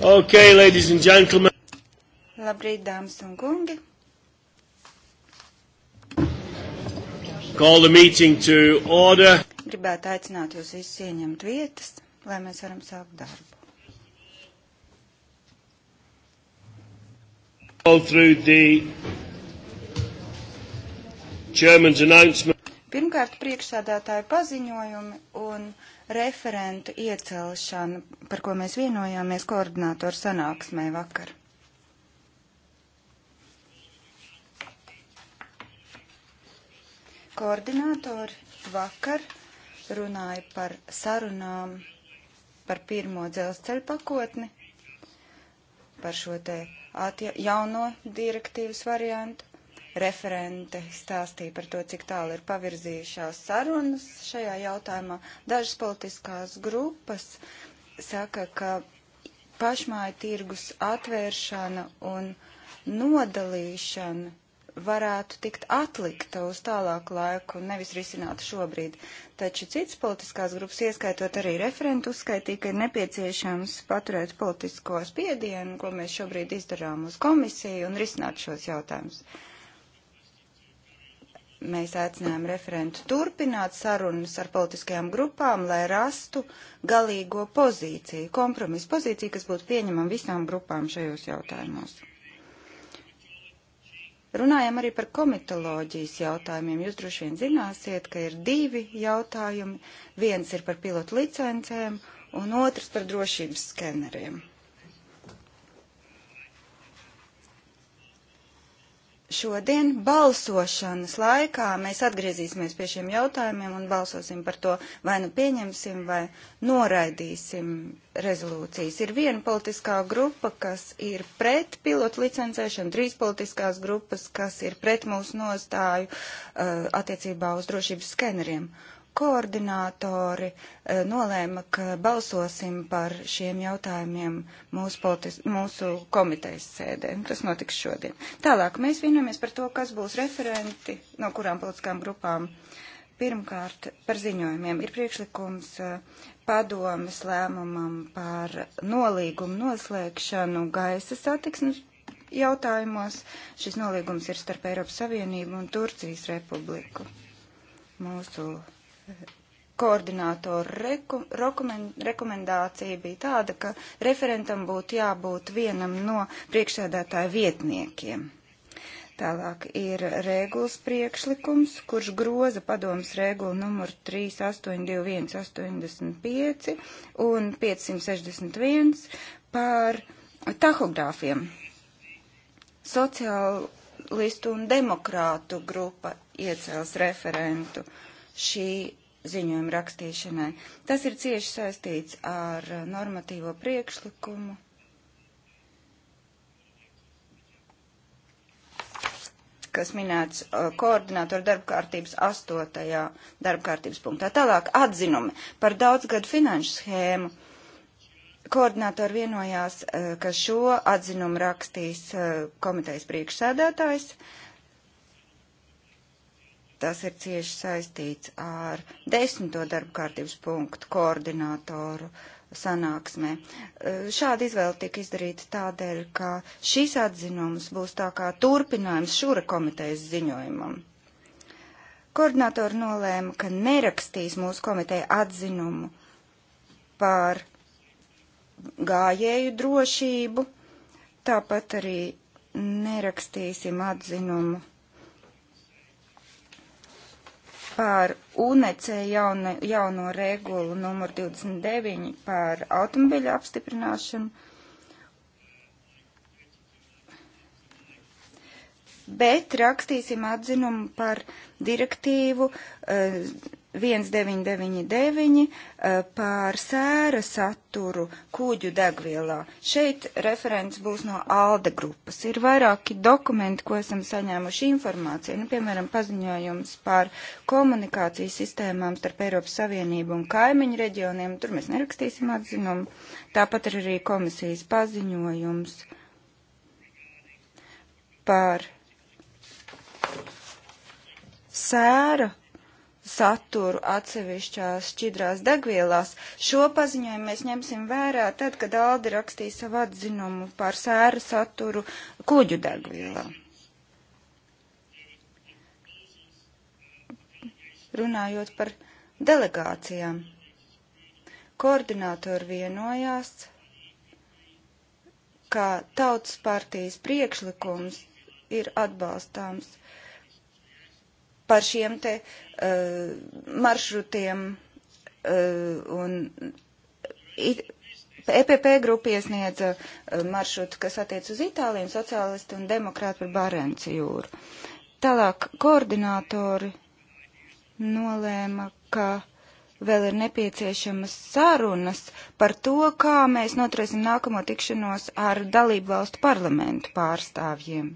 Okay, ladies and gentlemen. Labrīt, dāmas un kungi. Call the meeting to order. Gribētu aicināt jūs visus ieņemt vietas, lai mēs varam sākt darbu. Go through the chairman's announcement. Pirmkārt, priekšsādātāja paziņojumi un referentu iecelšanu, par ko mēs vienojāmies koordinātoru sanāksmē vakar. Koordinātori vakar runāja par sarunām par pirmo dzelzceļa pakotni, par šo te atja, jauno direktīvas variantu. Referente stāstīja par to, cik tālu ir pavirzījušās sarunas šajā jautājumā. Dažas politiskās grupas saka, ka pašmāja tirgus atvēršana un nodalīšana varētu tikt atlikta uz tālāku laiku un nevis risināta šobrīd. Taču cits politiskās grupas, ieskaitot arī referentu, uzskaitīja, ka ir nepieciešams paturēt politisko spiedienu, ko mēs šobrīd izdarām uz komisiju un risināt šos jautājumus mēs aicinājām referentu turpināt sarunas ar politiskajām grupām, lai rastu galīgo pozīciju, kompromisu pozīciju, kas būtu pieņemama visām grupām šajos jautājumos. Runājam arī par komitoloģijas jautājumiem. Jūs droši vien zināsiet, ka ir divi jautājumi. Viens ir par pilotu licencēm un otrs par drošības skeneriem. šodien balsošanas laikā mēs atgriezīsimies pie šiem jautājumiem un balsosim par to, vai nu pieņemsim vai noraidīsim rezolūcijas. Ir viena politiskā grupa, kas ir pret pilotu licencēšanu, trīs politiskās grupas, kas ir pret mūsu nostāju uh, attiecībā uz drošības skeneriem. Uh, Koordinātori e, nolēma, ka balsosim par šiem jautājumiem mūsu, politis, mūsu komitejas sēdē. Nu, tas notiks šodien. Tālāk mēs vienojamies par to, kas būs referenti, no kurām politiskām grupām. Pirmkārt, par ziņojumiem ir priekšlikums e, padomes lēmumam par nolīgumu noslēgšanu gaisa satiksmes jautājumos. Šis nolīgums ir starp Eiropas Savienību un Turcijas republiku. Mūsu koordinātoru reku, rekomend, rekomendācija bija tāda, ka referentam būtu jābūt vienam no priekšsēdētāja vietniekiem. Tālāk ir regulas priekšlikums, kurš groza padomas regulu numuru 382185 un 561 par tahogrāfiem. Sociālistu un demokrātu grupa iecels referentu. Uh, šī ziņojuma rakstīšanai. Tas ir cieši saistīts ar normatīvo priekšlikumu. kas minēts uh, koordinātoru darbkārtības astotajā darbkārtības punktā. Tālāk atzinumi par daudzgadu finanšu schēmu. Koordinātori vienojās, uh, ka šo atzinumu rakstīs uh, komitejas priekšsēdētājs. Uh, Tas ir cieši saistīts ar desmito darba kārtības punktu koordinātoru sanāksmē. Eh, šāda izvēle tika izdarīta tādēļ, ka šīs atzinums būs tā kā turpinājums šura komitejas ziņojumam. Koordinātori nolēma, ka nerakstīs mūsu komiteja atzinumu par gājēju drošību, tāpat arī nerakstīsim atzinumu par UNEC jaunu, jauno regulu numur 29 par automobiļu apstiprināšanu. Bet rakstīsim atzinumu par direktīvu uh, 1999 eh, pār sēra saturu kūģu degvielā. Šeit referents būs no ALDE grupas. Ir vairāki dokumenti, ko esam saņēmuši informāciju, nu, piemēram, paziņojums par komunikācijas sistēmām starp Eiropas Savienību un kaimiņu reģioniem. Tur mēs nerakstīsim atzinumu. Tāpat ir arī komisijas paziņojums par sēra saturu atsevišķās šķidrās degvielās. Šo paziņojumu mēs ņemsim vērā tad, kad Aldi rakstīja savu atzinumu par sēru saturu kuģu degvielā. Runājot par delegācijām, koordinātori vienojās, ka tautas partijas priekšlikums ir atbalstāms par šiem te uh, Uh, maršrutiem uh, un EPP grupa iesniedza uh, maršrutu, kas attiec uz Itāliju, sociālistu un demokrātu par Barenci jūru. Tālāk koordinātori nolēma, ka vēl ir nepieciešamas sarunas par to, kā mēs noturēsim nākamo tikšanos ar dalību valstu parlamentu pārstāvjiem.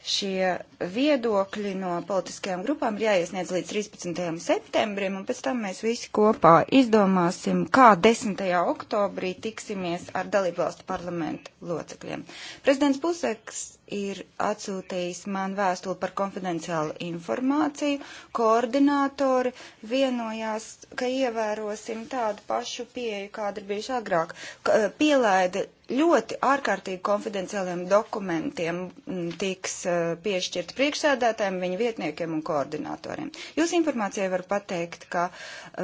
Šie viedokļi no politiskajām grupām ir jāiesniedz līdz 13. septembrim, un pēc tam mēs visi kopā izdomāsim, kā 10. oktobrī tiksimies ar dalībvalstu parlamentu locekļiem. Prezidents Puseks ir atsūtījis man vēstuli par konfidenciālu informāciju. Koordinātori vienojās, ka ievērosim tādu pašu pieeju, kāda ir bijuši agrāk. K eh, pielaida ļoti ārkārtīgi konfidenciāliem dokumentiem mm, tiks uh, eh, piešķirt priekšsēdētājiem, viņu vietniekiem un koordinātoriem. Jūs informācijai var pateikt, ka uh,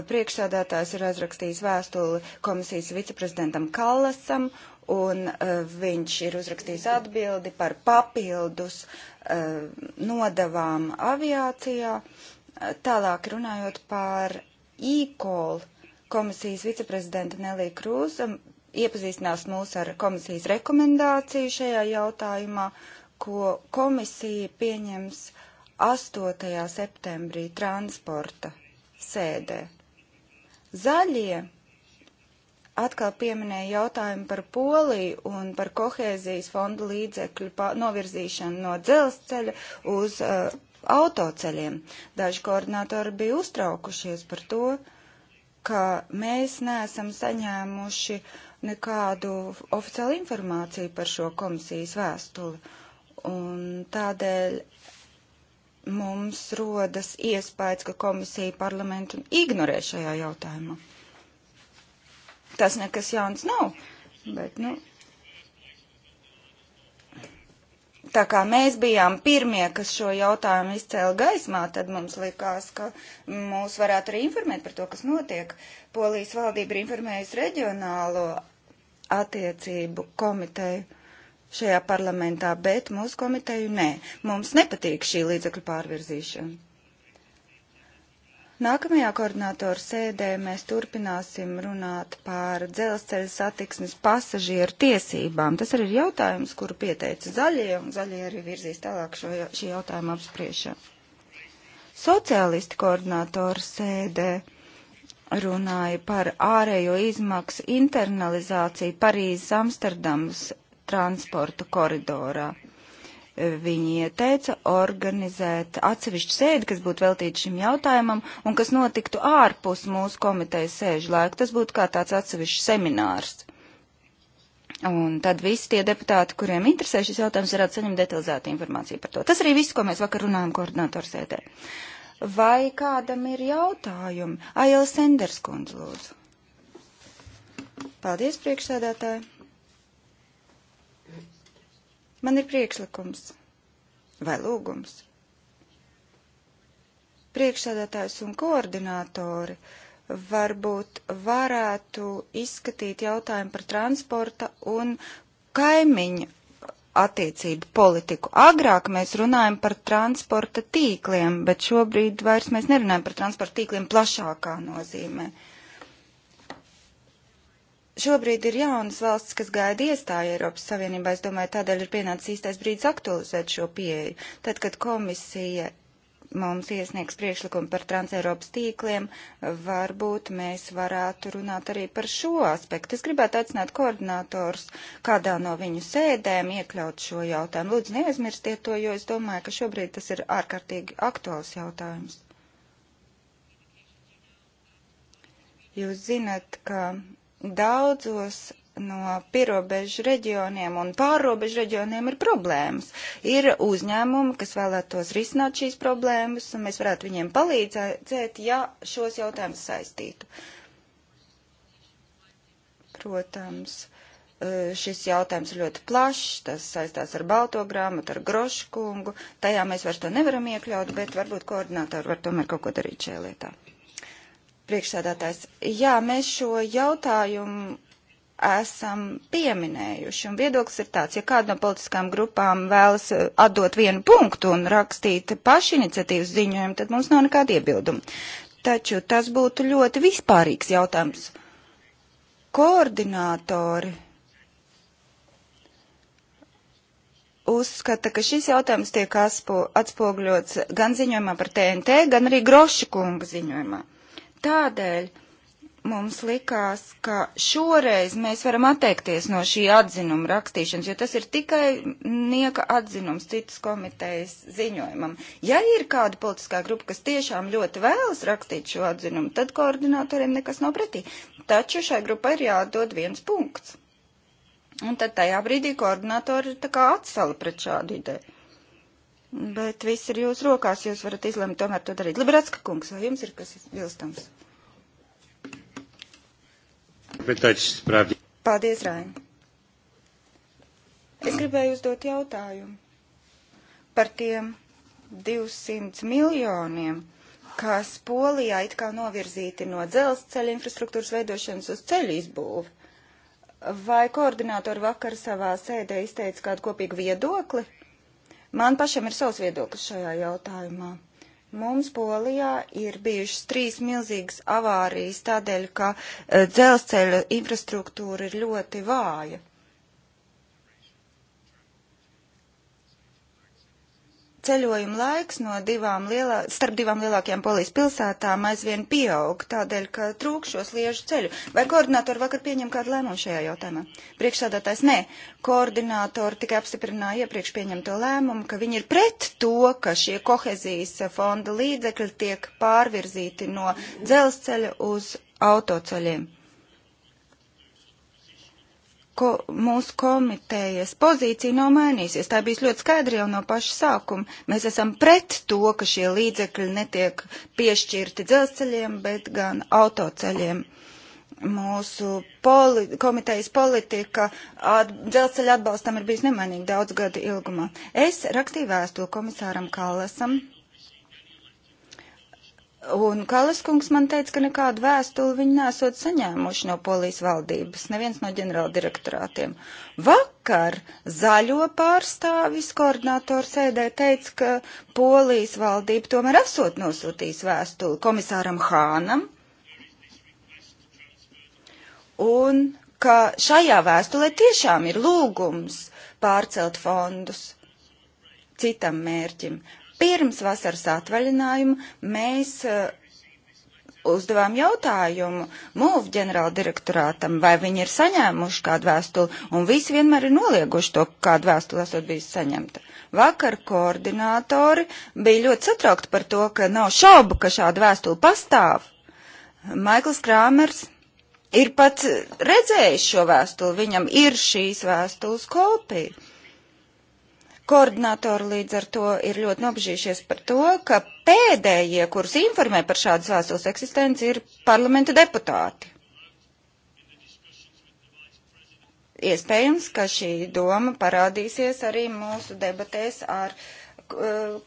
priekšsēdētājs ir aizrakstījis vēstuli komisijas viceprezidentam Kallasam un uh, viņš ir uzrakstījis atbildi par papildus uh, eh, nodavām aviācijā. Eh, tālāk runājot par e-call, komisijas viceprezidenta Nelī Krūza iepazīstinās mūs ar komisijas rekomendāciju šajā jautājumā, ko komisija pieņems 8. septembrī transporta sēdē. Zaļie atkal pieminēja jautājumu par Poliju un par kohēzijas fondu līdzekļu novirzīšanu no dzelzceļa uz uh, autoceļiem. Daži koordinatori bija uztraukušies par to, ka mēs neesam saņēmuši nekādu oficiālu informāciju par šo komisijas vēstuli. Un tādēļ mums rodas iespējas, ka komisija parlamentu ignorē šajā jautājumā. Tas nekas jauns nav. Bet, nu, tā kā mēs bijām pirmie, kas šo jautājumu izcēla gaismā, tad mums likās, ka mūs varētu arī informēt par to, kas notiek. Polijas valdība ir informējusi reģionālo attiecību komiteju šajā parlamentā, bet mūsu komiteju nē. Mums nepatīk šī līdzekļu pārvirzīšana. Nākamajā koordinātoru sēdē mēs turpināsim runāt par dzelzceļa satiksmes pasažieru tiesībām. Tas arī ir jautājums, kuru pieteica zaļie, un zaļie arī virzīs tālāk šo, šī jautājuma apspriešanu. Sociālisti koordinātoru sēdē runāja par ārējo izmaksu internalizāciju Parīzes Amsterdams transporta koridorā. Viņi ieteica organizēt atsevišķu sēdi, kas būtu veltīta šim jautājumam un kas notiktu ārpus mūsu komitejas sēžu laika. Tas būtu kā tāds atsevišķs seminārs. Un tad visi tie deputāti, kuriem interesē šis jautājums, varētu saņemt detalizētu informāciju par to. Tas arī viss, ko mēs vakar runājam koordinātoru sēdē. Vai kādam ir jautājumi? Aila Senders kundze, lūdzu. Paldies, priekšsēdētāji. Man ir priekšlikums vai lūgums. Priekšsēdētājs un koordinātori varbūt varētu izskatīt jautājumu par transporta un kaimiņu attiecību politiku. Agrāk mēs runājam par transporta tīkliem, bet šobrīd vairs mēs nerunājam par transporta tīkliem plašākā nozīmē. Uh, šobrīd ir jaunas valsts, kas gaida iestāju Eiropas Savienībā. Es domāju, tādēļ ir pienācis īstais brīdis aktualizēt šo pieeju. Tad, kad komisija mums iesniegs priekšlikumu par transeiropas tīkliem, varbūt mēs varētu runāt arī par šo aspektu. Es gribētu aicināt koordinātors kādā no viņu sēdēm iekļaut šo jautājumu. Lūdzu, neaizmirstiet to, jo es domāju, ka šobrīd tas ir ārkārtīgi aktuāls jautājums. Jūs zinat, ka Daudzos no pierobežu reģioniem un pārobežu reģioniem ir problēmas. Ir uzņēmumi, kas vēlētos risināt šīs problēmas, un mēs varētu viņiem palīdzēt, ja šos jautājumus saistītu. Protams, e, šis jautājums ir ļoti plašs, tas saistās ar balto grāmatu, ar groškungu. Tajā mēs vairs to nevaram iekļaut, bet varbūt koordinātori var tomēr kaut ko darīt šajā lietā. Priekšsēdētājs, jā, mēs šo jautājumu esam pieminējuši. Un viedoklis ir tāds, ja kāda no politiskām grupām vēlas eh, atdot vienu punktu un rakstīt pašiniciatīvas ziņojumu, tad mums nav nekāda iebilduma. Taču tas būtu ļoti vispārīgs jautājums. Koordinātori uzskata, ka šis jautājums tiek atspoguļots gan ziņojumā par TNT, gan arī Groša kunga ziņojumā. Tādēļ mums likās, ka šoreiz mēs varam atteikties no šī atzinuma rakstīšanas, jo tas ir tikai nieka atzinums citas komitejas ziņojumam. Ja ir kāda politiskā grupa, kas tiešām ļoti vēlas rakstīt šo atzinumu, tad koordinatoriem nekas nav pretī. Taču šai grupai ir jādod viens punkts. Un tad tajā brīdī koordinatori tā kā atsala pret šādu ideju. Bet viss ir jūsu rokās, jūs varat izlemt tomēr to darīt. Liberatska kungs, vai jums ir kas bilstams? Paldies, Rain. Es gribēju uzdot jautājumu par tiem 200 miljoniem, kas Polijā it kā novirzīti no dzelzceļa infrastruktūras veidošanas uz ceļu izbūvi. Vai koordinātori vakar savā sēdē izteica kādu kopīgu viedokli? Man pašam ir savs viedoklis šajā jautājumā. Mums Polijā ir bijušas trīs milzīgas avārijas tādēļ, ka eh, dzelzceļa infrastruktūra ir ļoti vāja. ceļojuma laiks no divām lielā, starp divām lielākajām polijas pilsētām aizvien pieaug, tādēļ, ka trūk šo sliežu ceļu. Vai koordinātori vakar pieņem kādu lēmumu šajā jautājumā? Priekšsādātājs nē. Koordinātori tikai apstiprināja iepriekš pieņemto lēmumu, ka viņi ir pret to, ka šie kohezijas fonda līdzekļi tiek pārvirzīti no dzelzceļa uz autoceļiem ko, mūsu komitejas pozīcija nav mainīsies. Tā bijis ļoti skaidra jau no paša sākuma. Mēs esam pret to, ka šie līdzekļi netiek piešķirti dzelzceļiem, bet gan autoceļiem. Mūsu poli, komitejas politika at, dzelzceļa atbalstam ir bijis nemainīgi daudz gadu ilgumā. Es rakstīju vēstuli komisāram Kallasam Un Kalas kungs man teica, ka nekādu vēstuli viņi nesot saņēmuši no polijas valdības, neviens no ģenerāla direktorātiem. Vakar zaļo pārstāvis koordinātors sēdē teica, ka polijas valdība tomēr esot nosūtījis vēstuli komisāram Hānam. Un ka šajā vēstulē tiešām ir lūgums pārcelt fondus citam mērķim. Pirms vasaras atvaļinājuma mēs eh, uzdevām jautājumu MUV ģenerāldirektorātam, vai viņi ir saņēmuši kādu vēstuli, un visi vienmēr ir nolieguši to, kādu vēstuli esot bijis saņemta. Vakar koordinātori bija ļoti satraukti par to, ka nav šaubu, ka šāda vēstule pastāv. Maikls Krāmers ir pat redzējis šo vēstuli, viņam ir šīs vēstules kopija. Koordinatori līdz ar to ir ļoti nobežījušies par to, ka pēdējie, kurus informē par šādas vēstules eksistenci, ir parlamenta deputāti. Iespējams, ka šī doma parādīsies arī mūsu debatēs ar eh,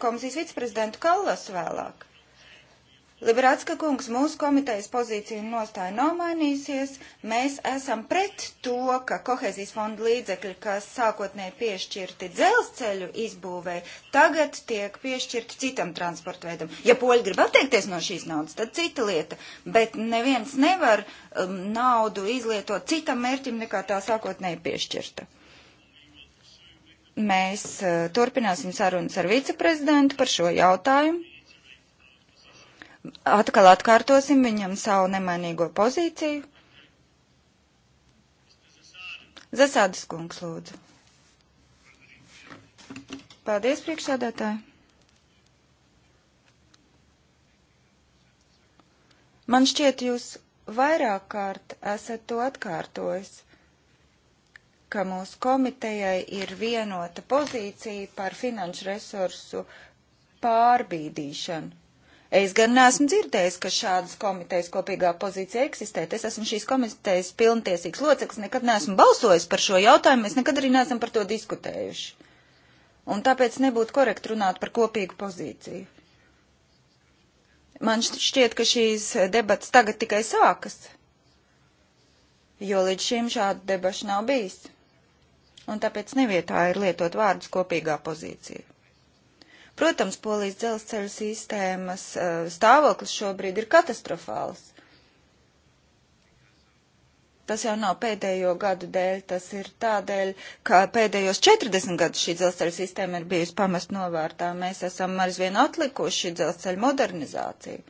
komisijas viceprezidentu Kallas vēlāk. Liberācka kungs, mūsu komitejas pozīcija un nostāja nav mainīsies. Mēs esam pret to, ka kohezijas fonda līdzekļi, kas sākotnēji piešķirti dzelzceļu izbūvē, tagad tiek piešķirti citam transportveidam. Ja poļi grib atteikties no šīs naudas, tad cita lieta, bet neviens nevar um, naudu izlietot citam mērķim, nekā tā sākotnēji piešķirta mēs uh, turpināsim sarunas ar viceprezidentu par šo jautājumu atkal atkārtosim viņam savu nemainīgo pozīciju. Zasādas kungs lūdzu. Paldies, priekšsādātāji. Man šķiet, jūs vairāk kārt esat to atkārtojis, ka mūsu komitejai ir vienota pozīcija par finanšu resursu pārbīdīšanu. Es gan neesmu dzirdējis, ka šādas komitejas kopīgā pozīcija eksistē. Es esmu šīs komitejas pilntiesīgs loceklis, nekad neesmu balsojis par šo jautājumu, mēs nekad arī neesam par to diskutējuši. Un tāpēc nebūtu korekti runāt par kopīgu pozīciju. Man šķiet, ka šīs debats tagad tikai sākas, jo līdz šim šādu debašu nav bijis. Un tāpēc nevietā ir lietot vārdus kopīgā pozīcija. Protams, polijas dzelzceļa sistēmas eh, stāvoklis šobrīd ir katastrofāls. Tas jau nav pēdējo gadu dēļ, tas ir tādēļ, ka pēdējos 40 gadus šī dzelzceļa sistēma ir bijusi pamest novārtā. Mēs esam aizvien atlikuši dzelzceļa modernizāciju.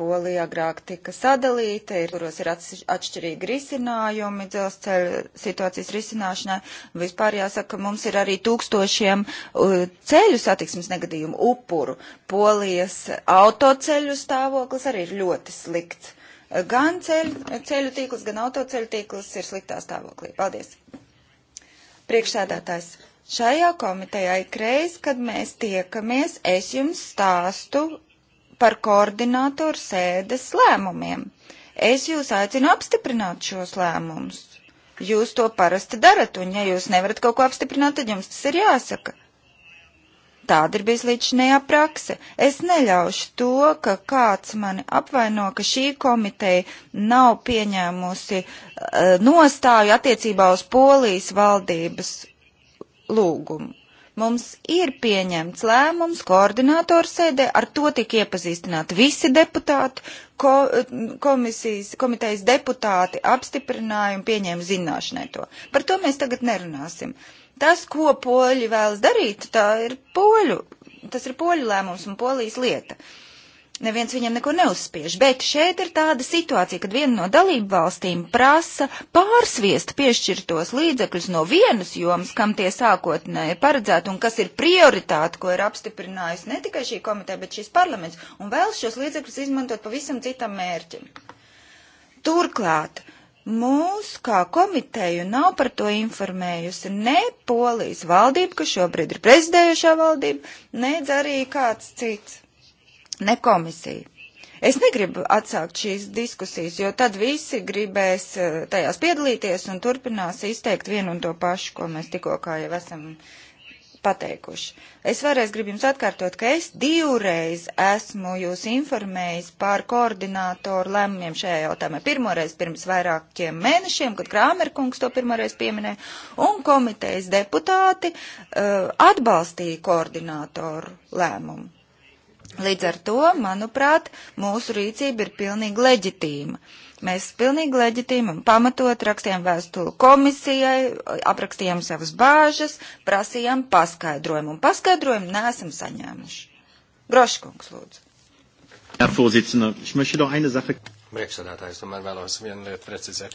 Polija agrāk tika sadalīta, ir, kuros ir atšķirīgi risinājumi dzelzceļa situācijas risināšanai. Vispār jāsaka, ka mums ir arī tūkstošiem uh, ceļu satiksmes negadījumu upuru. Polijas autoceļu stāvoklis arī ir ļoti slikts. Gan ceļu, ceļu tīkls, gan autoceļu tīkls ir sliktā stāvoklī. Paldies. Priekšsēdētājs. Šajā komitejā ikreiz, kad mēs tiekamies, es jums stāstu par koordinātoru sēdes lēmumiem. Es jūs aicinu apstiprināt šos lēmumus. Jūs to parasti darat, un ja jūs nevarat kaut ko apstiprināt, tad jums tas ir jāsaka. Tāda ir bijusi līdzinējā prakse. Es neļaušu to, ka kāds mani apvaino, ka šī komiteja nav pieņēmusi uh, nostāju attiecībā uz polijas valdības lūgumu. Mums ir pieņemts lēmums koordinātoru sēdē, ar to tika iepazīstināti visi deputāti, ko, komisijas, komitejas deputāti apstiprināja un pieņēma zināšanai to. Par to mēs tagad nerunāsim. Tas, ko poļi vēlas darīt, tā ir poļu, tas ir poļu lēmums un polijas lieta. Uh, neviens viņam neko neuzspiež. Bet šeit ir tāda situācija, kad viena no dalību valstīm prasa pārsviest piešķirtos līdzekļus no vienas jomas, kam tie sākotnēji paredzēti un kas ir prioritāte, ko ir apstiprinājusi ne tikai šī komiteja, bet šis parlaments, un vēl šos līdzekļus izmantot pavisam citam mērķim. Turklāt. Mūs kā komiteju nav par to informējusi ne Polijas valdība, kas šobrīd ir prezidējušā valdība, nedz arī kāds cits ne komisija. Es negribu atsākt šīs diskusijas, jo tad visi gribēs eh, tajās piedalīties un turpinās izteikt vienu un to pašu, ko mēs tikko kā jau esam pateikuši. Es vēlreiz gribu jums atkārtot, ka es divreiz esmu jūs informējis par koordinātoru lēmumiem šajā jautājumā. Pirmoreiz pirms vairākiem mēnešiem, kad Krāmerkungs to pirmoreiz pieminēja, un komitejas deputāti uh, atbalstīja koordinātoru lēmumu. Līdz ar to, manuprāt, mūsu rīcība ir pilnīgi leģitīma. Mēs pilnīgi leģitīmi un pamatot rakstījām vēstuli komisijai, aprakstījām savas bāžas, prasījām paskaidrojumu, un paskaidrojumu neesam saņēmuši. Groškungs, lūdzu. Priekšsēdētājs tomēr vēlos vienu lietu precizēt.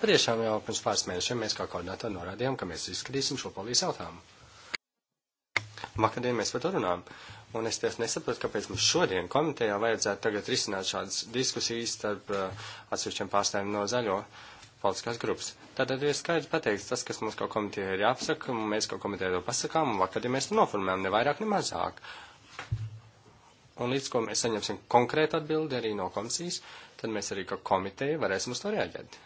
Priešām jau pirms pāris mēnešiem mēs kā koordinātori norādījām, ka mēs izskatīsim šo polijas jautājumu. Vakardien mēs par to runājām. Un es tiešām nesaprotu, kāpēc mums šodien komitejā vajadzētu tagad risināt šādas diskusijas starp uh, atsevišķiem pārstāvjiem no zaļo politiskās grupas. Tātad ir skaidrs pateikts tas, kas mums kā komitejā ir jāapsaka, un mēs kā komiteja to pasakām, un vakar, ja mēs to noformējam, ne vairāk, ne mazāk. Un līdz ko mēs saņemsim konkrētu atbildi arī no komisijas, tad mēs arī kā komiteja varēsim uz to reaģēt.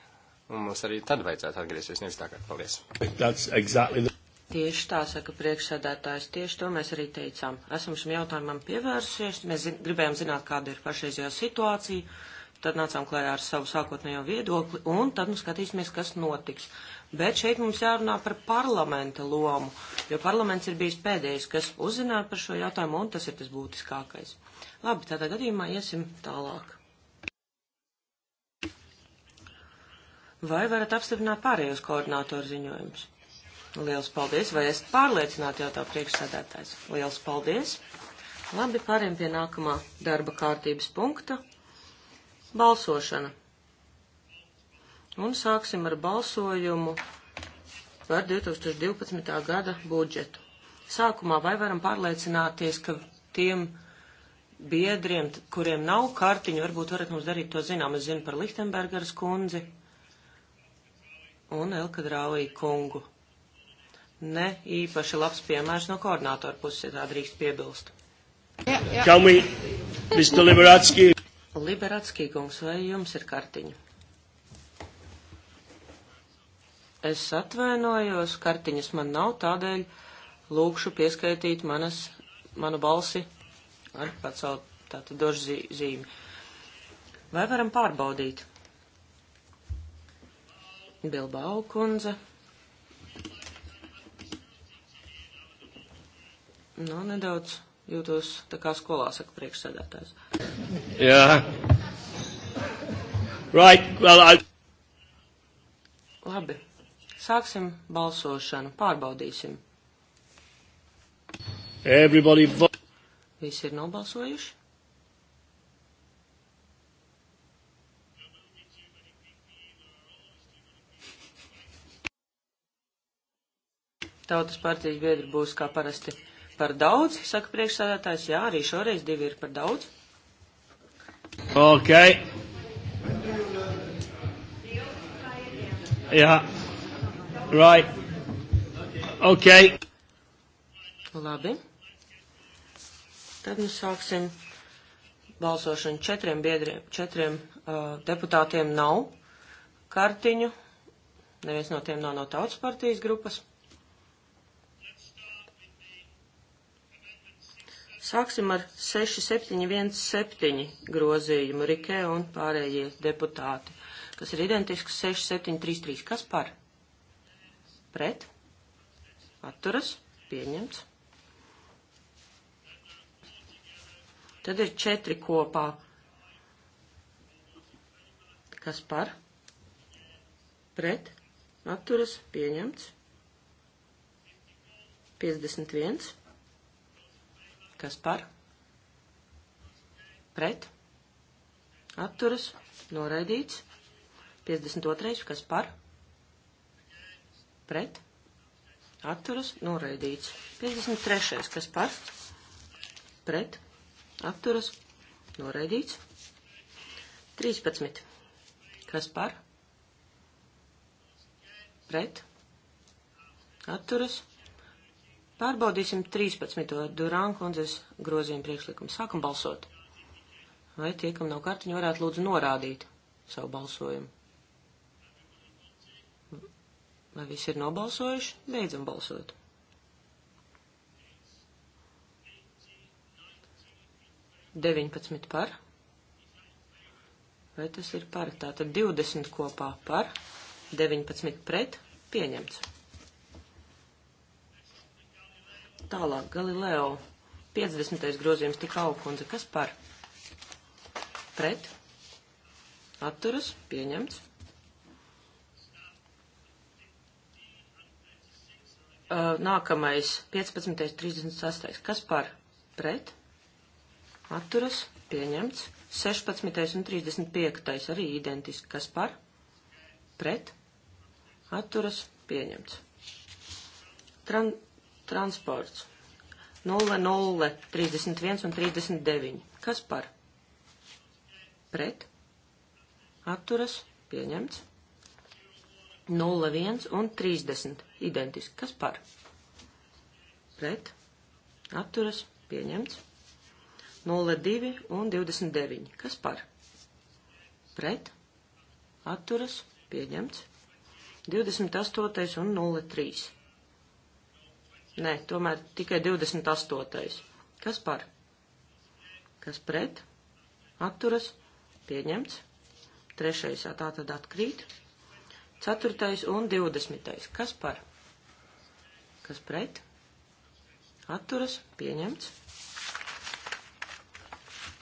Un mums arī tad vajadzētu atgriezties, nevis tagad. Paldies. That's exactly the... Tieši tā saka priekšsēdētājs, tieši to mēs arī teicām. Esam šim jautājumam pievērsušies, mēs zin, gribējām zināt, kāda ir pašreizējā situācija, tad nācām klājā ar savu sākotnējo viedokli, un tad nu skatīsimies, kas notiks. Bet šeit mums jārunā par parlamenta lomu, jo parlaments ir bijis pēdējais, kas uzzināja par šo jautājumu, un tas ir tas būtiskākais. Labi, tādā gadījumā iesim tālāk. Vai varat apstiprināt pārējos koordinātoru ziņojumus? Liels paldies, vai es pārliecināti jautā priekšsēdētājs? Liels paldies. Labi, pāriem pie nākamā darba kārtības punkta. Balsošana. Un sāksim ar balsojumu par 2012. gada budžetu. Sākumā vai varam pārliecināties, ka tiem biedriem, kuriem nav kartiņu, varbūt varat mums darīt to zinām. Es zinu par Lichtenbergeras kundzi un Elkadrāvī kungu ne īpaši labs piemērs no koordinātora puses, ja tā drīkst piebilst. Jā, jā. Can we, Mr. Liberatski? Liberatski, kungs, vai jums ir kartiņa? Es atvainojos, kartiņas man nav, tādēļ lūkšu pieskaitīt manas, manu balsi ar pacelt tātad došu zīmi. Vai varam pārbaudīt? Bilbao kundze. Nu, nedaudz jūtos tā kā skolā, saka priekšsēdētājs. Jā. Yeah. Right, well, I... Labi. Sāksim balsošanu. Pārbaudīsim. Everybody vote. Visi ir nobalsojuši? Tautas partijas biedri būs kā parasti par daudz, saka priekšsēdētājs. Jā, arī šoreiz divi ir par daudz. Ok. Jā. Right. Ok. Labi. Tad nu sāksim balsošanu. Četriem biedriem, četriem uh, deputātiem nav kartiņu. Neviens no tiem nav no tautas partijas grupas. Sāksim ar 6717 grozījumu Rikē un pārējie deputāti, kas ir identisks 6733. Kas par? Pret? Atturas? Pieņemts. Tad ir četri kopā. Kas par? Pret? Atturas? Pieņemts. 51. Kas par? Pret. Atturas. Noraidīts. 52. Kas par? Pret. Atturas. Noraidīts. 53. Kas par? Pret. Atturas. Noraidīts. 13. Kas par? Pret. Atturas. Noraidīts Pārbaudīsim 13. Durāna kundzes grozījuma priekšlikumu. Sākam balsot. Vai tie, kam nav kartiņa, varētu lūdzu norādīt savu balsojumu? Vai visi ir nobalsojuši? Beidzam balsot. Deviņpadsmit par. Vai tas ir par? Tātad divdesmit kopā par, deviņpadsmit pret, pieņemts. Tālāk, Galileo 50. grozījums tik augundze, kas par? Pret? Atturas? Pieņemts. Nākamais 15. 36. Kas par? Pret? Atturas? Pieņemts. 16. un 35. arī identiski. Kas par? Pret? Atturas? Pieņemts. Tran Transports. 0, 0, 31 un 39. Kas par? Pret. Atturas. Pieņemts. 0, 1 un 30. Identiski. Kas par? Pret. Atturas. Pieņemts. 0, 2 un 29. Kas par? Pret. Atturas. Pieņemts. 28 un 03. Nē, tomēr tikai 28. Kas par? Kas pret? Atturas? Pieņemts. Trešais tā tad atkrīt. Ceturtais un 20. Kas par? Kas pret? Atturas? Pieņemts.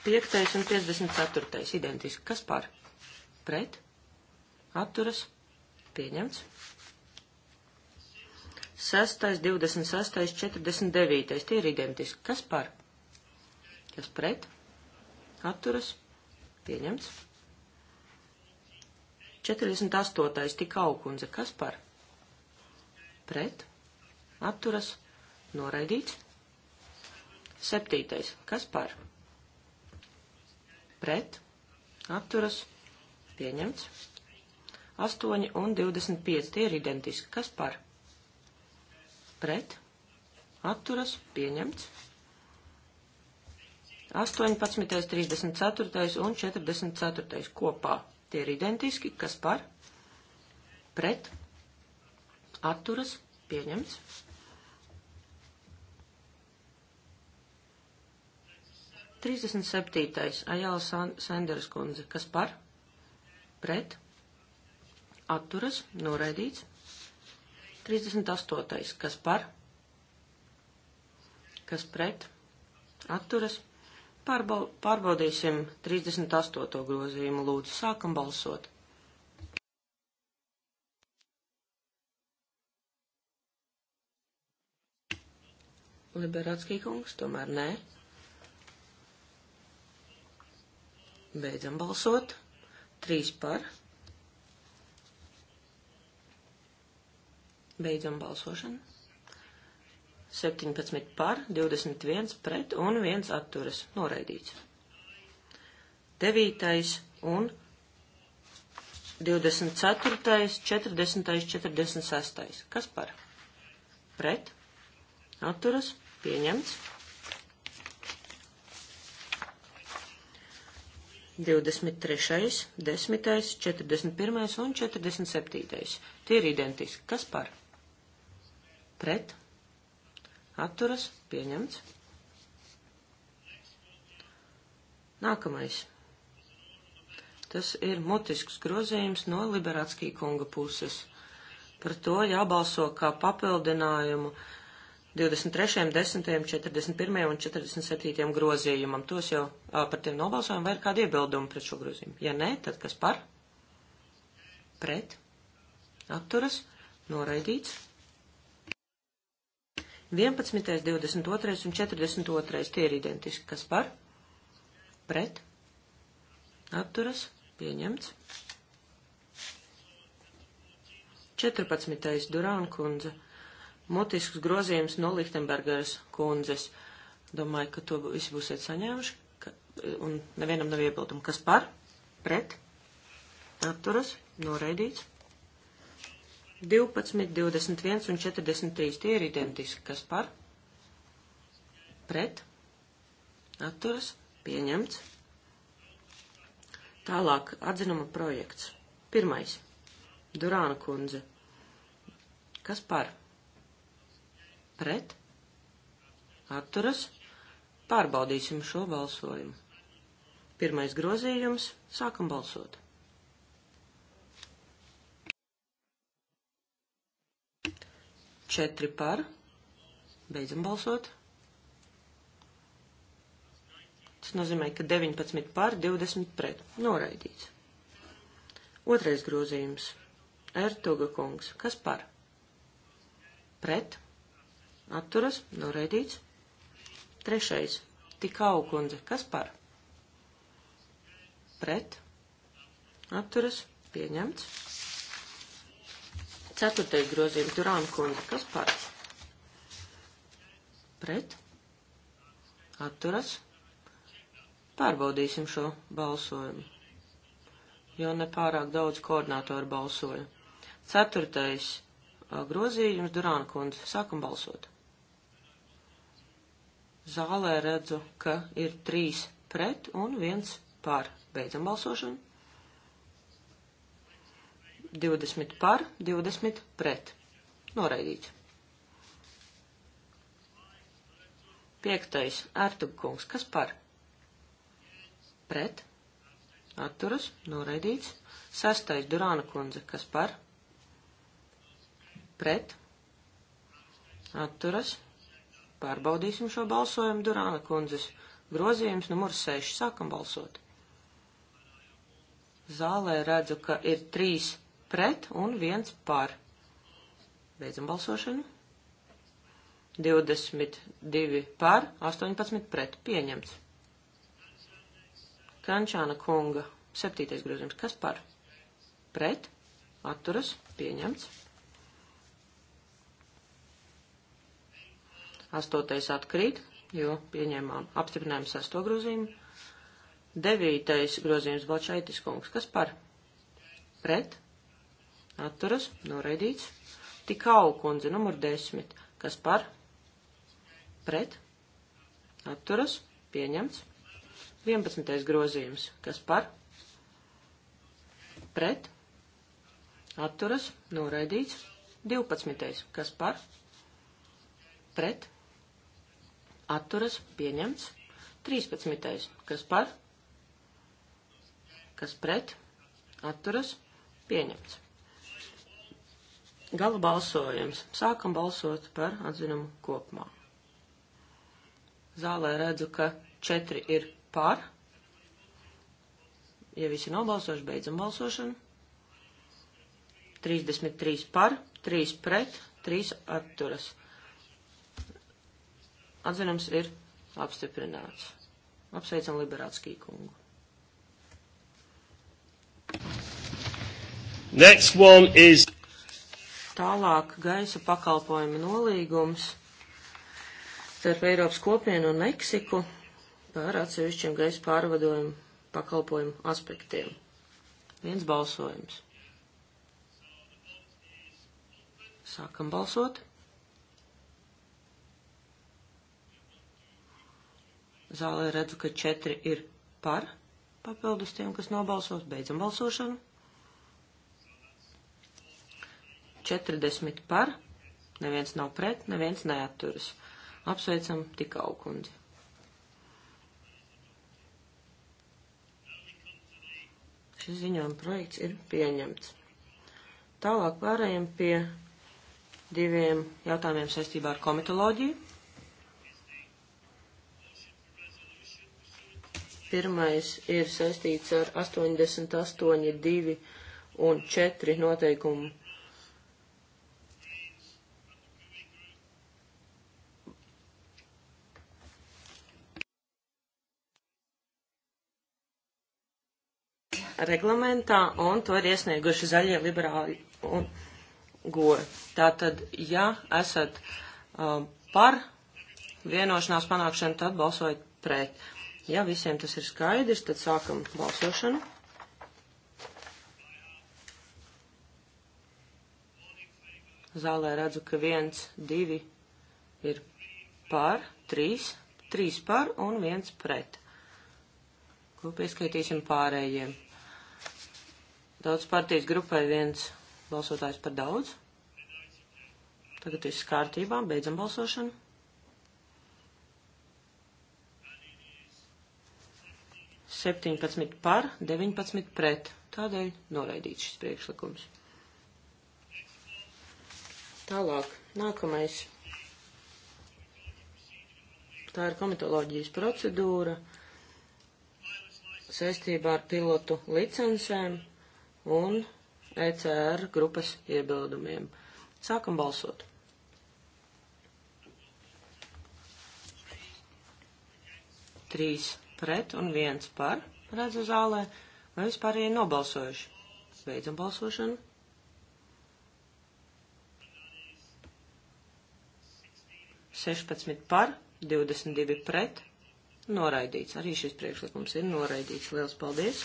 Piektais un 54. Identiski. Kas par? Pret? Atturas? Pieņemts. 6, 26, 49. Tie ir identiski. Kas par? Kas pret? Atturas? Pieņemts. 48. Tik augundze. Kas par? Pret? Atturas? Noraidīts. 7. Kas par? Pret? Atturas? Pieņemts. 8 un 25. Tie ir identiski. Kas par? pret, atturas, pieņemts. 18, 34 un 44 kopā. Tie ir identiski, kas par, pret, atturas, pieņemts. 37. Ajāla Sanders kundze, kas par, pret, atturas, noraidīts. 38. Kas par? Kas pret? Atturas. Pārbal pārbaudīsim 38. grozījumu. Lūdzu, sākam balsot. Liberatskī kungs, tomēr nē. Beidzam balsot. 3 par, Beidzam balsošanu. 17 par, 21 pret un 1 atturas. Noraidīts. 9. un 24., 40., 46. Kas par? Pret. Atturas. Pieņemts. 23., 10., 41. un 47. Tie ir identiski. Kas par? pret, atturas, pieņemts. Nākamais. Tas ir mutisks grozījums no Liberatskī kunga puses. Par to jābalso kā papildinājumu 23., 10., 41. un 47. grozījumam. Tos jau ā, par tiem nobalsojam, vai ir kādi iebildumi pret šo grozījumu? Ja nē, tad kas par? Pret? Atturas? Noraidīts? 11, 22 un 42. Tie ir identiski. Kas par? Pret. Atturas. Pieņemts. 14. Durāna kundze. Mutisks grozījums no Lichtenbergeras kundzes. Domāju, ka to visi būsiet saņēmuši. Ka, un nevienam nav iebildumu. Kas par? Pret. Atturas. Noraidīts. 12, 21 un 43. Tie ir identiski. Kas par? Pret. Atturas. Pieņemts. Tālāk atzinuma projekts. Pirmais. Durāna kundze. Kas par? Pret. Atturas. Pārbaudīsim šo balsojumu. Pirmais grozījums. Sākam balsot. 4 par. Beidzam balsot. Tas nozīmē, ka 19 par, 20 pret. Noraidīts. Otrais grozījums. Ertuga kungs. Kas par? Pret. Atturas. Noraidīts. Trešais. Tikau kundze. Kas par? Pret. Atturas. Pieņemts. Ceturtais grozījums Durāna kundze. Kas par? Pret? Atturas? Pārbaudīsim šo balsojumu, jo nepārāk daudz koordinātoru balsoja. Ceturtais grozījums Durāna kundze. Sākam balsot. Zālē redzu, ka ir trīs pret un viens pār. Beidzam balsošanu. 20 par, 20 pret. Noraidīts. Piektais, Ertugkungs, kas par? Pret. Atturas, noraidīts. Sestais, Durāna kundze, kas par? Pret. Atturas. Pārbaudīsim šo balsojumu Durāna kundzes. Grozījums numurs 6. Sākam balsot. Zālē redzu, ka ir trīs pret un viens par. Beidzam balsošanu. 22 par, 18 pret. Pieņemts. Kančāna kunga. Septītais grozījums. Kas par? Pret. Atturas. Pieņemts. Astotais atkrīt, jo pieņēmām apstiprinājumu sesto grozījumu. Devītais grozījums Balčaitis kungs. Kas par? Pret atturas, noraidīts. Tikau kundze, numur desmit, kas par, pret, atturas, pieņemts. 11. grozījums, kas par, pret, atturas, noraidīts. 12. kas par, pret, atturas, pieņemts. 13. kas par, kas pret, atturas, pieņemts. Gala balsojums. Sākam balsot par atzinumu kopumā. Zālē redzu, ka četri ir par. Ja visi nobalsoši, beidzam balsošanu. 33 par, 3 pret, 3 atturas. Atzinums ir apstiprināts. Apsveicam Liberātskī kungu. Next one is Tālāk gaisa pakalpojuma nolīgums starp Eiropas kopienu un Meksiku par atsevišķiem gaisa pārvadojumu pakalpojumu aspektiem. Viens balsojums. Sākam balsot. Zālē redzu, ka četri ir par papildus tiem, kas nobalsos. Beidzam balsošanu. 40 par, neviens nav pret, neviens neaturas. Apsveicam tik augundzi. Šis ziņojuma projekts ir pieņemts. Tālāk pārējiem pie diviem jautājumiem saistībā ar komitoloģiju. Pirmais ir saistīts ar 88, 2 un 4 noteikumu reglamentā, un to ir iesnieguši zaļie liberāļi un goji. Tātad, ja esat um, par vienošanās panākšanu, tad balsojiet pret. Ja visiem tas ir skaidrs, tad sākam balsošanu. Zālē redzu, ka viens, divi ir par, trīs, trīs par un viens pret. Ko pieskaitīsim pārējiem? Daudz partijas grupai viens balsotājs par daudz. Tagad viss kārtībā, beidzam balsošanu. Septiņpadsmit par, deviņpadsmit pret. Tādēļ noraidīts šis priekšlikums. Tālāk, nākamais. Tā ir komitoloģijas procedūra saistībā ar pilotu licencēm un ECR grupas iebildumiem. Sākam balsot. Trīs pret un viens par redzu zālē, vai vispārējie nobalsojuši. Beidzam balsošanu. 16 par, 22 pret. Noraidīts. Arī šis priekšlikums ir noraidīts. Liels paldies!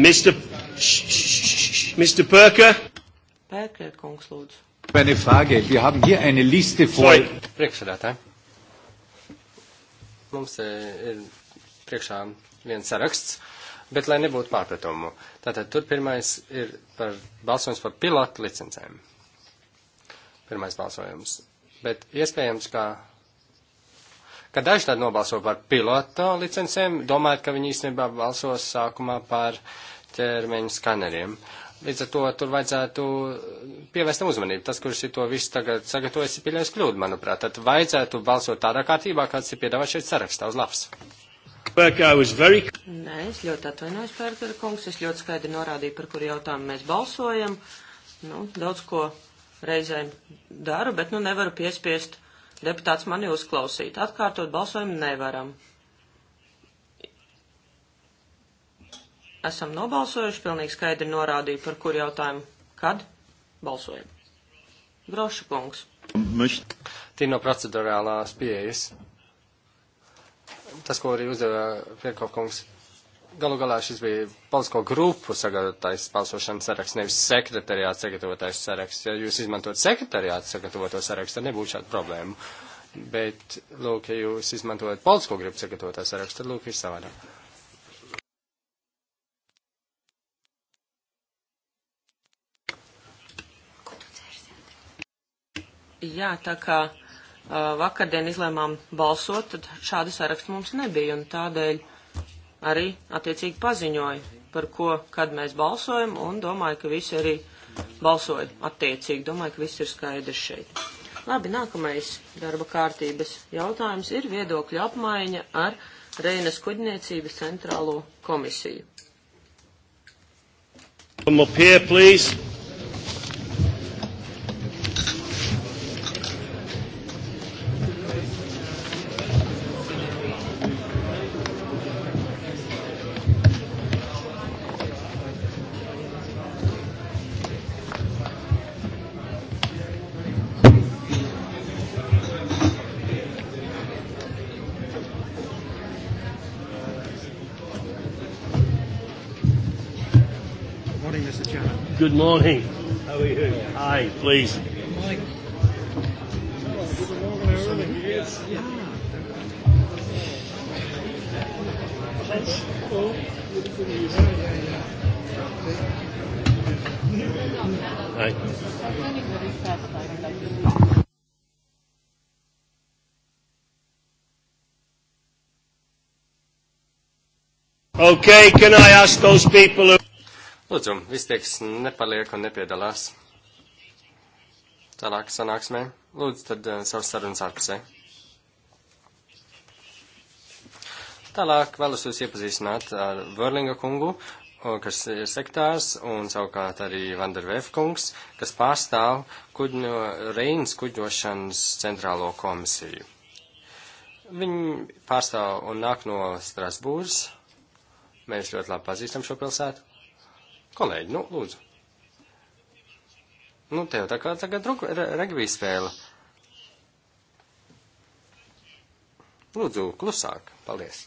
Mr. Mr. Perker. Perker, kungs, lūdzu. Eine Frage. Wir haben hier eine Liste voll. Priekšsēdētāji. Mums e, ir priekšā viens saraksts, bet lai nebūtu pārpratumu. Tātad tur pirmais ir par balsojums par pilotu licencēm. Pirmais balsojums. Bet iespējams, ka ka daži tad nobalso par pilota licencēm, domājot, ka viņi īstenībā balsos sākumā par ķermeņa skaneriem. Līdz ar to tur vajadzētu pievērst uzmanību. Tas, kurš ir to visu tagad sagatavojis, ir pieļaus kļūdu, manuprāt. Tad vajadzētu balsot tādā kārtībā, kāds ir piedāvāts šeit sarakstā uz labs. Very... Nē, es ļoti atvainojos, Pērkara kungs, es ļoti skaidri norādīju, par kuru jautājumu mēs balsojam. Nu, daudz ko reizēm daru, bet nu nevaru piespiest uh, Deputāts mani uzklausīt. Atkārtot balsojumu nevaram. Esam nobalsojuši, pilnīgi skaidri norādīju, par kur jautājumu. Kad? Balsojam. Groša kungs. Tī no procedurālās pieejas. Tas, ko arī uzdeva Pirko kungs. Uh, galu galā šis bija politisko grupu sagatavotais balsošanas saraksts, nevis sekretariāts sagatavotais saraksts. Ja jūs izmantot sekretariātu sagatavoto sarakstu, tad nebūtu šāda problēma. Bet, lūk, ja jūs izmantojat politisko grupu sagatavotā sarakstu, tad, lūk, ir savādāk. Jā, tā kā uh, vakardien izlēmām balsot, tad šādu sarakstu mums nebija, un tādēļ uh, arī attiecīgi paziņoja, par ko, kad mēs balsojam, un domāju, ka visi arī balsoja attiecīgi. Domāju, ka viss ir skaidrs šeit. Labi, nākamais darba kārtības jautājums ir viedokļu apmaiņa ar Reinas kuģniecības centrālo komisiju. Come up here, please. morning. How are you? Hi, please. Good morning. Yes. Yeah. Hi. Okay, can I ask those people who Lūdzu, izteiks nepaliek un nepiedalās. Tālāk sanāksmē. Lūdzu, tad uh, savas sarunas ārpusē. Tālāk vēlos jūs iepazīstināt ar Vörlinga kungu, kas ir sektārs, un savukārt arī Vandervēf kungs, kas pārstāv kuģņo, Reinas kuģošanas centrālo komisiju. Viņi pārstāv un nāk no Strasbūras. Mēs ļoti labi pazīstam šo pilsētu. Kolēģi, nu, lūdzu. Nu, tev tā kā tagad regbija spēle. Lūdzu, klusāk. Paldies.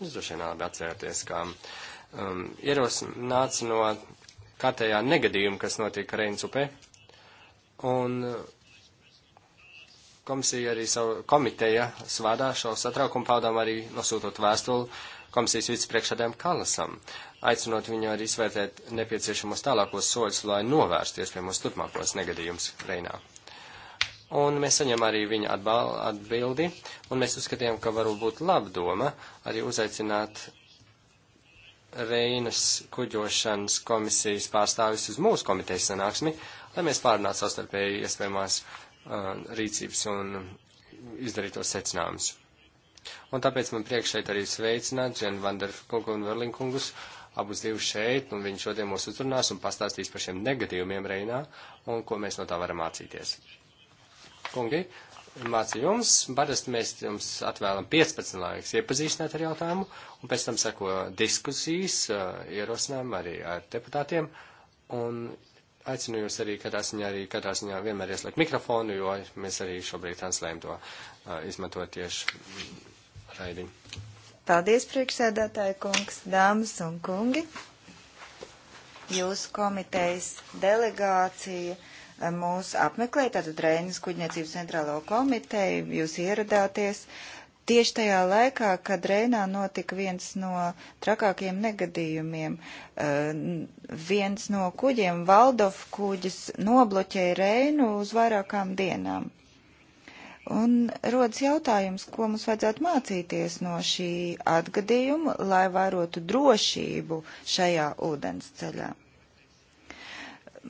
Es droši vien labi atcerēties, ka um, ieros nāca no kārtējā negadījuma, kas notiek Reins upē. Un uh, Komisija arī savu komiteja svādā šo satraukumu paudām arī nosūtot vēstuli komisijas vicepriekšādēm Kalasam, aicinot viņu arī izvērtēt nepieciešamos tālākos soļus, lai novērstu iespējamos turpmākos negadījumus Reinā. Un mēs saņem arī viņa atbildi, un mēs uzskatījām, ka varbūt būt laba doma arī uzaicināt Reinas kuģošanas komisijas pārstāvis uz mūsu komitejas sanāksmi, lai mēs pārunātu savstarpēji iespējamās rīcības un izdarītos secinājumus. Un tāpēc man priekš šeit arī sveicināt Dženu Vanderkungu un Verlinkungus, abus divus šeit, un viņi šodien mūs uzrunās un pastāstīs par šiem negatīvumiem Reinā un ko mēs no tā varam mācīties. Kungi, mācu jums, parasti mēs jums atvēlam 15 laiks iepazīstināt ar jautājumu, un pēc tam sako diskusijas, ierosinām arī ar deputātiem, un aicinu jūs arī katrā ziņā, arī katrā ziņā vienmēr ieslēgt mikrofonu, jo mēs arī šobrīd translējam to, izmantojot tieši raidi. Paldies, priekšsēdētāji kungs, dāmas un kungi. Jūsu komitejas delegācija mūs apmeklē, tātad Reinas kuģniecības centrālo komiteju, jūs ieradāties. Uh, tieši tajā laikā, kad Reinā notika viens no trakākajiem negadījumiem. Eh, viens no kuģiem, Valdov kuģis, nobloķēja Reinu uz vairākām dienām. Un rodas jautājums, ko mums vajadzētu mācīties no šī atgadījuma, lai vērotu drošību šajā ūdens ceļā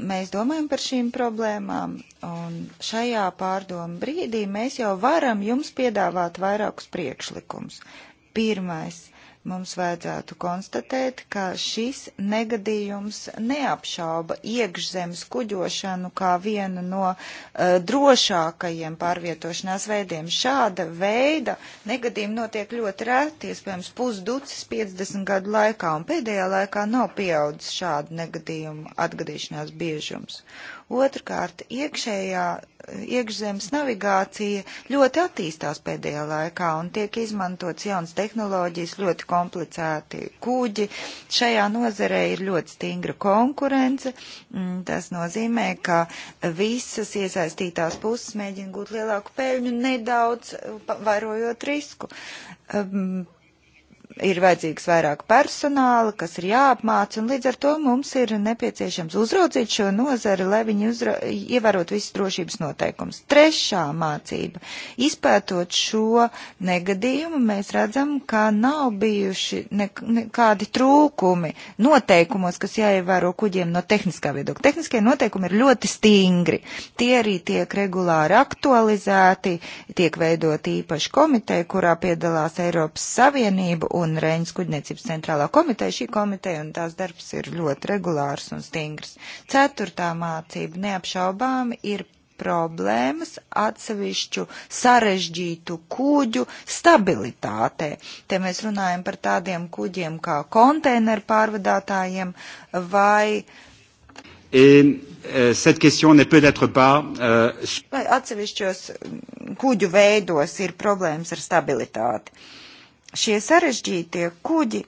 mēs domājam par šīm problēmām, un šajā pārdomu brīdī mēs jau varam jums piedāvāt vairākus priekšlikumus. Pirmais Mums vajadzētu konstatēt, ka šis negadījums neapšauba iekšzemes kuģošanu kā vienu no uh, drošākajiem pārvietošanās veidiem. Šāda veida negadījumi notiek ļoti reti, iespējams, pusducis 50 gadu laikā, un pēdējā laikā nav pieaudzis šādu negadījumu atgadīšanās biežums. Otrkārt, iekšējā iekšzemes navigācija ļoti attīstās pēdējā laikā un tiek izmantots jauns tehnoloģijas, ļoti komplicēti kuģi. Šajā nozarē ir ļoti stingra konkurence. Mm, tas nozīmē, ka visas iesaistītās puses mēģina gūt lielāku peļņu, nedaudz vairojot risku ir vajadzīgs vairāk personāla, kas ir jāapmāc, un līdz ar to mums ir nepieciešams uzraudzīt šo nozari, lai viņi uzra... ievērot visus drošības noteikumus. Trešā mācība. Izpētot šo negadījumu, mēs redzam, ka nav bijuši nekādi ne trūkumi noteikumos, kas jāievēro kuģiem no tehniskā viedokļa. Tehniskie noteikumi ir ļoti stingri. Tie arī tiek regulāri aktualizēti, tiek veidot īpaši komiteja, kurā piedalās Eiropas Savienība un Reņas kuģniecības centrālā komiteja. Šī komiteja un tās darbs ir ļoti regulārs un stingrs. Ceturtā mācība neapšaubām ir problēmas atsevišķu sarežģītu kuģu stabilitātē. Te mēs runājam par tādiem kuģiem kā konteineru pārvadātājiem vai. Et euh, cette question n'est peut-être pas. Euh... Atsevišķos kuģu veidos ir problēmas ar stabilitāti. Uh, šie sarežģītie kuģi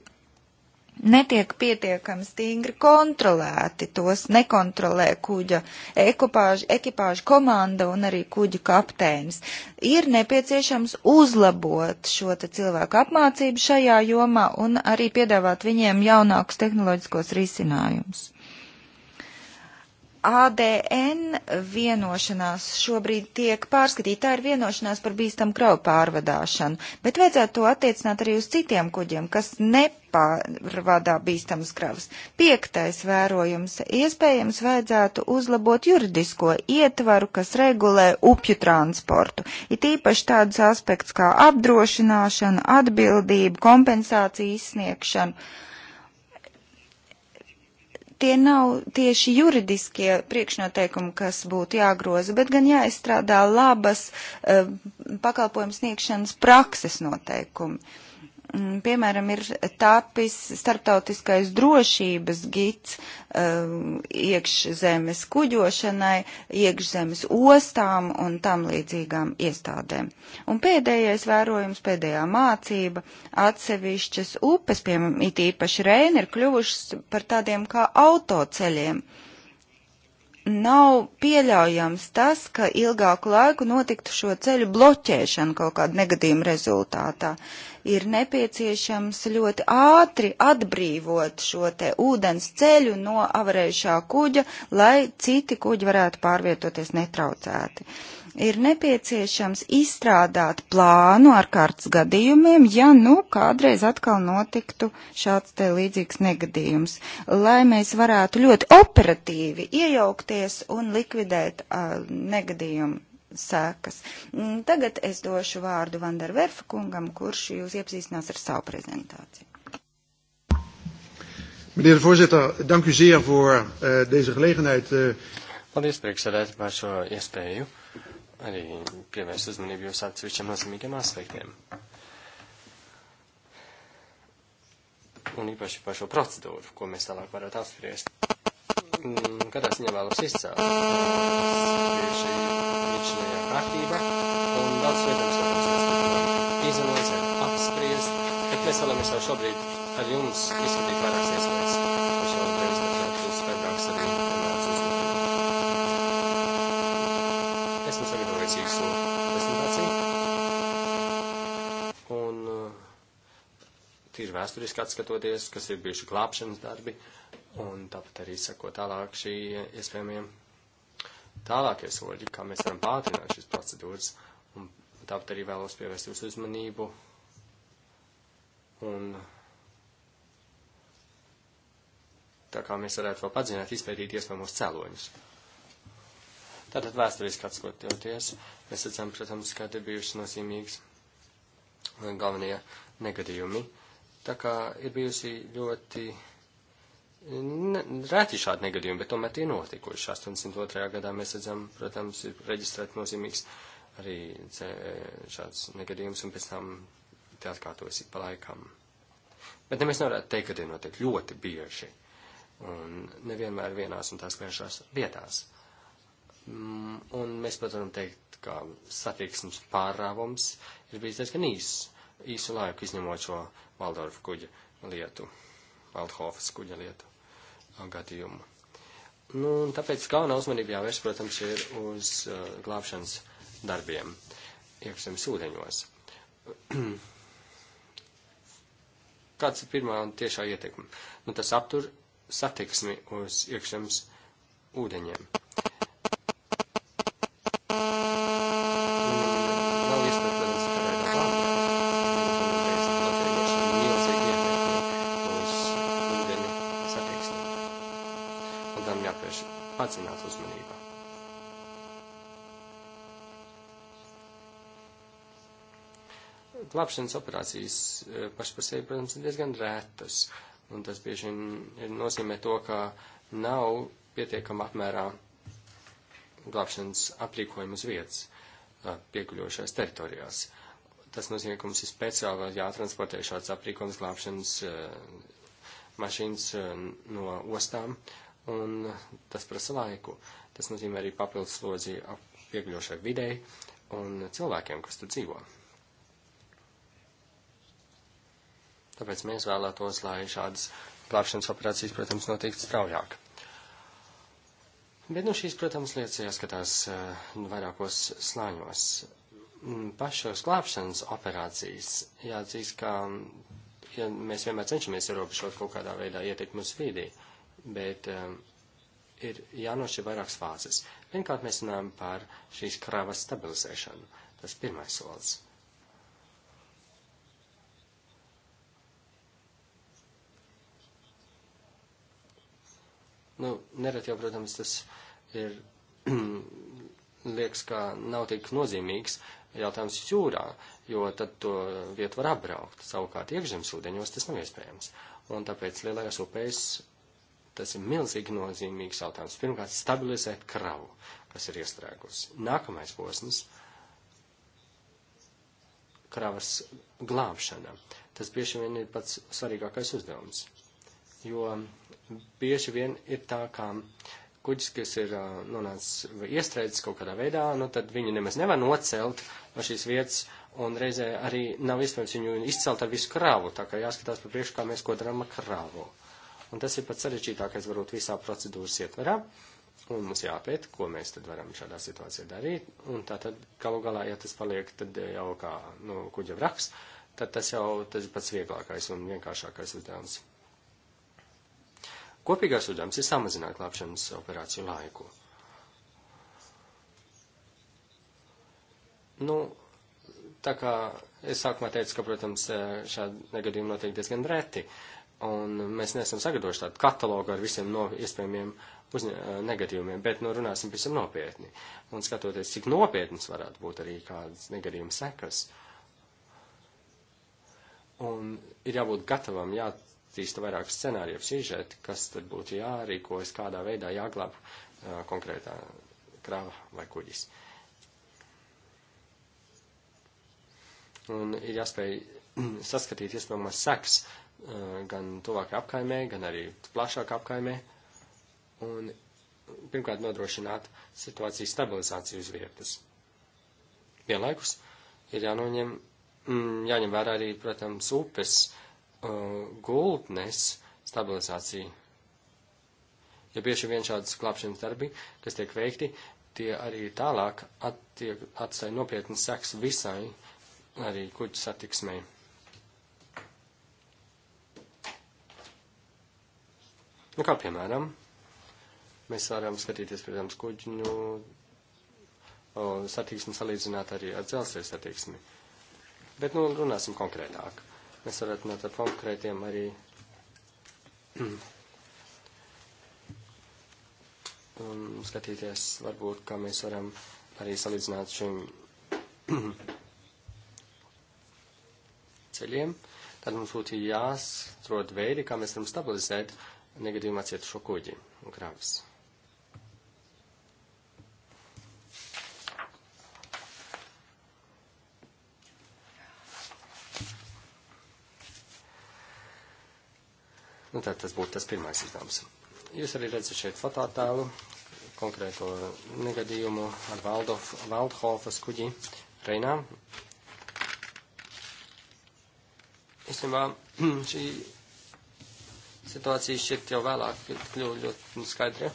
netiek pietiekami stingri kontrolēti. Tos nekontrolē kuģa ekipāža, ekipāža komanda un arī kuģa kapteinis. Ir nepieciešams uzlabot šo cilvēku apmācību šajā jomā un arī piedāvāt viņiem jaunākus tehnoloģiskos risinājumus. ADN vienošanās šobrīd tiek pārskatīta. Tā ir vienošanās par bīstam kravu pārvadāšanu, bet vajadzētu to attiecināt arī uz citiem kuģiem, kas nepārvadā bīstamas kravas. Piektais vērojums - iespējams vajadzētu uzlabot juridisko ietvaru, kas regulē upju transportu. It īpaši tādus aspektus kā apdrošināšana, atbildība, kompensācija izsniegšana tie nav tieši juridiskie priekšnoteikumi, kas būtu jāgroza, bet gan jāizstrādā labas uh, pakalpojumu sniegšanas prakses noteikumi. Uh, Mm, piemēram, ir tapis starptautiskais drošības gids um, iekšzemes kuģošanai, iekšzemes ostām un tam līdzīgām iestādēm. Un pēdējais vērojums, pēdējā mācība, atsevišķas upes, piemēram, it īpaši Reina, ir kļuvušas par tādiem kā autoceļiem. Nav pieļaujams tas, ka ilgāku laiku notiktu šo ceļu bloķēšana kaut kāda negadījuma rezultātā. Uh, ir nepieciešams ļoti ātri atbrīvot šo te ūdens ceļu no avarējušā kuģa, lai citi kuģi varētu pārvietoties netraucēti. Ir nepieciešams izstrādāt plānu ar kārtas gadījumiem, ja nu kādreiz atkal notiktu šāds te līdzīgs negadījums, lai mēs varētu ļoti operatīvi iejaukties un likvidēt uh, negadījumu sekas. Mm, tagad es došu vārdu Vandar Verfa kungam, kurš jūs iepazīstinās ar savu prezentāciju. Meneer de voorzitter, dank u zeer voor uh, deze gelegenheid. Uh... Paldies, priekšsēdētāji, par šo iespēju arī pievērst uzmanību jūsu atsevišķiem nozīmīgiem aspektiem. Un īpaši par šo procedūru, ko mēs tālāk varētu apspriest. Mm, katrā ziņā vēlos izcelt tieši kārtība un daudz lietām skatās mēs turpinām izanalizēt, apspriest, bet mēs vēlamies jau šobrīd ar jums izskatīt vairākas iespējas, kurš jau reiz pat jūs skaidrāks arī nāc uzmanību. Esmu sagatavojis īsu prezentāciju. Un uh, tīri vēsturiski atskatoties, kas ir bijuši glābšanas darbi, un tāpat arī sako tālāk šī iespējamiem tālākie soļi, kā mēs varam pātrināt šīs procedūras. Un tāpat arī vēlos pievērst jūsu uzmanību. Un tā kā mēs varētu vēl padzināt, izpētīt iespējamos cēloņus. Tātad vēsturiski atskatoties, mēs redzam, protams, ka te bijuši nozīmīgs galvenie negadījumi. Tā kā ir bijusi ļoti Ne, reti šādi negadījumi, bet tomēr tie notikuši. 82. gadā mēs redzam, protams, ir reģistrēt nozīmīgs arī šāds negadījums, un pēc tam te atkārtojas ik pa laikam. Bet ne, mēs nevarētu teikt, ka tie notiek ļoti bieži, un nevienmēr vienās un tās vienšās vietās. Mm, un mēs pat varam teikt, ka satiksmes pārāvums ir bijis diezgan īs, īsu laiku, izņemot šo Valdorfa kuģa lietu, Valdhofas kuģa lietu gadījumu. Nu, tāpēc galvenā uzmanība jāvērš, protams, ir uz uh, glābšanas darbiem iekšzemes ūdeņos. Kāds ir pirmā un tiešā ietekme? Nu, tas aptur satiksmi uz iekšzemes ūdeņiem. glābšanas operācijas e, paši par sevi, protams, ir diezgan rētas, un tas bieži vien nozīmē to, ka nav pietiekama apmērā glābšanas aprīkojuma uz vietas e, piekuļošās teritorijās. Tas nozīmē, ka mums ir speciāli jātransportē šāds aprīkojums glābšanas e, mašīnas no ostām, un tas prasa laiku. Tas nozīmē arī papildus slodzi piekļošai videi un cilvēkiem, kas tur dzīvo. Tāpēc mēs vēlētos, lai šādas glābšanas operācijas, protams, notiktu straujāk. Bet nu šīs, protams, lietas jāskatās eh, vairākos slāņos. Mm, pašos glābšanas operācijas jāatzīst, ka mm, ja mēs vienmēr cenšamies ierobežot kaut kādā veidā ietekmi uz vidī, bet um, ir jānošķir vairākas fāzes. Vienkārt mēs runājam par šīs kravas stabilizēšanu. Tas pirmais solis. Nu, nerad jau, protams, tas ir, liekas, ka nav tik nozīmīgs jautājums jūrā, jo tad to vietu var apbraukt. Savukārt iekšzemes ūdeņos tas nav iespējams. Un tāpēc lielajās upēs tas ir milzīgi nozīmīgs jautājums. Pirmkārt, stabilizēt kravu, kas ir iestrēgusi. Nākamais posms - kravas glābšana. Tas bieži vien ir pats svarīgākais uzdevums jo bieži vien ir tā, kā kuģis, kas ir nonācis vai iestrēdzis kaut kādā veidā, nu tad viņu nemaz nevar nocelt no šīs vietas, un reizē arī nav iespējams viņu izcelt ar visu kravu, tā kā jāskatās pa priekšu, kā mēs ko darām ar kravu. Un tas ir pats sarežģītākais, varbūt, visā procedūras ietverā, un mums jāpēt, ko mēs tad varam šādā situācijā darīt, un tā tad galu galā, ja tas paliek, tad jau kā, nu, kuģa vraks, tad tas jau tas ir pats vieglākais un vienkāršākais uzdevums. Kopīgais uzdevums ir samazināt glābšanas operāciju laiku. Nu, tā kā es sākumā teicu, ka, protams, šādi negadījumi notiek diezgan reti, un mēs nesam sagatavojuši tādu katalogu ar visiem no iespējamiem uzņa, negadījumiem, bet nu runāsim visam nopietni. Un skatoties, cik nopietnas varētu būt arī kādas negadījuma sekas. Un ir jābūt gatavam, jā, attīsta vairāk scenāriju, sižeti, kas tad būtu jārīkojas, kādā veidā jāglāb uh, konkrētā krava vai kuģis. Un ir jāspēj saskatīt iespējamās seks uh, gan tuvākajā apkaimē, gan arī plašākā apkaimē. Un pirmkārt nodrošināt situācijas stabilizāciju uz vietas. Vienlaikus ir jānoņem, mm, jāņem vērā arī, protams, upes uh, gultnes stabilizāciju. Ja bieži vien šādas klāpšanas darbi, kas tiek veikti, tie arī tālāk attiek, atstāja nopietnas seks visai arī kuģu satiksmei. Nu, kā piemēram, mēs varam skatīties, protams, kuģu nu, uh, satiksmi salīdzināt arī ar dzelzceļa satiksmi. Bet, nu, runāsim konkrētāk mēs varētu ar konkrētiem arī un um, skatīties, varbūt, kā mēs varam arī salīdzināt šim ceļiem. Tad mums būtu jāstrod veidi, kā mēs varam stabilizēt negadījumā cietušo kuģi un kravas. Nu, tad tas būtu tas pirmais izdevums. Jūs arī redzat šeit fototēlu konkrēto negadījumu ar Valdof, Valdhofas kuģi Reinā. Īstenībā šī situācija šķiet jau vēlāk kļuva ļoti skaidra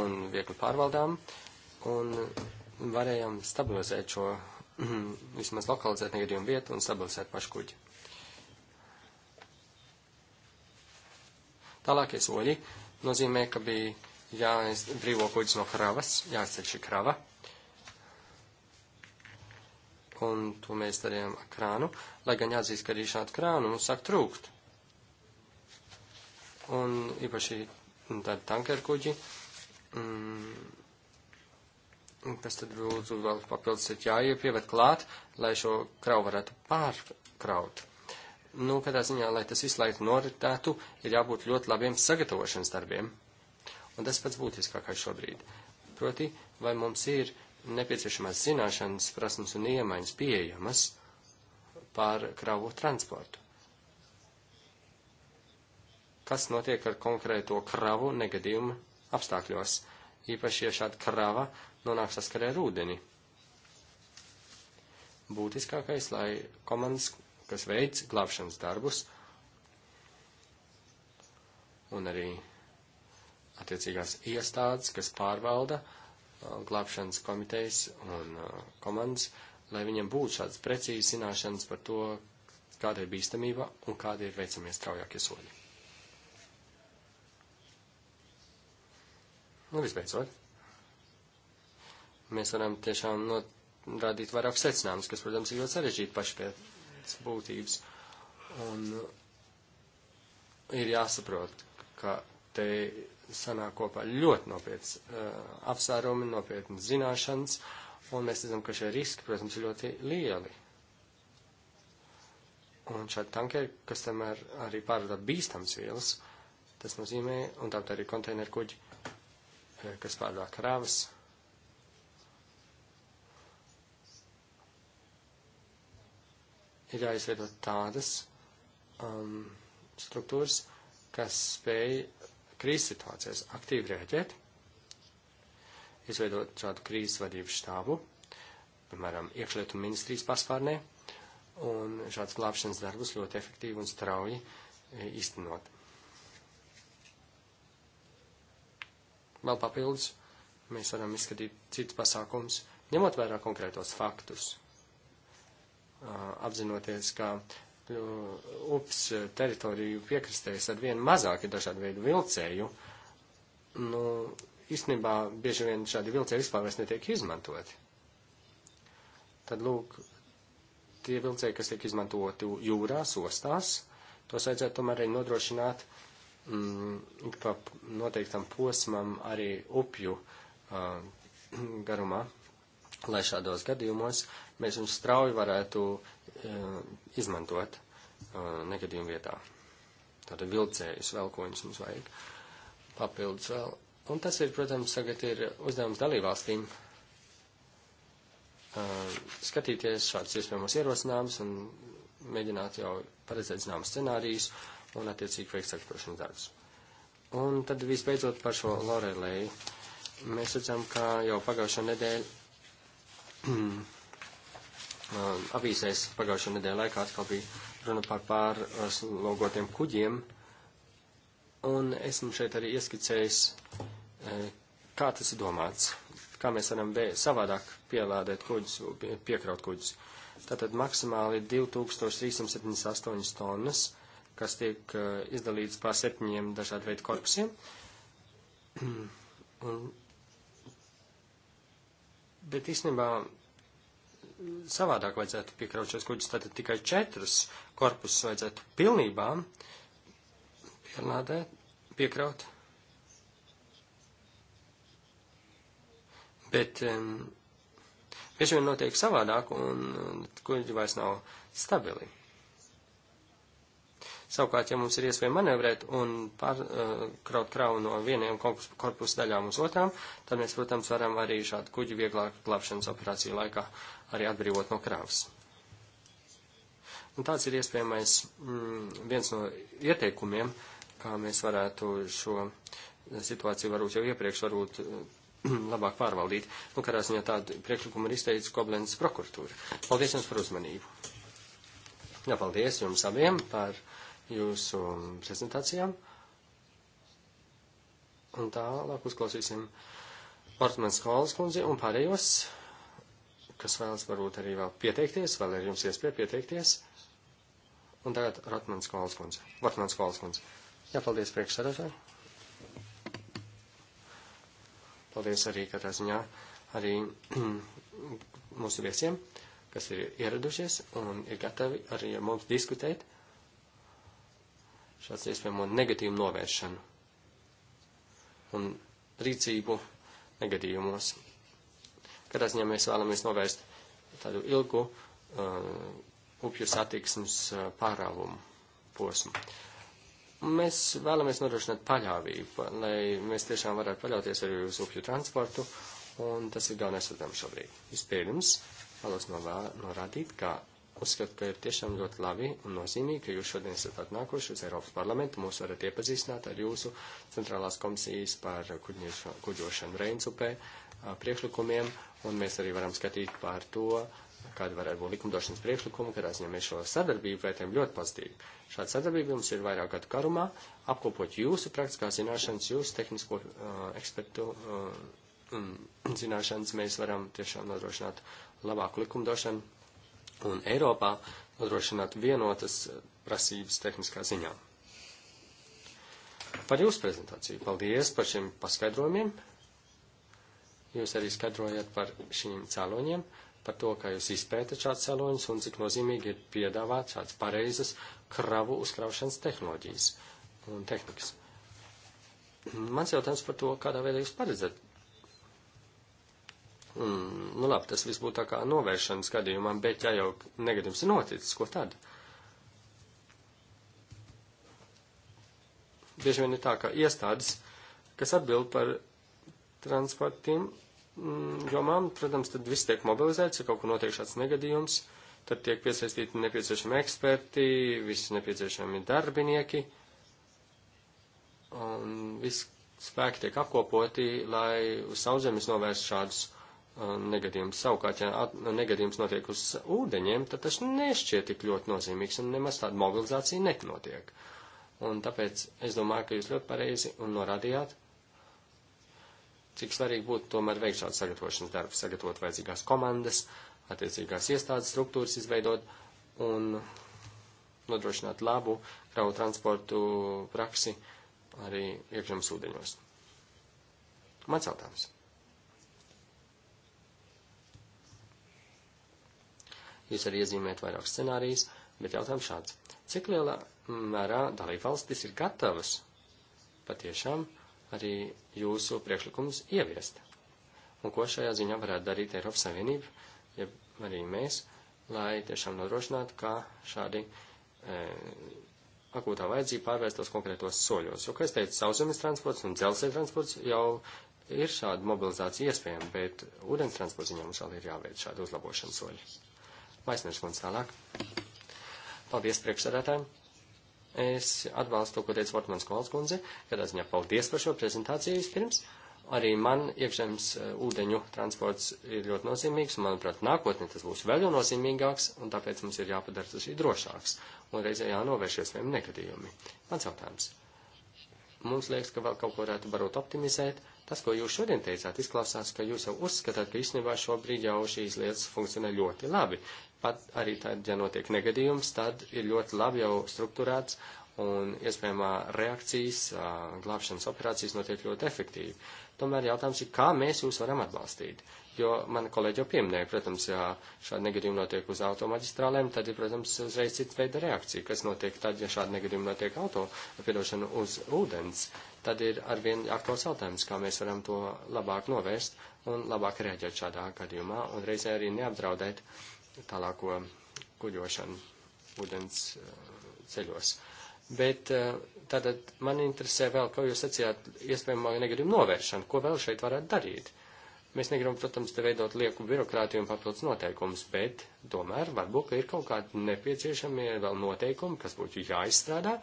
un viegli pārvaldām, un varējām stabilizēt šo, vismaz lokalizēt negadījumu vietu un stabilizēt pašu kuģi. Tālākie soļi nozīmē, ka bija jāizbrīvo kuģis no kravas, jāizceļ šī krava. Un to mēs darījām ar krānu, lai gan jāatzīst, ka arī šādu krānu mums sāk trūkt. Un īpaši tādi tankerkuģi, mm, kas tad lūdzu vēl papildus ir jāiepievērt klāt, lai šo kravu varētu pārkraut nu, kādā ziņā, lai tas visu laiku noritētu, ir jābūt ļoti labiem sagatavošanas darbiem. Un tas pats būtiskākais šobrīd. Proti, vai mums ir nepieciešamās zināšanas, prasmes un iemaņas pieejamas par kravu transportu. Kas notiek ar konkrēto kravu negadījumu apstākļos, īpaši, ja šāda krava nonāk saskarē ar ūdeni? Būtiskākais, lai komandas kas veids glābšanas darbus un arī attiecīgās iestādes, kas pārvalda uh, glābšanas komitejas un uh, komandas, lai viņiem būtu šāds precīzi zināšanas par to, kāda ir bīstamība un kādi ir veicamie straujākie soļi. Nu, visbeidzot, mēs varam tiešām norādīt vairāk secinājumus, kas, protams, ir ļoti sarežģīti paši pie pēc būtības. Un uh, ir jāsaprot, ka te sanāk kopā ļoti nopietnas uh, apsvērumi, nopietnas zināšanas, un mēs redzam, ka šie riski, protams, ir ļoti lieli. Un šādi tankeri, kas tomēr arī pārvadā bīstams vielas, tas nozīmē, un tāpat arī konteineru kuģi, uh, kas pārvadā krāvas, ir jāizveido tādas um, struktūras, kas spēj krīzes situācijās aktīvi rēģēt, izveidot šādu krīzes vadību štābu, piemēram, iekšlietu ministrijas paspārnē, un šāds glābšanas darbus ļoti efektīvi un strauji e, īstenot. Vēl papildus mēs varam izskatīt citus pasākums, ņemot vērā konkrētos faktus apzinoties, ka nu, upes teritoriju piekrastēs ar vien mazāk ir dažādu veidu vilcēju, nu, īstenībā bieži vien šādi vilcēji vispār vairs netiek izmantoti. Tad, lūk, tie vilcēji, kas tiek izmantoti jūrās, ostās, tos vajadzētu tomēr arī nodrošināt mm, pa noteiktam posmam arī upju uh, garumā lai šādos gadījumos mēs viņus strauji varētu uh, izmantot uh, e, negadījuma vietā. Tātad vilcējus vēl, ko viņus mums vajag papildus vēl. Un tas ir, protams, tagad ir uzdevums dalībvalstīm uh, skatīties šādus iespējamos ierosinājumus un mēģināt jau paredzēt zināmas scenārijas un attiecīgi veikt sagatavošanas darbus. Un tad visbeidzot par šo Lorelei. Mēs redzam, ka jau pagājušo nedēļu Mm. Um, avīzēs pagājušajā nedēļā laikā atkal bija runa par pārslogotiem kuģiem, un esmu šeit arī ieskicējis, e, kā tas ir domāts, kā mēs varam savādāk pielādēt kuģus, piekraut kuģus. Tātad maksimāli 2378 tonnas, kas tiek e, izdalīts pār septiņiem dažādu veidu korpusiem. Un, bet īstenībā savādāk vajadzētu piekraut šos kuģus, tātad tikai četrus korpusus vajadzētu pilnībā pielādēt, piekraut. Bet um, bieži vien notiek savādāk, un kuģi vairs nav stabili. Savukārt, ja mums ir iespēja manevrēt un pārkraut uh, kravu no vieniem korpusu daļām uz otrām, tad mēs, protams, varam arī šādu kuģu vieglāk glābšanas operāciju laikā arī atbrīvot no kravas. Un tāds ir iespējamais mm, viens no ieteikumiem, kā mēs varētu šo situāciju varbūt jau iepriekš varbūt mm, labāk pārvaldīt. Nu, kādā ziņā tādu priekšlikumu ir izteicis Koblenes prokuratūra. Paldies jums par uzmanību. Jā, paldies jums abiem par jūsu prezentācijām. Un tālāk uzklausīsim Portmanas skolas kundzi un pārējos, kas vēlas varbūt arī vēl pieteikties, vēl ir jums iespēja pieteikties. Un tagad Rotmanas skolas kundze. Rotmanas skolas kundze. Jā, paldies priekšsēdētāji. Paldies arī katrā ziņā arī mūsu viesiem, kas ir ieradušies un ir gatavi arī ar mums diskutēt šāds iespējamo negatīvu novēršanu un rīcību negadījumos. Katrā ziņā mēs vēlamies novērst tādu ilgu uh, upju satiksmes uh, pārāvumu posmu. Mēs vēlamies nodrošināt paļāvību, lai mēs tiešām varētu paļauties arī uz upju transportu, un tas ir galvenais uzdevums šobrīd. Vispirms vēlos norādīt, ka Uzskatu, ka ir tiešām ļoti labi un nozīmīgi, ka jūs šodien esat atnākuši uz Eiropas parlamentu. Mūs varat iepazīstināt ar jūsu centrālās komisijas par kuģošanu Reinsupē priekšlikumiem, un mēs arī varam skatīt par to, kāda varētu būt likumdošanas priekšlikuma, kad aizņemies šo sadarbību, vērtējam ļoti pozitīvi. Šāda sadarbība jums ir vairāk gadu karumā, apkopot jūsu praktiskās zināšanas, jūsu tehnisko uh, ekspertu uh, um, zināšanas, mēs varam tiešām nodrošināt labāku likumdošanu un Eiropā nodrošināt vienotas eh, prasības tehniskā ziņā. Par jūsu prezentāciju. Paldies par šiem paskaidrojumiem. Jūs arī skaidrojat par šīm cēloņiem, par to, kā jūs izpētat šāds cēloņus un cik nozīmīgi ir piedāvāt šāds pareizas kravu uzkraušanas tehnoloģijas un tehnikas. Mans jautājums par to, kādā veidā jūs paredzat Mm, nu labi, tas viss būtu tā kā novēršanas gadījumā, bet ja jau negadījums ir noticis, ko tad? Bieži vien ir tā, ka iestādes, kas atbild par transportiem, mm, jomām, protams, tad viss tiek mobilizēts, ja kaut kur notiek šāds negadījums, tad tiek piesaistīti nepieciešami eksperti, visi nepieciešami darbinieki, un viss spēki tiek apkopoti, lai uz sauszemes novērst šādus negadījums. Savukārt, ja negadījums notiek uz ūdeņiem, tad tas nešķiet tik ļoti nozīmīgs un nemaz tāda mobilizācija nenotiek. Un tāpēc es domāju, ka jūs ļoti pareizi un norādījāt, cik svarīgi būtu tomēr veikt šādu sagatavošanas darbu, sagatavot vajadzīgās komandas, attiecīgās iestādes struktūras izveidot un nodrošināt labu kravu transportu praksi arī iekšzemes ūdeņos. Mans jautājums. Jūs arī iezīmējat vairāk scenārijus, bet jautājums šāds. Cik lielā mērā dalībvalstis ir gatavas patiešām arī jūsu priekšlikumus ieviest? Un ko šajā ziņā varētu darīt Eiropas Savienība, ja arī mēs, lai tiešām nodrošinātu, ka šādi e, akūtā vajadzība pārvērstos konkrētos soļos. Jo, kā es teicu, sauszemes transports un dzelzceļa transports jau ir šāda mobilizācija iespējama, bet ūdens transporta ziņā mums vēl ir jāveic šādi uzlabošanas soļi. Maisnieks kundze tālāk. Paldies priekšsēdētājiem. Es atbalstu to, ko teica Vortmans Kols kundze, kādā ziņā paldies par šo prezentāciju vispirms. Arī man iekšzemes eh, ūdeņu transports ir ļoti nozīmīgs, un, manuprāt, nākotnē tas būs vēl nozīmīgāks, un tāpēc mums ir jāpadara tas arī drošāks, un reizē jānovēršies vēl negadījumi. Mans jautājums. Mums liekas, ka vēl kaut ko varētu varot optimizēt. Tas, ko jūs šodien teicāt, izklausās, ka jūs jau uzskatāt, ka īstenībā šobrīd jau šīs lietas funkcionē ļoti labi, pat arī tad, ja notiek negadījums, tad ir ļoti labi jau strukturēts un iespējamā reakcijas, glābšanas operācijas notiek ļoti efektīvi. Tomēr jautājums ir, kā mēs jūs varam atbalstīt? Jo mana kolēģi jau pieminēja, protams, ja šādi negadījumi notiek uz automaģistrālēm, tad ir, protams, uzreiz cita veida reakcija, kas notiek tad, ja šādi negadījumi notiek auto, piedošana uz ūdens. Tad ir arvien aktuāls jautājums, kā mēs varam to labāk novērst un labāk reaģēt šādā gadījumā un reizē arī neapdraudēt uh, tālāko kuģošanu ūdens eh, ceļos. Bet eh, tātad man interesē vēl, ko jūs sacījāt, iespējamā negadījuma novēršana, ko vēl šeit varētu darīt. Mēs negribam, protams, te veidot lieku birokrātiju un papildus noteikumus, bet tomēr varbūt ir kaut kādi nepieciešamie vēl noteikumi, kas būtu jāizstrādā,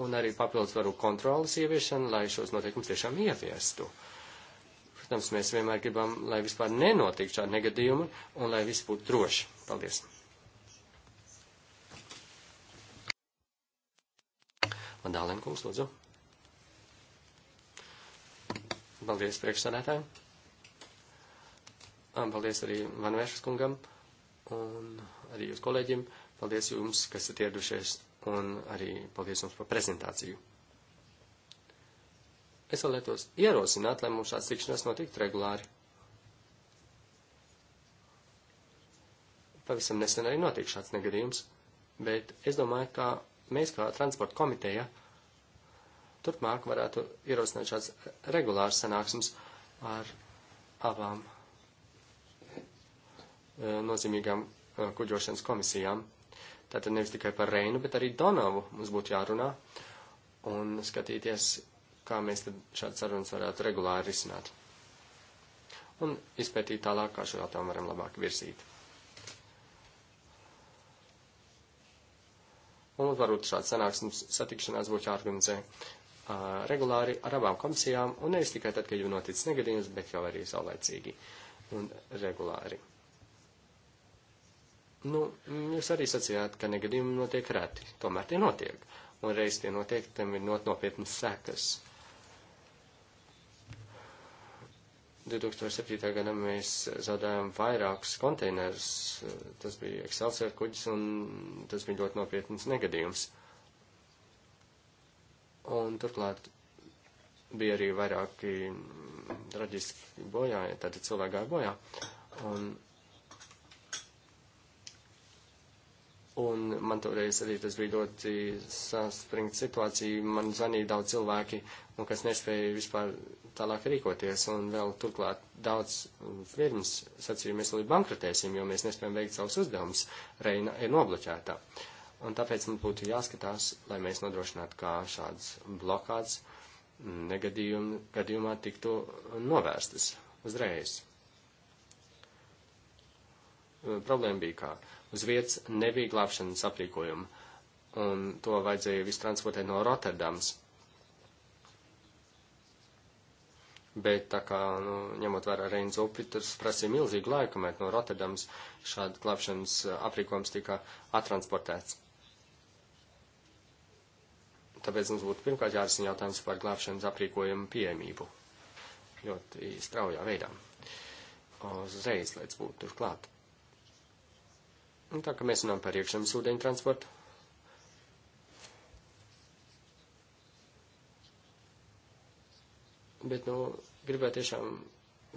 un arī papildus varu kontrolas ieviešana, lai šos noteikumus tiešām ieviestu. Uh, Protams, mēs vienmēr gribam, lai vispār nenotiktu šādi negadījumi un lai viss būtu droši. Paldies! Madālēn kungs, lūdzu. Paldies priekšsādātājiem. Ah, paldies arī Vanvēršas kungam un arī jūs kolēģim. Paldies jums, kas esat ieradušies un arī paldies jums par prezentāciju. Es vēlētos ierosināt, lai mums šāds tikšanās notiktu regulāri. Pavisam nesen arī notika šāds negadījums, bet es domāju, ka mēs kā transporta komiteja turpmāk varētu ierosināt šāds regulārs sanāksmes ar abām eh, nozīmīgām eh, kuģošanas komisijām. Tātad nevis tikai par Reinu, bet arī Donavu mums būtu jārunā un skatīties, kā mēs tad šādas sarunas varētu regulāri risināt. Un izpētīt tālāk, kā šo jautājumu varam labāk virzīt. Un varbūt šāds sanāksmes satikšanās būtu jāorganizē uh, regulāri ar abām komisijām, un nevis tikai tad, kad jau noticis negadījums, bet jau arī saulēcīgi un regulāri. Nu, jūs arī sacījāt, ka negadījumi notiek reti, tomēr tie notiek, un reiz tie notiek, tam ir not nopietnas sekas. 2007. gadā mēs zaudējām vairākus konteinerus. Tas bija Excelsior kuģis un tas bija ļoti nopietns negadījums. Un turklāt bija arī vairāki traģiski bojāja, tātad cilvēki gāja bojā. Un, un man toreiz arī tas bija ļoti saspringta situācija. Man zvanīja daudz cilvēki, un nu, kas nespēja vispār tālāk rīkoties, un vēl turklāt daudz um, firmas sacīja, mēs līdz bankrotēsim, jo mēs nespējam veikt savus uzdevumus, reina ir nobloķēta. Un tāpēc mums būtu jāskatās, lai mēs nodrošinātu, kā šādas blokādes mm, negadījumā tiktu novērstas uzreiz. Uh, problēma bija kā uz vietas nebija glābšanas aprīkojuma, un to vajadzēja visu transportēt no Rotterdams bet tā kā, nu, ņemot vērā Reins upi, tas prasīja milzīgu laiku, kamēr no Rotterdams šāda glābšanas aprīkojums tika atransportēts. Tāpēc mums būtu pirmkārt jārisina jautājums par glābšanas aprīkojumu pieejamību. Ļoti straujā veidā. Uzreiz, lai būtu turklāt. Un nu, tā kā mēs runājam par iekšzemes ūdeņu transportu, bet, nu, gribētu tiešām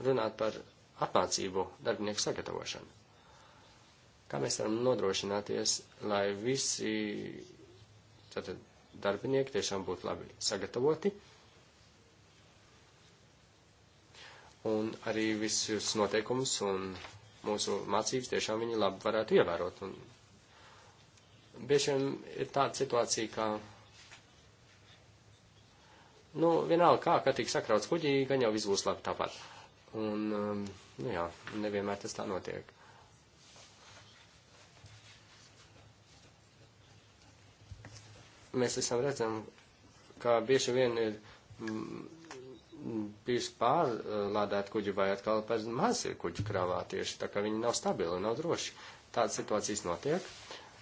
runāt par apmācību darbinieku sagatavošanu. Kā mēs varam nodrošināties, lai visi tātad, darbinieki tiešām būtu labi sagatavoti? Un arī visus noteikumus un mūsu mācības tiešām viņi labi varētu ievērot. Un bieži vien ir tāda situācija, ka Nu, vienalga kā, kad tiek sakrauts kuģī, gan jau viss būs labi tāpat. Un, um, nu jā, nevienmēr tas tā notiek. Mēs esam redzam, ka bieži vien ir mm, mm, bijuši pārlādēti kuģi vai atkal par maz ir kuģi kravā tieši, tā ka viņi nav stabili, nav droši. Tādas situācijas notiek.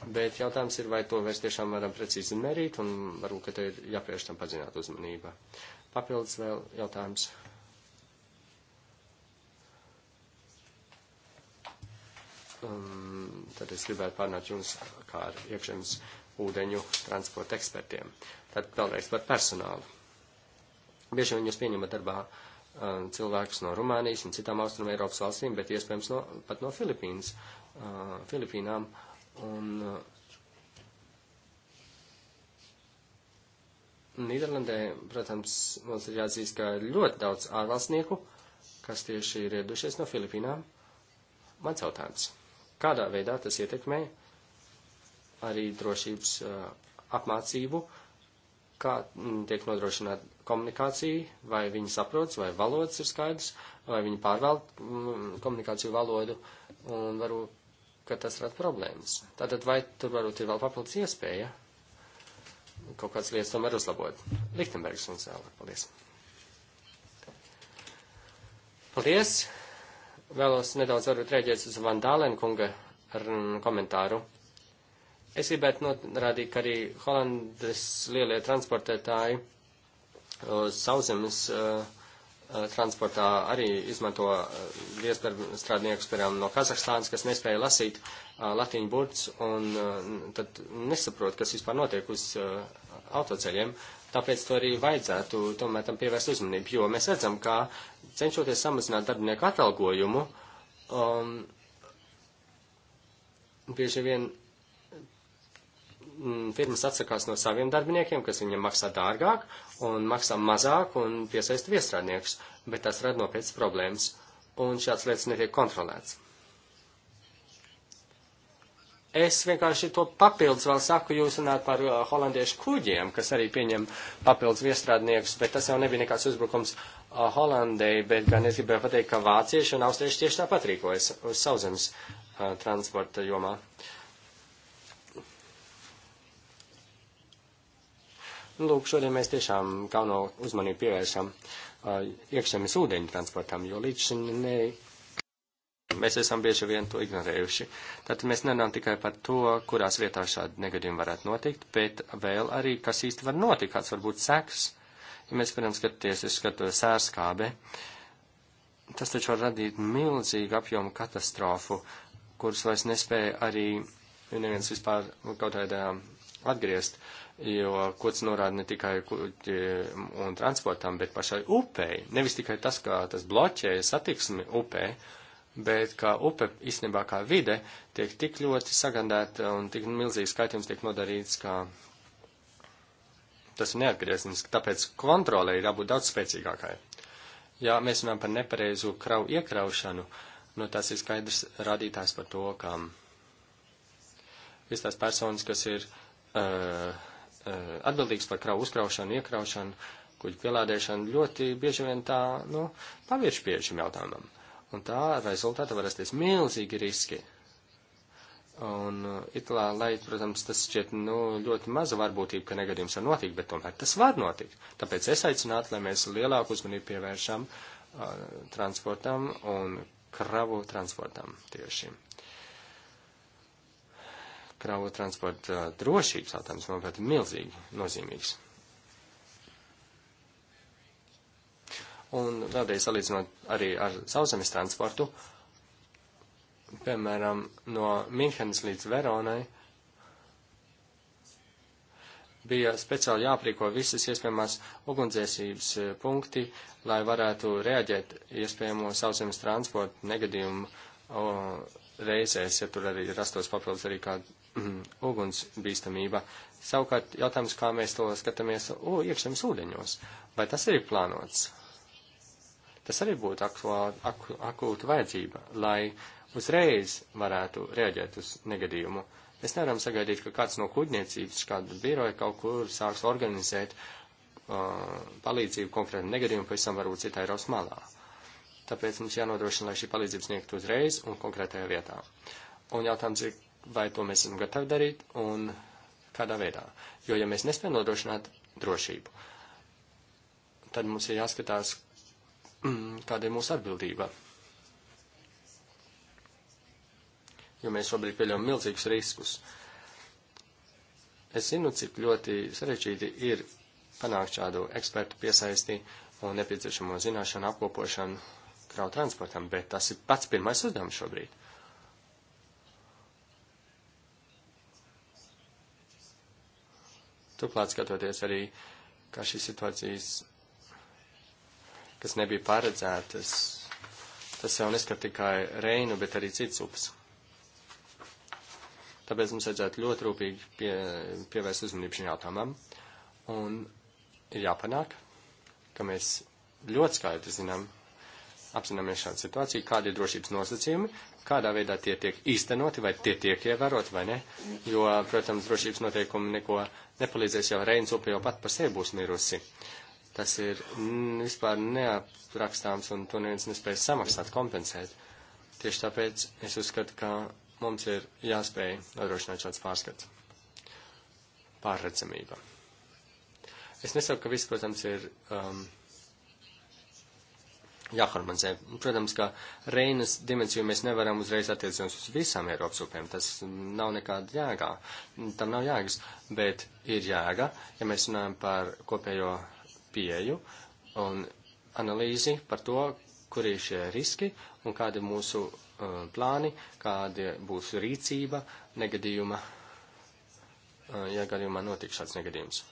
Bet jautājums ir, vai to mēs tiešām varam precīzi merīt, un varbūt, ka te ir jāpievērš tam padzināt uzmanība. Papildus vēl jautājums. Um, tad es gribētu pārnāt jums kā ar iekšzemes ūdeņu transporta ekspertiem. Tad vēlreiz par personālu. Bieži vien jūs pieņemat darbā um, cilvēkus no Rumānijas un citām Austrum Eiropas valstīm, bet iespējams no, pat no Filipīnas, uh, Filipīnām. Uh, Un uh, Nīderlandē, protams, mums ir jāatzīst, ka ir ļoti daudz ārvalstnieku, kas tieši ir ieradušies no Filipīnām. Mans jautājums, kādā veidā tas ietekmē arī drošības uh, apmācību, kā m, mm, tiek nodrošināta komunikācija, vai viņi saprots, vai valodas ir skaidrs, vai viņi pārvalda mm, komunikāciju valodu, un varbūt ka tas rada problēmas. Tātad vai tur varbūt ir vēl papildus iespēja kaut kādas lietas tomēr uzlabot? Lichtenbergs un Zēlē, paldies. Paldies. Vēlos nedaudz varbūt rēģēt uz Van Dālen kunga komentāru. Es gribētu norādīt, ka arī Holandes lielie transportētāji uz sauzemes uh, Eh, transportā arī izmanto eh, viesstrādniekus, piemēram, no Kazahstānas, kas nespēja lasīt eh, latīņu burts un tad nesaprot, kas vispār notiek uz autoceļiem. Tāpēc to arī vajadzētu tomēr tam pievērst uzmanību, jo mēs redzam, ka cenšoties samazināt darbinieku atalgojumu, um, bieži vien Mm, firmas atsakās no saviem darbiniekiem, kas viņiem maksā dārgāk un maksā mazāk un piesaista viestrādniekus, bet tas rada nopietnas problēmas un šāds lietas netiek kontrolēts. Es vienkārši to papildus vēl saku, jūs runājat par uh, holandiešu kuģiem, kas arī pieņem papildus viestrādniekus, bet tas jau nebija nekāds uzbrukums uh, Holandei, bet gan es gribēju pateikt, ka vācieši un austrieši tieši tāpat rīkojas uz sauszemes uh, transporta jomā. Uh, Lūk, šodien mēs tiešām kauno uzmanību pievēršam uh, iekšzemes ūdeņu transportam, jo līdz šim ne, mēs esam bieži vien to ignorējuši. Tātad mēs nerunājam tikai par to, kurās vietās šādi negadījumi varētu notikt, bet vēl arī, kas īsti var notikt, kāds var būt seks. Ja mēs, piemēram, skatāmies, es skatos sērskābe, tas taču var radīt milzīgu apjomu katastrofu, kuras vairs nespēja arī neviens vispār kaut kādā atgriezt jo kods norāda ne tikai kuģi un transportam, bet pašai upei. Nevis tikai tas, kā tas bloķē satiksmi upē, bet kā upe īstenībā kā vide tiek tik ļoti sagandēta un tik milzīgs skaitījums tiek nodarīts, ka tas ir neatgriezniski, tāpēc kontrole ir jābūt daudz spēcīgākai. Ja mēs runājam par nepareizu kravu iekraušanu, nu tas ir skaidrs rādītājs par to, ka visas tās personas, kas ir uh, Eh, atbildīgs par kravu uzkraušanu, iekraušanu, kuģu pielādēšanu, ļoti bieži vien tā, nu, pavirš pie šim jautājumam. Un tā rezultātā var rasties milzīgi riski. Un eh, itlā, lai, protams, tas šķiet, nu, ļoti maza varbūtība, ka negadījums var notikt, bet tomēr tas var notikt. Tāpēc es aicinātu, lai mēs lielāku uzmanību pievēršam uh, transportam un kravu transportam tieši. Uh, kravu transporta drošības jautājums, manuprāt, ir milzīgi nozīmīgs. Un vēlreiz salīdzinot arī ar sauszemes transportu, piemēram, no Minhenes līdz Veronai bija speciāli jāprīko visas iespējamās ugunsdzēsības eh, punkti, lai varētu reaģēt iespējamo sauszemes transportu negadījumu o, reizēs, ja tur arī rastos papildus arī kādi Mhm. uguns bīstamība. Savukārt jautājums, kā mēs to skatāmies iekšzemes ūdeņos. Vai tas arī plānots? Tas arī būtu aktuāli, ak, akūta vajadzība, lai uzreiz varētu reaģēt uz negadījumu. Mēs nevaram sagaidīt, ka kāds no kuģniecības, kāda biroja kaut kur sāks organizēt uh, palīdzību konkrētam negadījumam, pēc tam varbūt citā Eiropas malā. Tāpēc mums jānodrošina, lai šī palīdzība sniegtu uzreiz un konkrētajā vietā. Un jautājums ir, vai to mēs esam gatavi darīt un kādā veidā. Jo, ja mēs nespējam nodrošināt drošību, tad mums ir jāskatās, mm, kāda ir mūsu atbildība. Jo mēs šobrīd pieļaujam milzīgus riskus. Es zinu, cik ļoti sarežģīti ir panākt šādu ekspertu piesaisti un nepieciešamo zināšanu apkopošanu krautransportam, bet tas ir pats pirmais uzdevums šobrīd. Turklāt skatoties arī, kā šīs situācijas, kas nebija paredzētas, tas jau neskat tikai Reinu, bet arī cits upes. Tāpēc mums vajadzētu ļoti rūpīgi pie, pievērst uzmanību šim jautājumam. Un ir jāpanāk, ka mēs ļoti skaidri zinām, apzināmies šādu situāciju, kādi ir drošības nosacījumi, kādā veidā tie tiek īstenoti, vai tie tiek ievēroti vai ne, jo, protams, drošības noteikumi neko nepalīdzēs, jo Reins upe jau pat par sevi būs mirusi. Tas ir vispār neaprakstāms un to neviens nespēj samaksāt, kompensēt. Tieši tāpēc es uzskatu, ka mums ir jāspēj nodrošināt šāds pārskats. Pārredzamība. Es nesaku, ka viss, protams, ir um, jāharmonizē. Protams, ka Reinas dimensiju mēs nevaram uzreiz attiecināt uz visām Eiropas upēm. Tas nav nekāda jēgā. Tam nav jēgas. Bet ir jēga, ja mēs runājam par kopējo pieju un analīzi par to, kur ir šie riski un kādi mūsu uh, plāni, kāda būs rīcība negadījuma, uh, ja gadījumā notiks šāds negadījums.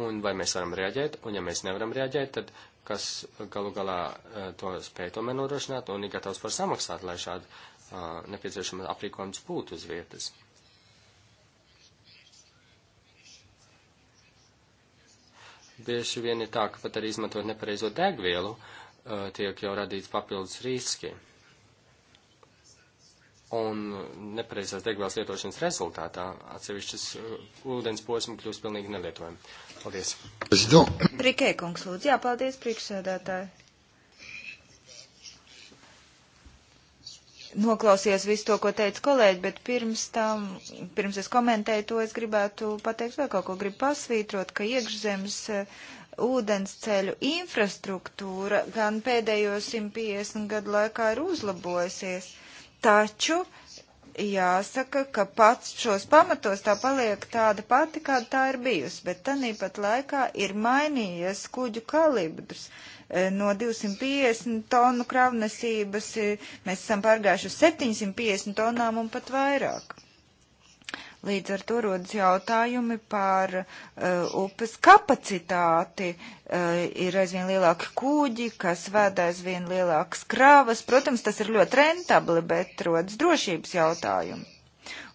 un vai mēs varam reaģēt, un ja mēs nevaram reaģēt, tad kas galu galā eh, to spēj tomēr nodrošināt un ir gatavs par samaksāt, lai šāda uh, nepieciešama aprīkojums būtu uz vietas. Bieži vien ir tā, ka pat arī izmantot nepareizo degvielu, uh, tiek jau radīts papildus riski. Uh, un nepareizās degvielas lietošanas rezultātā atsevišķas uh, ūdens posmi kļūst pilnīgi nelietojami. Paldies. Rikē, kungs, lūdzu. Jā, paldies, priekšsēdētāji. Noklausies visu to, ko teica kolēģi, bet pirms tam, pirms es komentēju to, es gribētu pateikt vēl kaut ko, gribu pasvītrot, ka iekšzemes uh, ūdensceļu infrastruktūra gan pēdējo 150 gadu laikā ir uzlabojusies Taču jāsaka, ka pats šos pamatos tā paliek tāda pati, kāda tā ir bijusi, bet tanīpat laikā ir mainījies kuģu kalibrs. E, no 250 tonu kravnesības e, mēs esam pārgājuši 750 tonām un pat vairāk. Līdz ar to rodas jautājumi par uh, upes kapacitāti. Uh, ir aizvien lielāki kūģi, kas vēd aizvien lielākas krāvas. Protams, tas ir ļoti rentabli, bet rodas drošības jautājumi.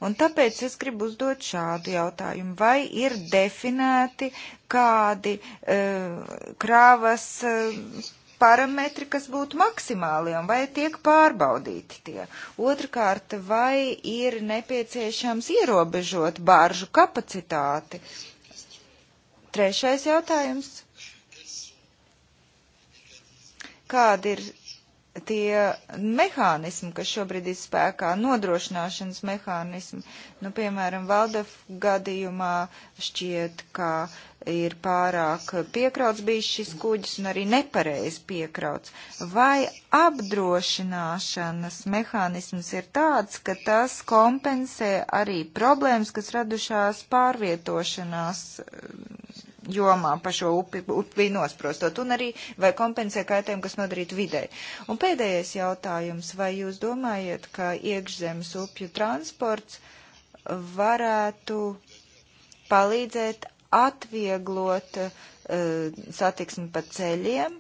Un tāpēc es gribu uzdot šādu jautājumu. Vai ir definēti kādi uh, krāvas uh, parametri, kas būtu maksimāli un vai tiek pārbaudīti tie. Otrakārt, vai ir nepieciešams ierobežot bāržu kapacitāti? Trešais jautājums. Kādi ir tie mehānismi, kas šobrīd ir spēkā, nodrošināšanas mehānismi, nu, piemēram, Valdef gadījumā šķiet, ka ir pārāk piekrauts bijis šis kuģis un arī nepareizi piekrauts. Vai apdrošināšanas mehānisms ir tāds, ka tas kompensē arī problēmas, kas radušās pārvietošanās jomā pa šo upi, upi nosprostot un arī vai kompensē kaitējumu, kas nodarītu videi. Un pēdējais jautājums, vai jūs domājat, ka iekšzemes upju transports varētu palīdzēt atvieglot uh, satiksmi pa ceļiem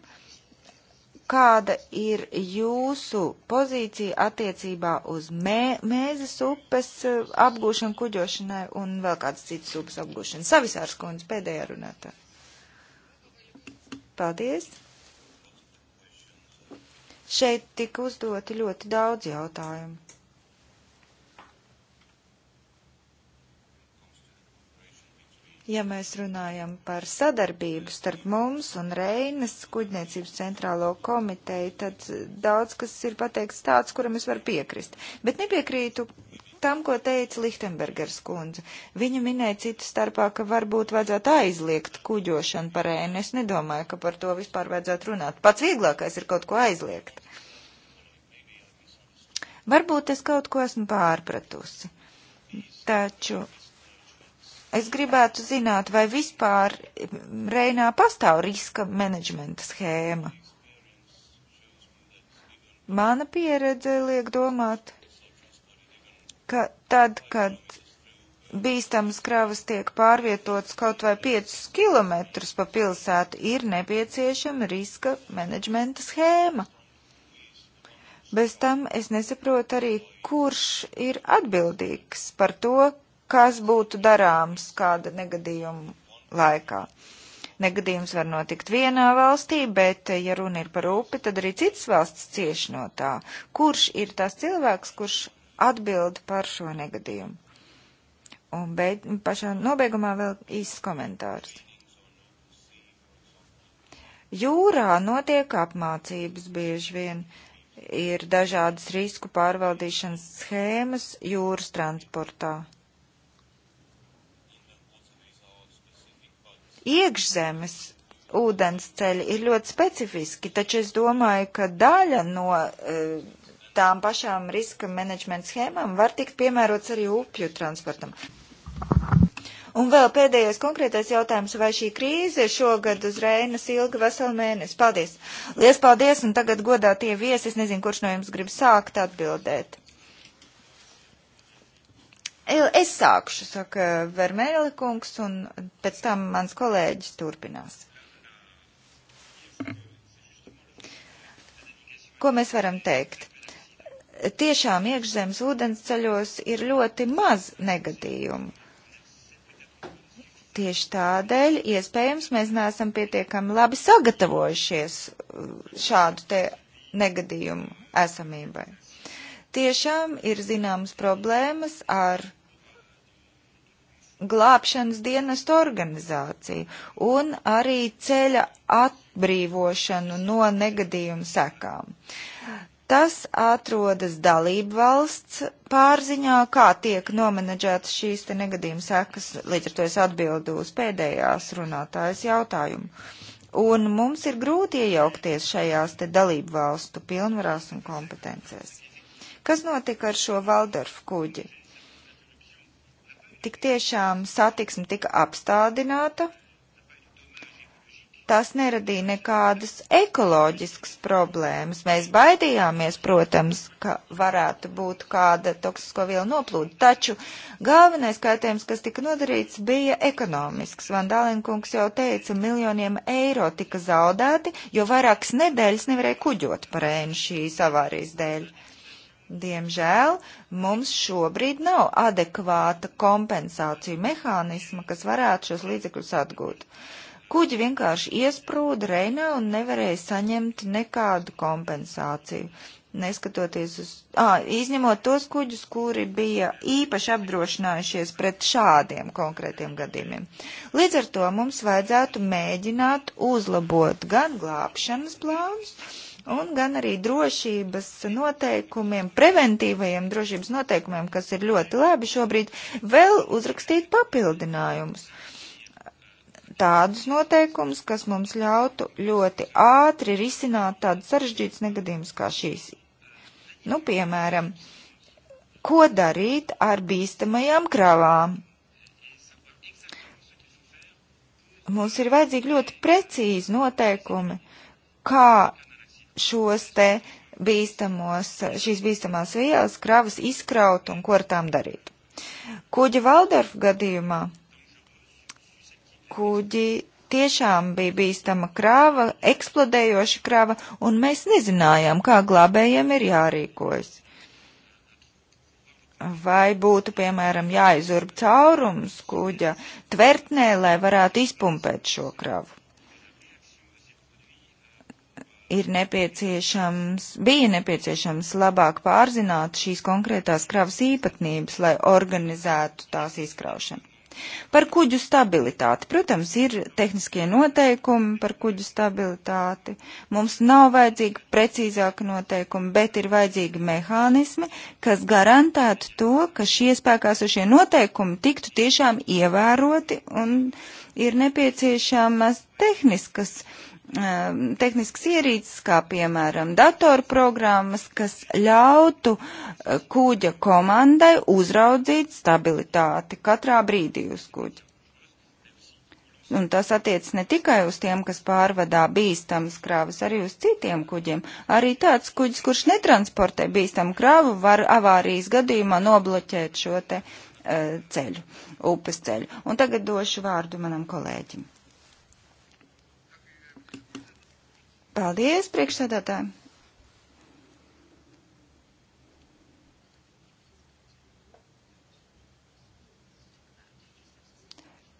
kāda ir jūsu pozīcija attiecībā uz mē, mēzes upes eh, apgūšanu kuģošanai un vēl kādas citas upes apgūšanu? Savisārs kundze, pēdējā runātā. Paldies. Šeit tika uzdoti ļoti daudz jautājumu. Ja mēs runājam par sadarbību starp mums un Reinas kuģniecības centrālo komiteju, tad daudz kas ir pateikts tāds, kuram es varu piekrist. Bet nepiekrītu tam, ko teica Lichtenbergers kundze. Viņa minēja citu starpā, ka varbūt vajadzētu aizliegt kuģošanu par ēnu. Es nedomāju, ka par to vispār vajadzētu runāt. Pats vieglākais ir kaut ko aizliegt. Varbūt es kaut ko esmu pārpratusi. Taču Es gribētu zināt, vai vispār mm, Reinā pastāv riska menedžmenta schēma. Mana pieredze liek domāt, ka tad, kad bīstamas kravas tiek pārvietotas kaut vai 5 km pa pilsētu, ir nepieciešama riska menedžmenta schēma. Bez tam es nesaprotu arī, kurš ir atbildīgs par to, kas būtu darāms kāda negadījuma laikā. Negadījums var notikt vienā valstī, bet, ja runa ir par upi, tad arī citas valsts cieš no tā. Kurš ir tas cilvēks, kurš atbild par šo negadījumu? Un beid, pašā nobeigumā vēl īsts komentārs. Jūrā notiek apmācības bieži vien. Ir dažādas risku pārvaldīšanas schēmas jūras transportā. Iekšzemes ūdens ceļi ir ļoti specifiski, taču es domāju, ka daļa no uh, tām pašām riska menedžmenta schēmām var tikt piemērots arī upju transportam. Un vēl pēdējais konkrētais jautājums, vai šī krīze šogad uz Reinas ilga veselu mēnesi? Paldies! Lies paldies, un tagad godā tie viesi, es nezinu, kurš no jums grib sākt atbildēt. Es sākšu, saka Vermēļa kungs, un pēc tam mans kolēģis turpinās. Ko mēs varam teikt? Tiešām iekšzemes ūdensceļos ir ļoti maz negadījumu. Tieši tādēļ, iespējams, mēs neesam pietiekami labi sagatavojušies uh, šādu te negadījumu esamībai. Tiešām ir zināmas problēmas ar glābšanas dienestu organizāciju un arī ceļa atbrīvošanu no negadījuma sekām. Tas atrodas dalību valsts pārziņā, kā tiek nomenedžētas šīs te negadījuma sekas, līdz ar to es atbildu uz pēdējās runātājas jautājumu. Un mums ir grūti iejaukties šajās te dalību valstu pilnvarās un kompetencēs. Kas notika ar šo Valdorfu kuģi? tik tiešām satiksme tika apstādināta. Tas neradīja nekādas ekoloģiskas problēmas. Mēs baidījāmies, protams, ka varētu būt kāda toksisko vielu noplūda, taču galvenais kaitējums, kas tika nodarīts, bija ekonomisks. Vandālinkungs jau teica, miljoniem eiro tika zaudēti, jo vairākas nedēļas nevarēja kuģot par ēnu šīs avārijas dēļ. Uh, Diemžēl mums šobrīd nav adekvāta kompensāciju mehānisma, kas varētu šos līdzekļus atgūt. Kuģi vienkārši iesprūda Reinā un nevarēja saņemt nekādu kompensāciju. Neskatoties uz, à, izņemot tos kuģus, kuri bija īpaši apdrošinājušies pret šādiem konkrētiem gadījumiem. Līdz ar to mums vajadzētu mēģināt uzlabot gan glābšanas plānus, uh, un gan arī drošības noteikumiem, preventīvajiem drošības noteikumiem, kas ir ļoti labi šobrīd, vēl uzrakstīt papildinājumus. Tādus noteikumus, kas mums ļautu ļoti ātri risināt tādus sarežģītus negadījumus kā šīs. Nu, piemēram, ko darīt ar bīstamajām kravām? Mums ir vajadzīgi ļoti precīzi noteikumi, kā šos te bīstamos, šīs bīstamās vielas kravas izkraut un ko ar tām darīt. Kuģi Valdorfa gadījumā kuģi tiešām bija bīstama krāva, eksplodējoša krāva, un mēs nezinājām, kā glābējiem ir jārīkojas. Vai būtu, piemēram, jāizurb caurums kuģa tvertnē, lai varētu izpumpēt šo kravu? ir nepieciešams, bija nepieciešams labāk pārzināt šīs konkrētās kravas īpatnības, lai organizētu tās izkraušanu. Par kuģu stabilitāti. Protams, ir tehniskie noteikumi par kuģu stabilitāti. Mums nav vajadzīgi precīzāki noteikumi, bet ir vajadzīgi mehānismi, kas garantētu to, ka šie spēkāsošie noteikumi tiktu tiešām ievēroti un ir nepieciešamas tehniskas Um, tehniskas ierīces, kā piemēram datorprogrammas, kas ļautu uh, kuģa komandai uzraudzīt stabilitāti katrā brīdī uz kuģa. Un tas attiecas ne tikai uz tiem, kas pārvadā bīstamas krāvas, arī uz citiem kuģiem. Arī tāds kuģis, kurš netransportē bīstamu krāvu, var avārijas gadījumā nobloķēt šo te uh, ceļu, upes ceļu. Un tagad došu vārdu manam kolēģim. Paldies, priekšsēdētāji!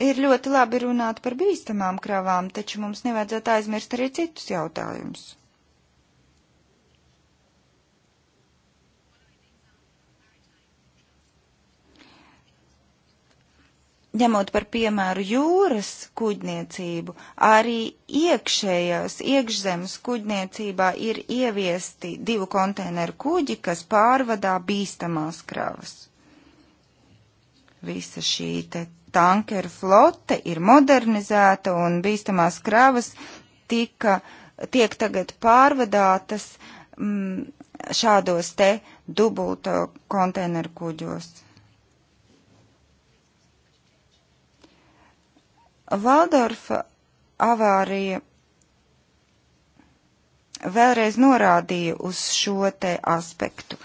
Ir ļoti labi runāt par bīstamām kravām, taču mums nevajadzētu aizmirst arī citus jautājumus. ņemot par piemēru jūras kuģniecību, arī iekšējās iekšzemes kuģniecībā ir ieviesti divu konteineru kuģi, kas pārvadā bīstamās kravas. Visa šī te tankeru flote ir modernizēta un bīstamās kravas tika, tiek tagad pārvadātas mm, šādos te dubulto konteineru kuģos. Valdorfa avārija vēlreiz norādīja uz šo te aspektu.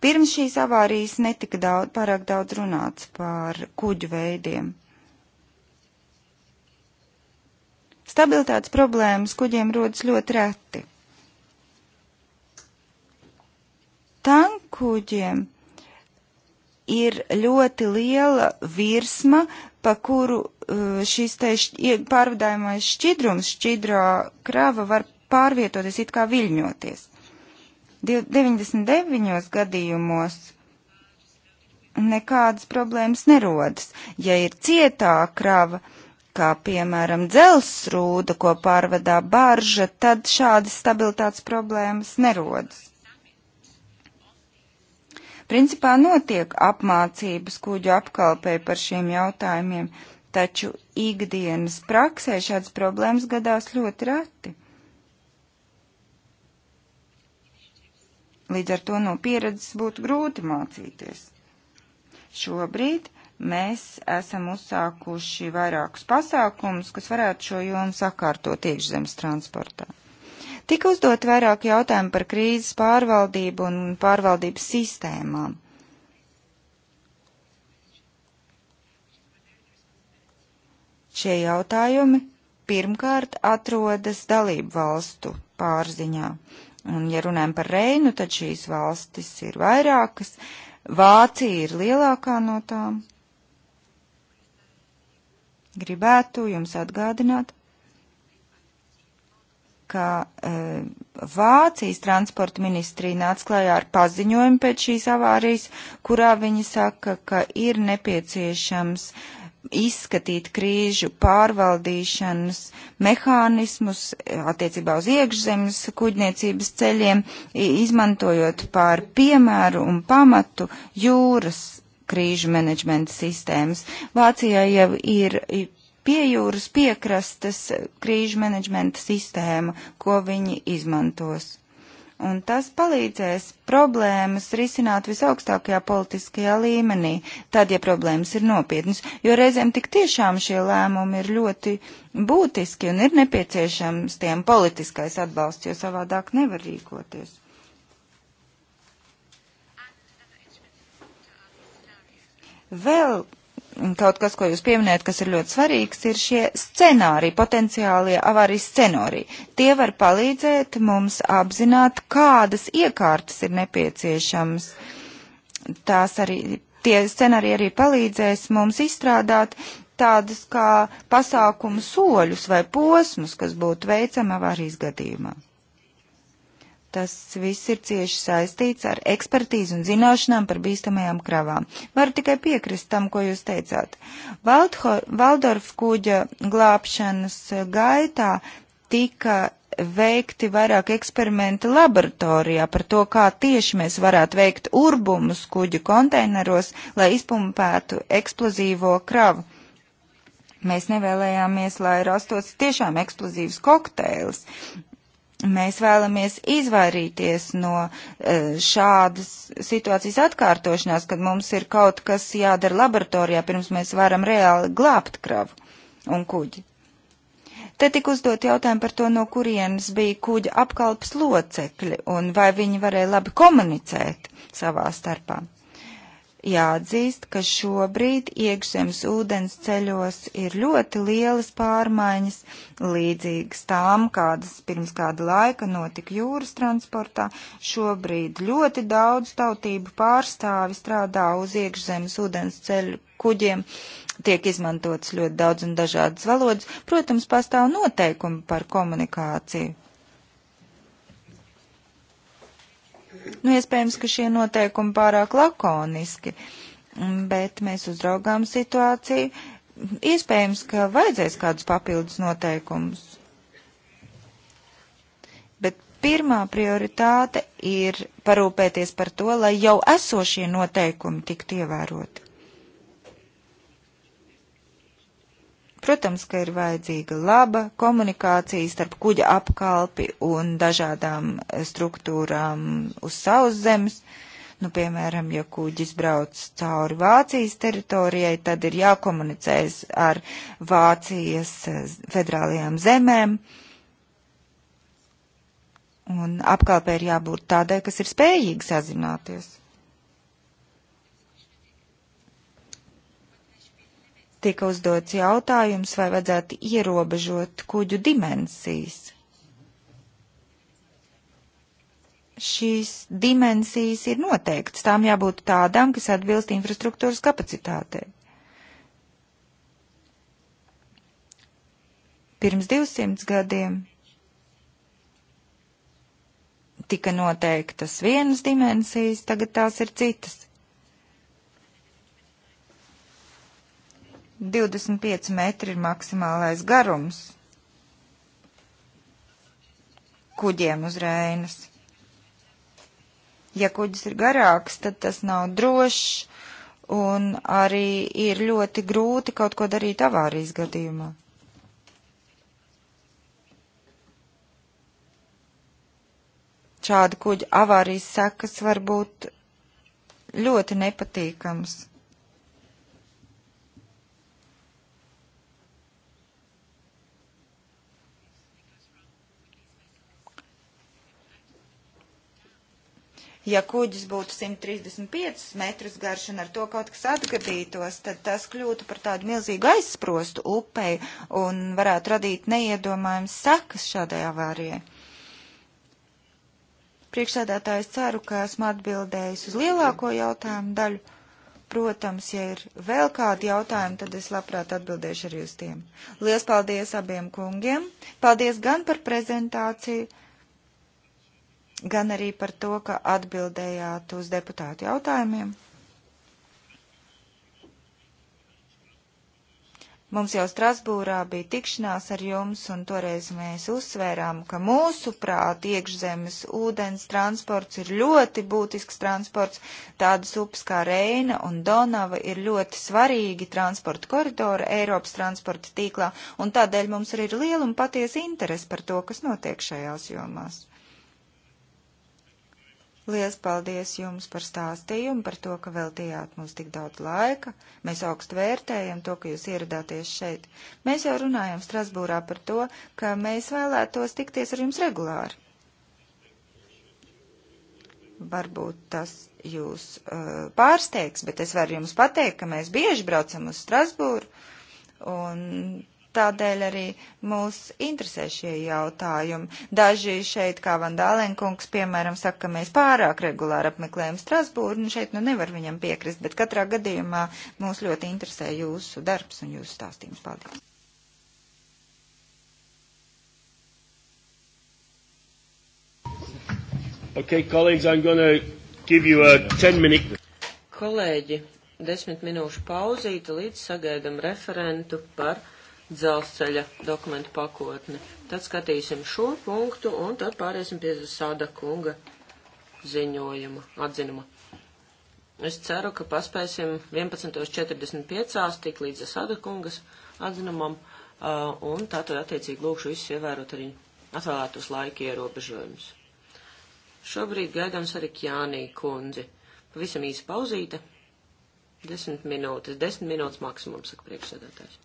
Pirms šīs avārijas netika daudz, pārāk daudz runāts par kuģu veidiem. Stabilitātes problēmas kuģiem rodas ļoti reti. Tankuģiem ir ļoti liela virsma, pa kuru e, šis te pārvadājumais šķidrums, šķidrā krava var pārvietoties it kā viļņoties. 99 gadījumos nekādas problēmas nerodas. Ja ir cietā krava, kā piemēram dzelsrūda, ko pārvadā barža, tad šādas stabilitātes problēmas nerodas. Principā notiek apmācības kuģu apkalpē par šiem jautājumiem, taču ikdienas praksē šādas problēmas gadās ļoti reti. Līdz ar to no pieredzes būtu grūti mācīties. Šobrīd mēs esam uzsākuši vairākus pasākumus, kas varētu šo jomu sakārtot iekšzemes transportā. Tika uzdot vairāk jautājumu par krīzes pārvaldību un pārvaldības sistēmām. Šie jautājumi pirmkārt atrodas dalību valstu pārziņā. Un, ja runājam par Reinu, tad šīs valstis ir vairākas. Vācija ir lielākā no tām. Gribētu jums atgādināt, ka e, Vācijas transporta ministrija nāca klajā ar paziņojumu pēc šīs avārijas, kurā viņi saka, ka ir nepieciešams izskatīt krīžu pārvaldīšanas mehānismus e, attiecībā uz iekšzemes kuģniecības ceļiem, izmantojot pār piemēru un pamatu jūras krīžu menedžmenta sistēmas. Vācijā jau ir pie jūras piekrastes krīžu menedžmenta sistēma, ko viņi izmantos. Un tas palīdzēs problēmas risināt visaugstākajā politiskajā līmenī, tad, ja problēmas ir nopietnas, jo reizēm tik tiešām šie lēmumi ir ļoti būtiski un ir nepieciešams tiem politiskais atbalsts, jo savādāk nevar rīkoties. Vēl kaut kas, ko jūs pieminējat, kas ir ļoti svarīgs, ir šie scenāriji, potenciālie avārijas scenāriji. Tie var palīdzēt mums apzināt, kādas iekārtas ir nepieciešamas. Tās arī, tie scenāriji arī palīdzēs mums izstrādāt tādus kā pasākumu soļus vai posmus, kas būtu veicami avārijas gadījumā. Tas viss ir cieši saistīts ar ekspertīzi un zināšanām par bīstamajām kravām. Varu tikai piekrist tam, ko jūs teicāt. Valdho, Valdorf kuģa glābšanas gaitā tika veikti vairāk eksperimenti laboratorijā par to, kā tieši mēs varētu veikt urbumus kuģu konteineros, lai izpumpētu eksplozīvo kravu. Mēs nevēlējāmies, lai rastos tiešām eksplozīvs kokteils. Mēs vēlamies izvairīties no e, šādas situācijas atkārtošanās, kad mums ir kaut kas jādara laboratorijā, pirms mēs varam reāli glābt kravu un kuģi. Te tik uzdot jautājumu par to, no kurienes bija kuģa apkalps locekļi un vai viņi varēja labi komunicēt savā starpā. Jāatzīst, ka šobrīd iekšzemes ūdens ceļos ir ļoti lielas pārmaiņas, līdzīgas tām, kādas pirms kāda laika notika jūras transportā. Šobrīd ļoti daudz tautību pārstāvi strādā uz iekšzemes ūdens ceļu kuģiem, tiek izmantotas ļoti daudz un dažādas valodas. Protams, pastāv noteikumi par komunikāciju Nu, iespējams, ka šie noteikumi pārāk lakoniski, bet mēs uzraugām situāciju. Iespējams, ka vajadzēs kādus papildus noteikumus. Bet pirmā prioritāte ir parūpēties par to, lai jau esošie noteikumi tiktu ievēroti. Protams, ka ir vajadzīga laba komunikācija starp kuģa apkalpi un dažādām eh, struktūrām uz savas zemes. Nu, piemēram, ja kuģis brauc cauri Vācijas teritorijai, tad ir jākomunicēs ar Vācijas eh, federālajām zemēm. Un apkalpē ir jābūt tādai, kas ir spējīga sazināties. tika uzdots jautājums, vai vajadzētu ierobežot kuģu dimensijas. Šīs dimensijas ir noteiktas, tām jābūt tādām, kas atbilst infrastruktūras kapacitātei. Pirms 200 gadiem tika noteiktas vienas dimensijas, tagad tās ir citas. 25 metri ir maksimālais garums kuģiem uz Rēnas. Ja kuģis ir garāks, tad tas nav drošs un arī ir ļoti grūti kaut ko darīt avārijas gadījumā. Šāda kuģa avārijas sekas var būt ļoti nepatīkams. Ja kuģis būtu 135 metrus garš un ar to kaut kas atgadītos, tad tas kļūtu par tādu milzīgu aizsprostu upei un varētu radīt neiedomājums sekas šādai avārijai. Priekšsēdētājs ceru, ka esmu atbildējis uz lielāko jautājumu daļu. Protams, ja ir vēl kādi jautājumi, tad es labprāt atbildēšu arī uz tiem. Lielas paldies abiem kungiem! Paldies gan par prezentāciju! gan arī par to, ka atbildējāt uz deputātu jautājumiem. Mums jau Strasbūrā bija tikšanās ar jums, un toreiz mēs uzsvērām, ka mūsu prāt iekšzemes ūdens transports ir ļoti būtisks transports. Tādas upes kā Reina un Donava ir ļoti svarīgi transporta koridora Eiropas transporta tīklā, un tādēļ mums arī ir liela un patiesa interese par to, kas notiek šajās jomās. Lielas paldies jums par stāstījumu, par to, ka veltījāt mums tik daudz laika. Mēs augstu vērtējam to, ka jūs ieradāties šeit. Mēs jau runājam Strasbūrā par to, ka mēs vēlētos tikties ar jums regulāri. Varbūt tas jūs uh, eh, pārsteigs, bet es varu jums pateikt, ka mēs bieži braucam uz Strasbūru un Tādēļ arī mūs interesē šie jautājumi. Daži šeit, kā Vandālenkungs, piemēram, saka, ka mēs pārāk regulāri apmeklējam Strasbūru, un šeit nu nevar viņam piekrist, bet katrā gadījumā mūs ļoti interesē jūsu darbs un jūsu stāstījums. Paldies! Okay, colleagues, I'm going to give you a 10 minute. Kolēģi, desmit minūšu pauzīte, līdz sagaidam referentu par dzelzceļa dokumentu pakotni. Tad skatīsim šo punktu un tad pāriesim pie Sāda kunga ziņojuma, atzinuma. Es ceru, ka paspēsim 11.45 tik līdz Sāda kungas atzinumam un tātad attiecīgi lūkšu visus ievērot arī atvēlētos laika ierobežojumus. Šobrīd gaidāms arī Kjānī kundzi. Pavisam īsa pauzīte. Desmit minūtes, desmit minūtes maksimums, saka priekšsēdētājs.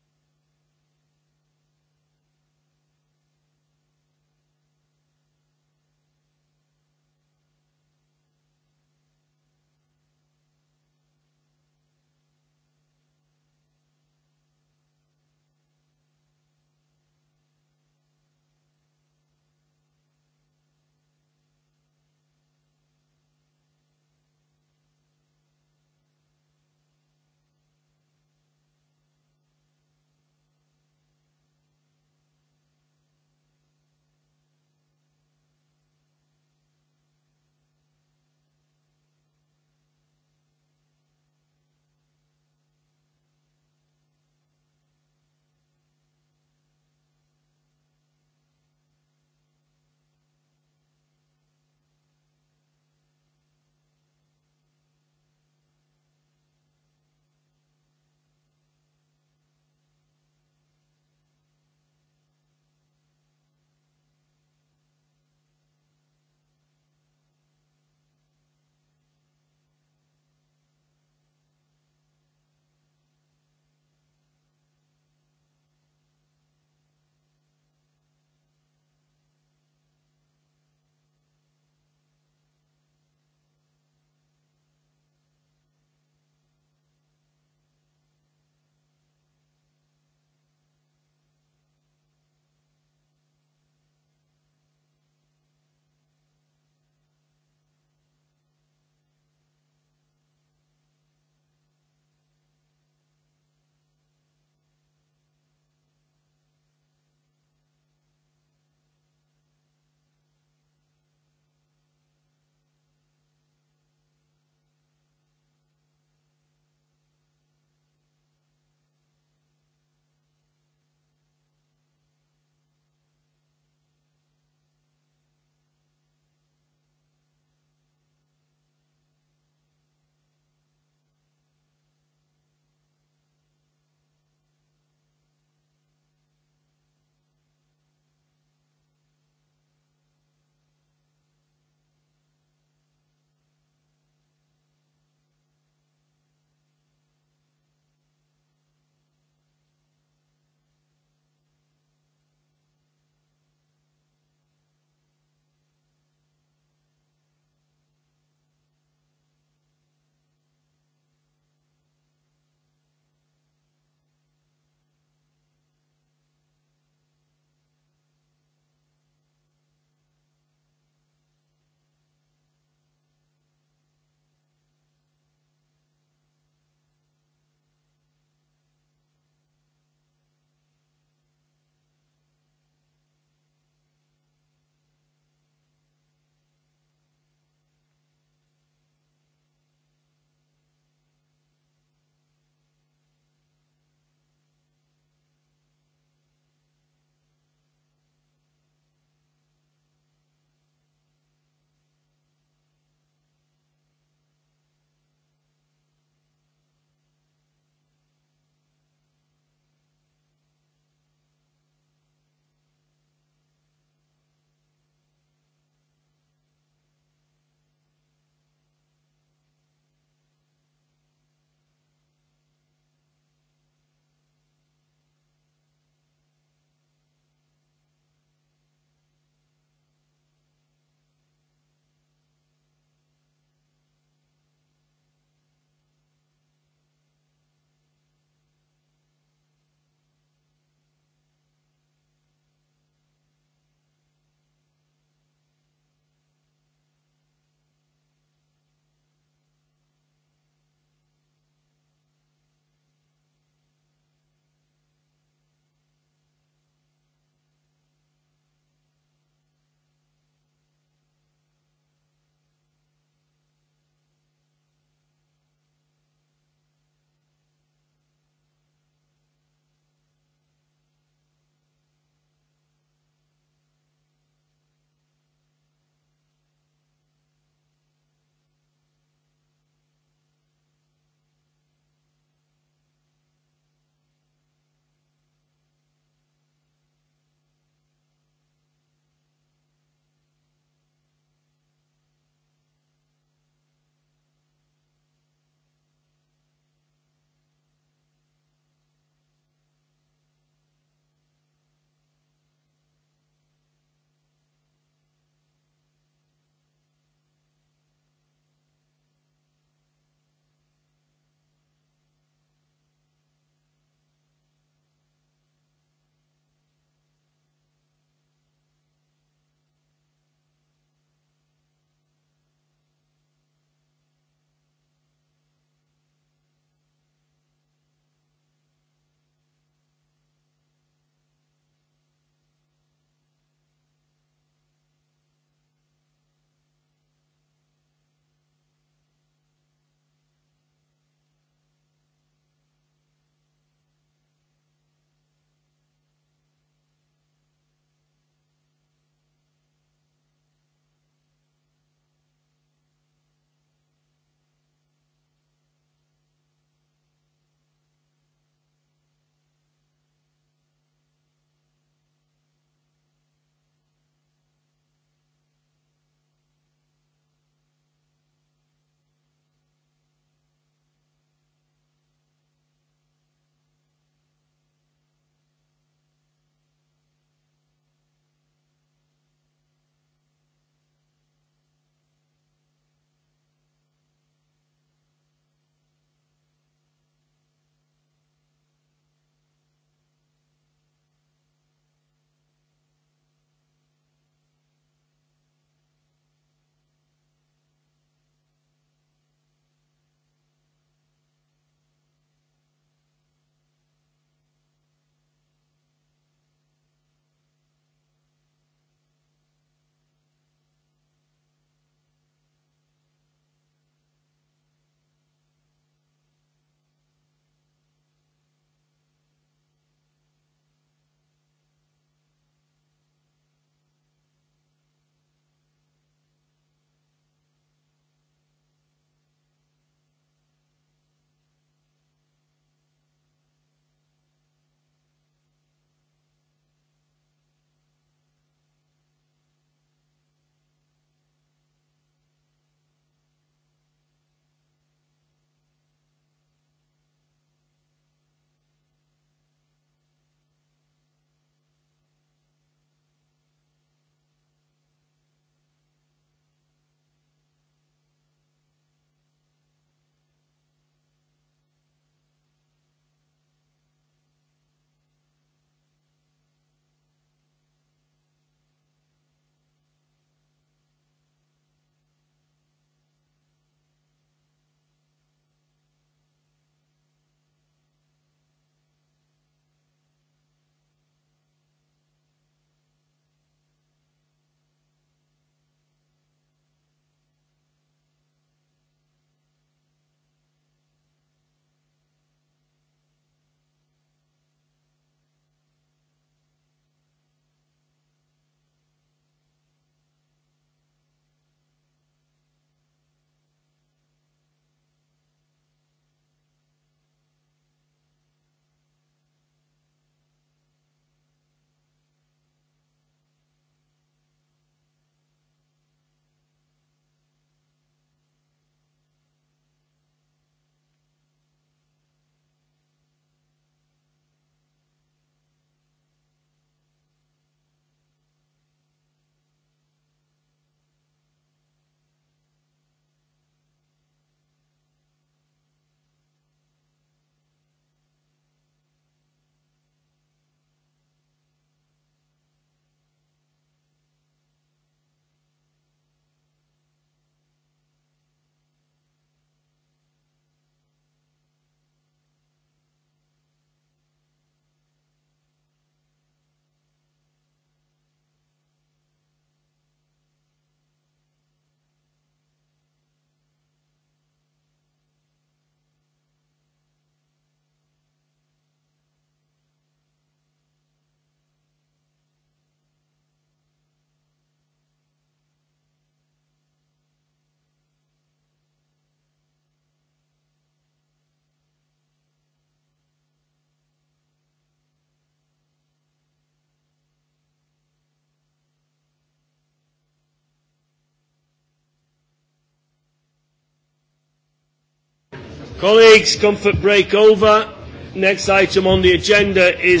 Colleagues, comfort break over. Next item on the agenda is.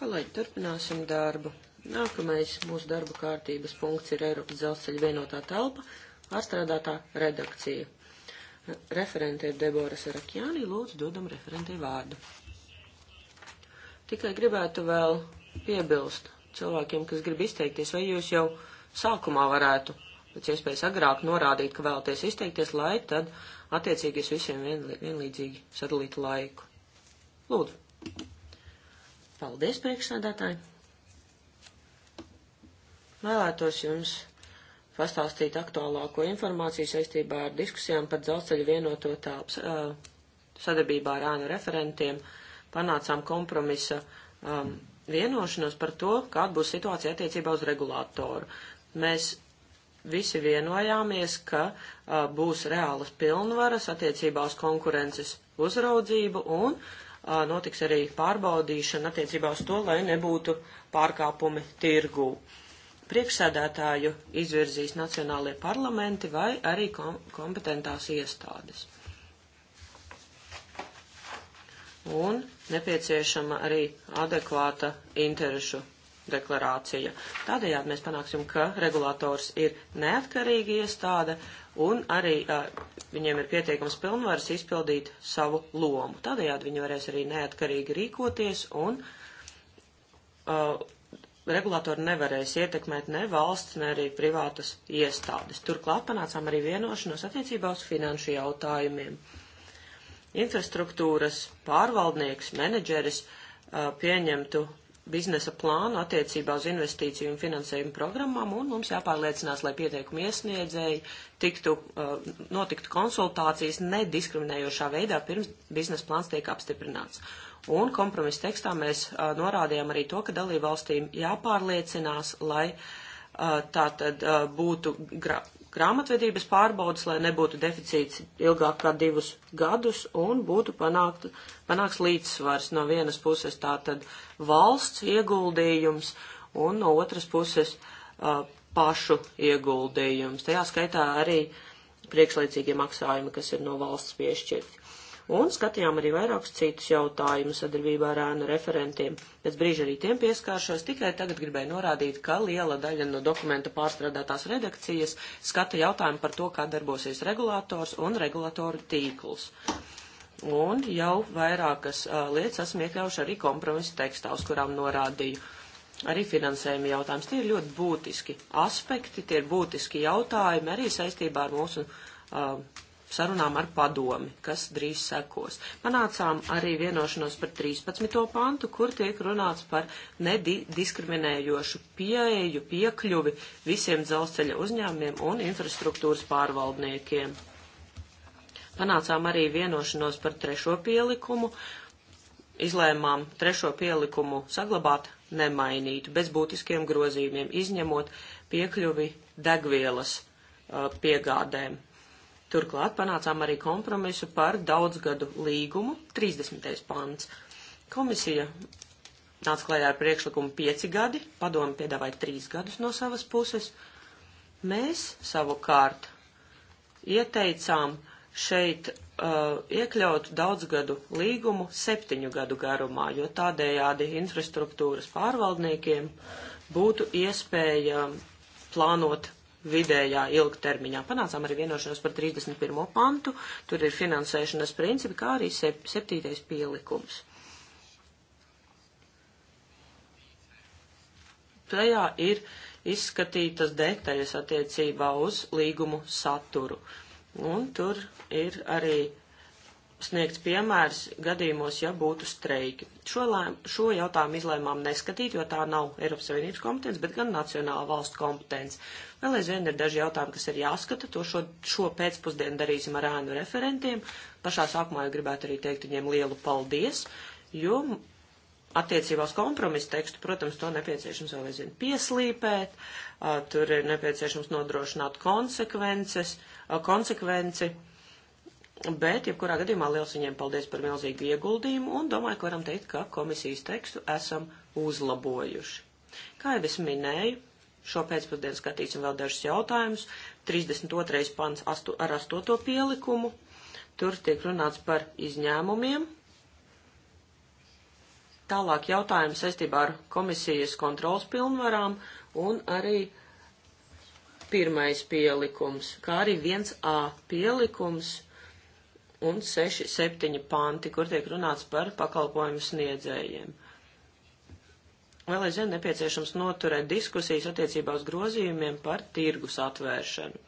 Kolēģi, turpināsim darbu. Nākamais mūsu darba kārtības punkts ir Eiropas dzelzceļa vienotā telpa, pārstrādātā redakcija. Referente ir Debora Sarakjāni, lūdzu dodam referentei vārdu. Tikai gribētu vēl piebilst cilvēkiem, kas grib izteikties, vai jūs jau sākumā varētu pēc iespējas agrāk norādīt, ka vēlaties izteikties, lai tad attiecīgi es visiem vienlīdzīgi sadalītu laiku. Lūdzu. Paldies, priekšsādātāji. Vēlētos jums pastāstīt aktuālāko informāciju saistībā ar diskusijām par dzelzceļa vienoto tāps sadarbībā ar ānu referentiem. Panācām kompromisa um, vienošanos par to, kāda būs situācija attiecībā uz regulātoru. Mēs visi vienojāmies, ka a, būs reālas pilnvaras attiecībā uz konkurences uzraudzību un a, notiks arī pārbaudīšana attiecībā uz to, lai nebūtu pārkāpumi tirgū. Priekšsēdētāju izvirzīs nacionālie parlamenti vai arī kom kompetentās iestādes. Un nepieciešama arī adekvāta interešu deklarācija. Tādējādi mēs panāksim, ka regulators ir neatkarīga iestāde un arī uh, viņiem ir pietiekams pilnvaras izpildīt savu lomu. Tādējādi viņi varēs arī neatkarīgi rīkoties un uh, regulatori nevarēs ietekmēt ne valsts, ne arī privātas iestādes. Turklāt panācām arī vienošanos attiecībā uz finanšu jautājumiem. Infrastruktūras pārvaldnieks, menedžeris uh, pieņemtu biznesa plānu attiecībā uz investīciju un finansējumu programmām, un mums jāpārliecinās, lai pieteikumu iesniedzēji tiktu, uh, notiktu konsultācijas nediskriminējošā veidā pirms biznesa plāns tiek apstiprināts. Un kompromisa tekstā mēs uh, norādījām arī to, ka dalībvalstīm jāpārliecinās, lai uh, tā tad uh, būtu gra grāmatvedības pārbaudas, lai nebūtu deficīts ilgāk kā divus gadus un būtu panākt, panāks līdzsvars no vienas puses tātad valsts ieguldījums un no otras puses uh, pašu ieguldījums. Tajā skaitā arī priekšlaicīgie maksājumi, kas ir no valsts piešķirti un skatījām arī vairākus citus jautājumus sadarbībā ar ēnu referentiem. Pēc brīža arī tiem pieskāršos, tikai tagad gribēju norādīt, ka liela daļa no dokumenta pārstrādātās redakcijas skata jautājumu par to, kā darbosies regulators un regulatoru tīkls. Un jau vairākas uh, lietas esmu iekļaujuši arī kompromisa tekstā, uz kurām norādīju arī finansējuma jautājums. Tie ir ļoti būtiski aspekti, tie ir būtiski jautājumi arī saistībā ar mūsu uh, sarunām ar padomi, kas drīz sekos. Panācām arī vienošanos par 13. pantu, kur tiek runāts par nediskriminējošu pieeju, piekļuvi visiem dzelzceļa uzņēmumiem un infrastruktūras pārvaldniekiem. Panācām arī vienošanos par trešo pielikumu. Izlēmām trešo pielikumu saglabāt nemainītu, bez būtiskiem grozījumiem, izņemot piekļuvi degvielas uh, piegādēm Turklāt panācām arī kompromisu par daudzgadu līgumu, 30. pants. Komisija nāca klajā ar priekšlikumu 5 gadi, padomu piedāvāja 3 gadus no savas puses. Mēs savukārt ieteicām šeit uh, iekļaut daudzgadu līgumu septiņu gadu garumā, jo tādējādi infrastruktūras pārvaldniekiem būtu iespēja plānot vidējā ilgtermiņā. Panācām arī vienošanos par 31. pantu, tur ir finansēšanas principi, kā arī septītais pielikums. Tajā ir izskatītas detaļas attiecībā uz līgumu saturu. Un tur ir arī sniegts piemērs gadījumos, ja būtu streiki. Šo, lēm, šo jautājumu izlēmām neskatīt, jo tā nav Eiropas Savienības kompetence, bet gan nacionāla valstu kompetence. Vēl aizvien ir daži jautājumi, kas ir jāskata, to šo, šo pēcpusdienu darīsim ar ēnu referentiem. Pašā sākumā jau gribētu arī teikt viņiem lielu paldies, jo attiecībā uz kompromisu tekstu, protams, to nepieciešams vēl aizvien pieslīpēt, tur ir nepieciešams nodrošināt konsekvences, konsekvenci Bet, jebkurā gadījumā, liels viņiem paldies par milzīgu ieguldījumu un domāju, ka varam teikt, ka komisijas tekstu esam uzlabojuši. Kā jau es minēju, šo pēcpusdienu skatīsim vēl dažus jautājumus. 32. pants astu, ar 8. pielikumu. Tur tiek runāts par izņēmumiem. Tālāk jautājums saistībā ar komisijas kontrols pilnvarām un arī pirmais pielikums, kā arī 1A pielikums un 6-7 panti, kur tiek runāts par pakalpojumu sniedzējiem. Vēl aizvien nepieciešams noturēt diskusijas attiecībā uz grozījumiem par tirgus atvēršanu.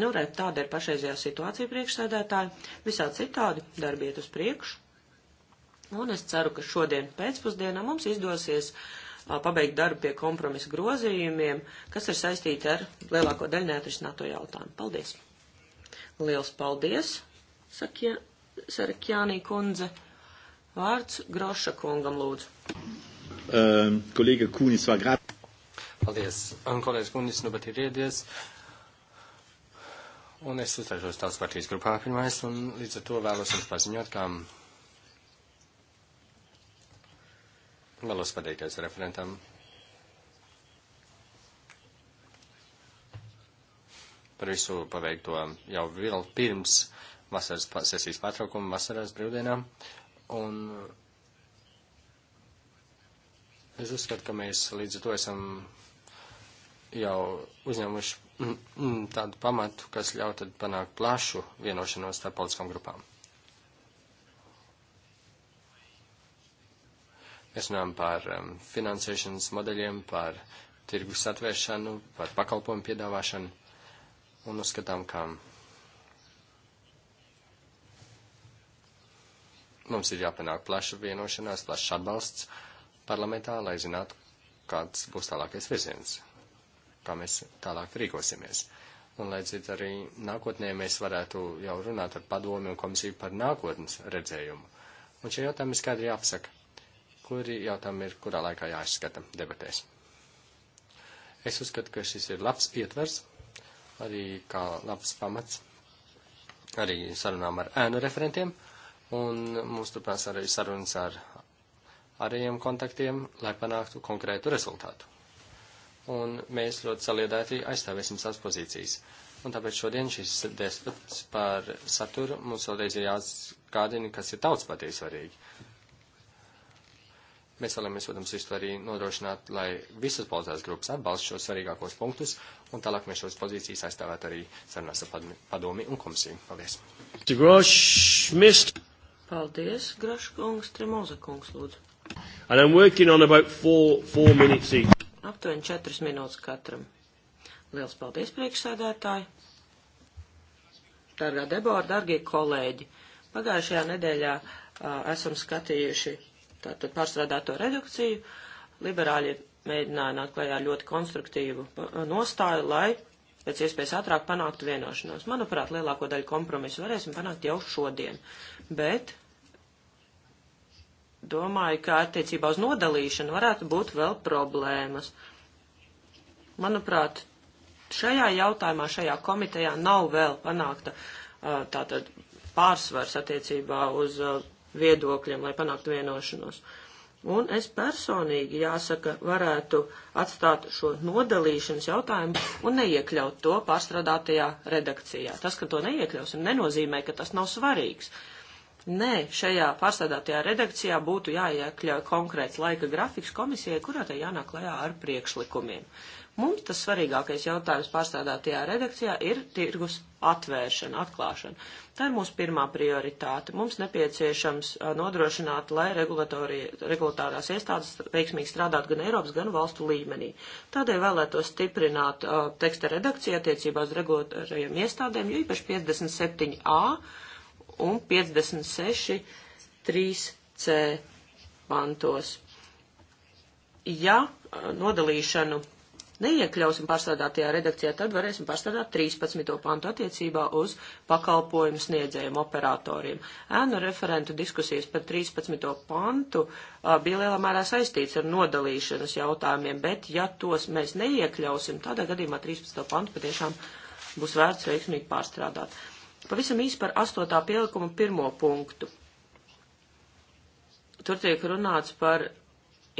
Nu, re, tāda ir pašreizējā situācija priekšsēdētāji, visā citādi darbiet uz priekšu, un es ceru, ka šodien pēcpusdienā mums izdosies a, pabeigt darbu pie kompromisa grozījumiem, kas ir saistīti ar lielāko daļu neatrisināto jautājumu. Paldies! Liels paldies! Sakie, Sarakjānī kundze. Vārds Groša kungam lūdzu. Um, kolēģa Kūnis vēl grāt. Paldies. Un kolēģis Kūnis nu pat ir iedies. Un es uzstāšos tās partijas grupā pirmais, un līdz ar to vēlos jums paziņot, kā vēlos pateikties referentam. Par visu paveikto jau vēl pirms uh, vasaras sesijas pārtraukumu, vasarās brīvdienām. Un es uzskatu, ka mēs līdz ar to esam jau uzņēmuši tādu pamatu, kas ļauj tad panākt plašu vienošanos starp politiskām grupām. Mēs runājam par um, finansēšanas modeļiem, par tirgus atvēršanu, par pakalpojumu piedāvāšanu un uzskatām, ka Mums ir jāpanāk plaša vienošanās, plašs atbalsts parlamentā, lai zinātu, kāds būs tālākais virziens, kā mēs tālāk rīkosimies. Un, lai dzird arī nākotnē, mēs varētu jau runāt ar padomi un komisiju par nākotnes redzējumu. Un šie jautājumi skaidri jāpasaka, kuri jautājumi ir kurā laikā jāizskata debatēs. Es uzskatu, ka šis ir labs ietvers, arī kā labs pamats, arī sarunām ar ēnu referentiem un mums turpinās arī sarunas ar arējiem kontaktiem, lai panāktu konkrētu rezultātu. Un mēs ļoti saliedēti aizstāvēsim savas pozīcijas. Un tāpēc šodien šis despats par saturu mums vēlreiz ir jāatgādina, kas ir tauts patīgi svarīgi. Mēs vēlamies, protams, visu arī nodrošināt, lai visas politiskās grupas atbalsta šos svarīgākos punktus, un tālāk mēs šos pozīcijas aizstāvēt arī sarunās ar padomi un komisiju. Paldies! Paldies, Graškungs, Tremoza kungs, lūdzu. And I'm working on about four, four minutes each. Aptuveni četras minūtes katram. Liels paldies, priekšsēdētāji. Dargā Debora, dargie kolēģi, pagājušajā nedēļā uh, esam skatījuši tātad pārstrādāto redukciju. Liberāļi mēģināja nākt klajā ļoti konstruktīvu nostāju, lai pēc iespējas ātrāk panāktu vienošanos. Manuprāt, lielāko daļu kompromisu varēsim panākt jau šodien, bet domāju, ka attiecībā uz nodalīšanu varētu būt vēl problēmas. Manuprāt, šajā jautājumā, šajā komitejā nav vēl panākta uh, tātad pārsvars attiecībā uz uh, viedokļiem, lai panāktu vienošanos. Un es personīgi, jāsaka, varētu atstāt šo nodalīšanas jautājumu un neiekļaut to pārstrādātajā redakcijā. Tas, ka to neiekļausim, nenozīmē, ka tas nav svarīgs. Uh, Nē, šajā pārstādātajā redakcijā būtu jāiekļauj konkrēts laika grafiks komisijai, kurā tai jānāk klajā ar priekšlikumiem. Mums tas svarīgākais jautājums pārstādātajā redakcijā ir tirgus atvēršana, atklāšana. Tā ir mūsu pirmā prioritāte. Mums nepieciešams nodrošināt, lai regulatārās iestādes veiksmīgi strādātu gan Eiropas, gan valstu līmenī. Tādēļ vēlētos stiprināt uh, teksta redakciju attiecībā uz regulatārajiem iestādēm, jo īpaši 57a un 56 3C pantos. Ja eh, nodalīšanu neiekļausim pārstrādātajā redakcijā, tad varēsim pārstrādāt 13. pantu attiecībā uz pakalpojumu sniedzējiem operatoriem. Ēnu referentu diskusijas par 13. pantu a, eh, bija lielā mērā saistīts ar nodalīšanas jautājumiem, bet ja tos mēs neiekļausim, tādā gadījumā 13. pantu patiešām būs vērts veiksmīgi pārstrādāt. Pavisam īsi par astotā pielikuma pirmo punktu. Tur tiek runāts par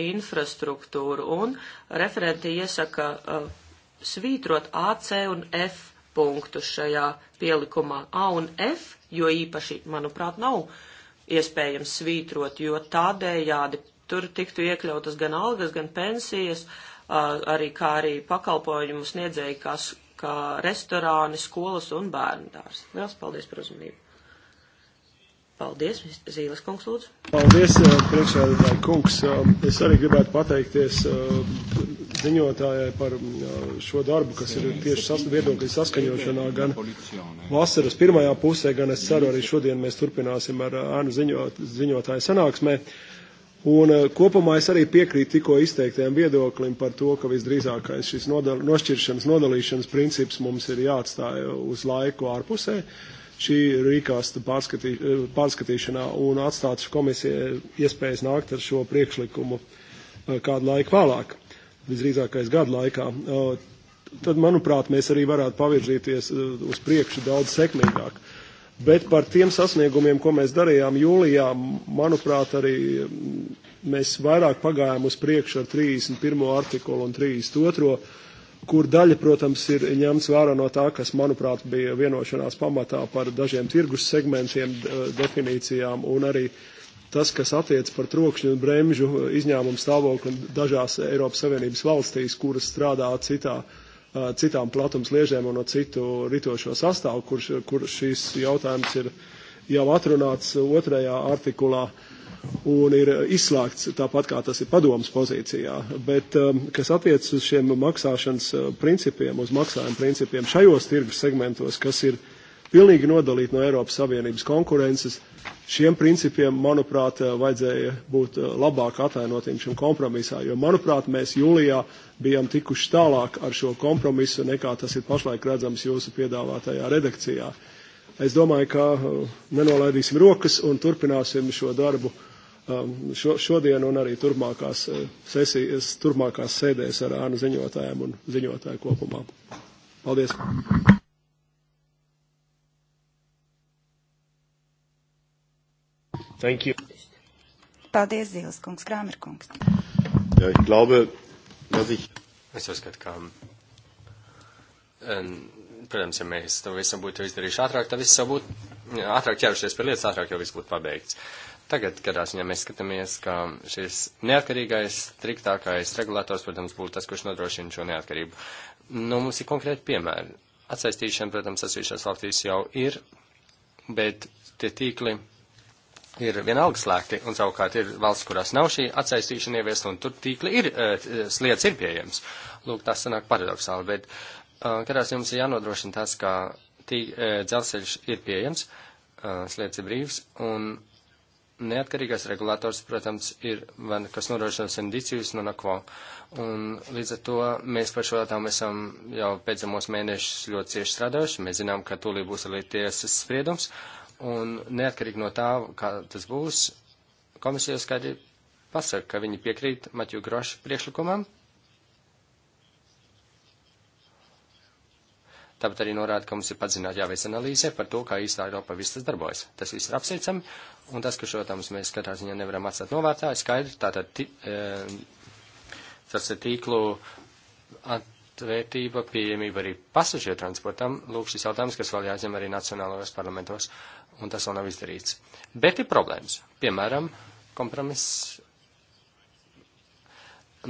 infrastruktūru un referenti iesaka uh, svītrot AC un F punktus šajā pielikumā. A un F, jo īpaši, manuprāt, nav iespējams svītrot, jo tādējādi tur tiktu iekļautas gan algas, gan pensijas, uh, arī kā arī pakalpojumu sniedzēji, kas kā restorāni, skolas un bērnu dārs. Liels paldies par uzmanību. Paldies, Zīles kungs, lūdzu. Paldies, eh, priekšsēdētāji kungs. Um, es arī gribētu pateikties um, ziņotājai par um, šo darbu, kas ir tieši viedokļu saskaņošanā gan vasaras pirmajā pusē, gan es ceru arī šodien mēs turpināsim ar ēnu ziņot, ziņotāju sanāksmē. Uh, Un eh, kopumā es arī piekrītu tikko izteiktajam viedoklim par to, ka visdrīzākais šis nodal, nošķiršanas, nodalīšanas princips mums ir jāatstāj uz laiku ārpusē šī rīkāsta pārskatī, eh, pārskatīšanā un atstāt komisijai iespējas nākt ar šo priekšlikumu eh, kādu laiku vēlāk, visdrīzākais gadu laikā. Tad, manuprāt, mēs arī varētu pavirzīties uz priekšu daudz sekmīgāk. Bet par tiem sasniegumiem, ko mēs darījām jūlijā, manuprāt, arī mm, mēs vairāk pagājām uz priekšu ar 31. artikulu un 32. kur daļa, protams, ir ņemts vērā no tā, kas, manuprāt, bija vienošanās pamatā par dažiem tirgus segmentiem, eh, definīcijām un arī tas, kas attiec par trokšņu un bremžu eh, izņēmumu stāvokli dažās Eiropas Savienības valstīs, kuras strādā citā uh, citām platums liežēm un no citu ritošo sastāvu, kur, kur šīs jautājums ir jau atrunāts otrajā artikulā un ir izslēgts tāpat kā tas ir padomas pozīcijā. Bet, kas attiecas uz šiem maksāšanas principiem, uz maksājuma principiem šajos tirgus segmentos, kas ir uh, pilnīgi nodalīt no Eiropas Savienības konkurences. Šiem principiem, manuprāt, eh, vajadzēja būt eh, labāk atainotiem šim kompromisā, jo, manuprāt, mēs jūlijā bijām tikuši tālāk ar šo kompromisu, nekā tas ir pašlaik redzams jūsu piedāvātajā redakcijā. Es domāju, ka eh, nenolaidīsim rokas un turpināsim šo darbu um, šo, šodien un arī turpmākās, sesijas, turpmākās sēdēs ar ānu ziņotājiem un ziņotāju kopumā. Paldies! Thank you. Paldies, Zīles kungs, Krāmer kungs. Ja, ich glaube, dass ich... Es uzskatu, ka, um, protams, ja mēs to visam būtu izdarījuši ātrāk, tad viss jau būtu ātrāk ķērušies pie lietas, ātrāk jau viss būtu pabeigts. Tagad, kad ja mēs skatāmies, ka šis neatkarīgais, striktākais regulators, protams, būtu tas, kurš nodrošina šo neatkarību. Nu, mums ir konkrēti piemēri. Atsaistīšana, protams, atsevišķās valstīs jau ir, bet tie tīkli ir vienalga slēgti, un savukārt ir valsts, kurās nav šī atsaistīšana ieviesta, un tur tīkli ir, e, sliedas ir pieejams. Lūk, tas sanāk paradoxāli, bet e, kādās jums ir jānodrošina tas, ka tī, e, dzelzceļš ir pieejams, sliedas ir brīvs, un neatkarīgais regulators, protams, ir, van, kas nodrošina sendicijus no nakvo. Un līdz ar to mēs par šo jautājumu esam jau pēdējos mēnešus ļoti cieši strādājuši. Mēs zinām, ka tūlī būs arī tiesas spriedums. Uh, un neatkarīgi no tā, kā tas būs, komisija skaidri pasaka, ka viņi piekrīt Matju Grošu priekšlikumam. Tāpat arī norāda, ka mums ir padziļināti jāveic analīze par to, kā īstā Eiropa viss tas darbojas. Tas viss ir apsveicami, un tas, ka šo tam mēs katrā ziņā nevaram atstāt novārtā, ir skaidrs. Tātad tī, e, tas ir tīklu atvērtība, pieejamība arī pasažieru transportam. Lūk, šis jautājums, kas vēl jāzem arī nacionālajos parlamentos un tas vēl nav izdarīts. Bet ir problēmas. Piemēram, kompromiss.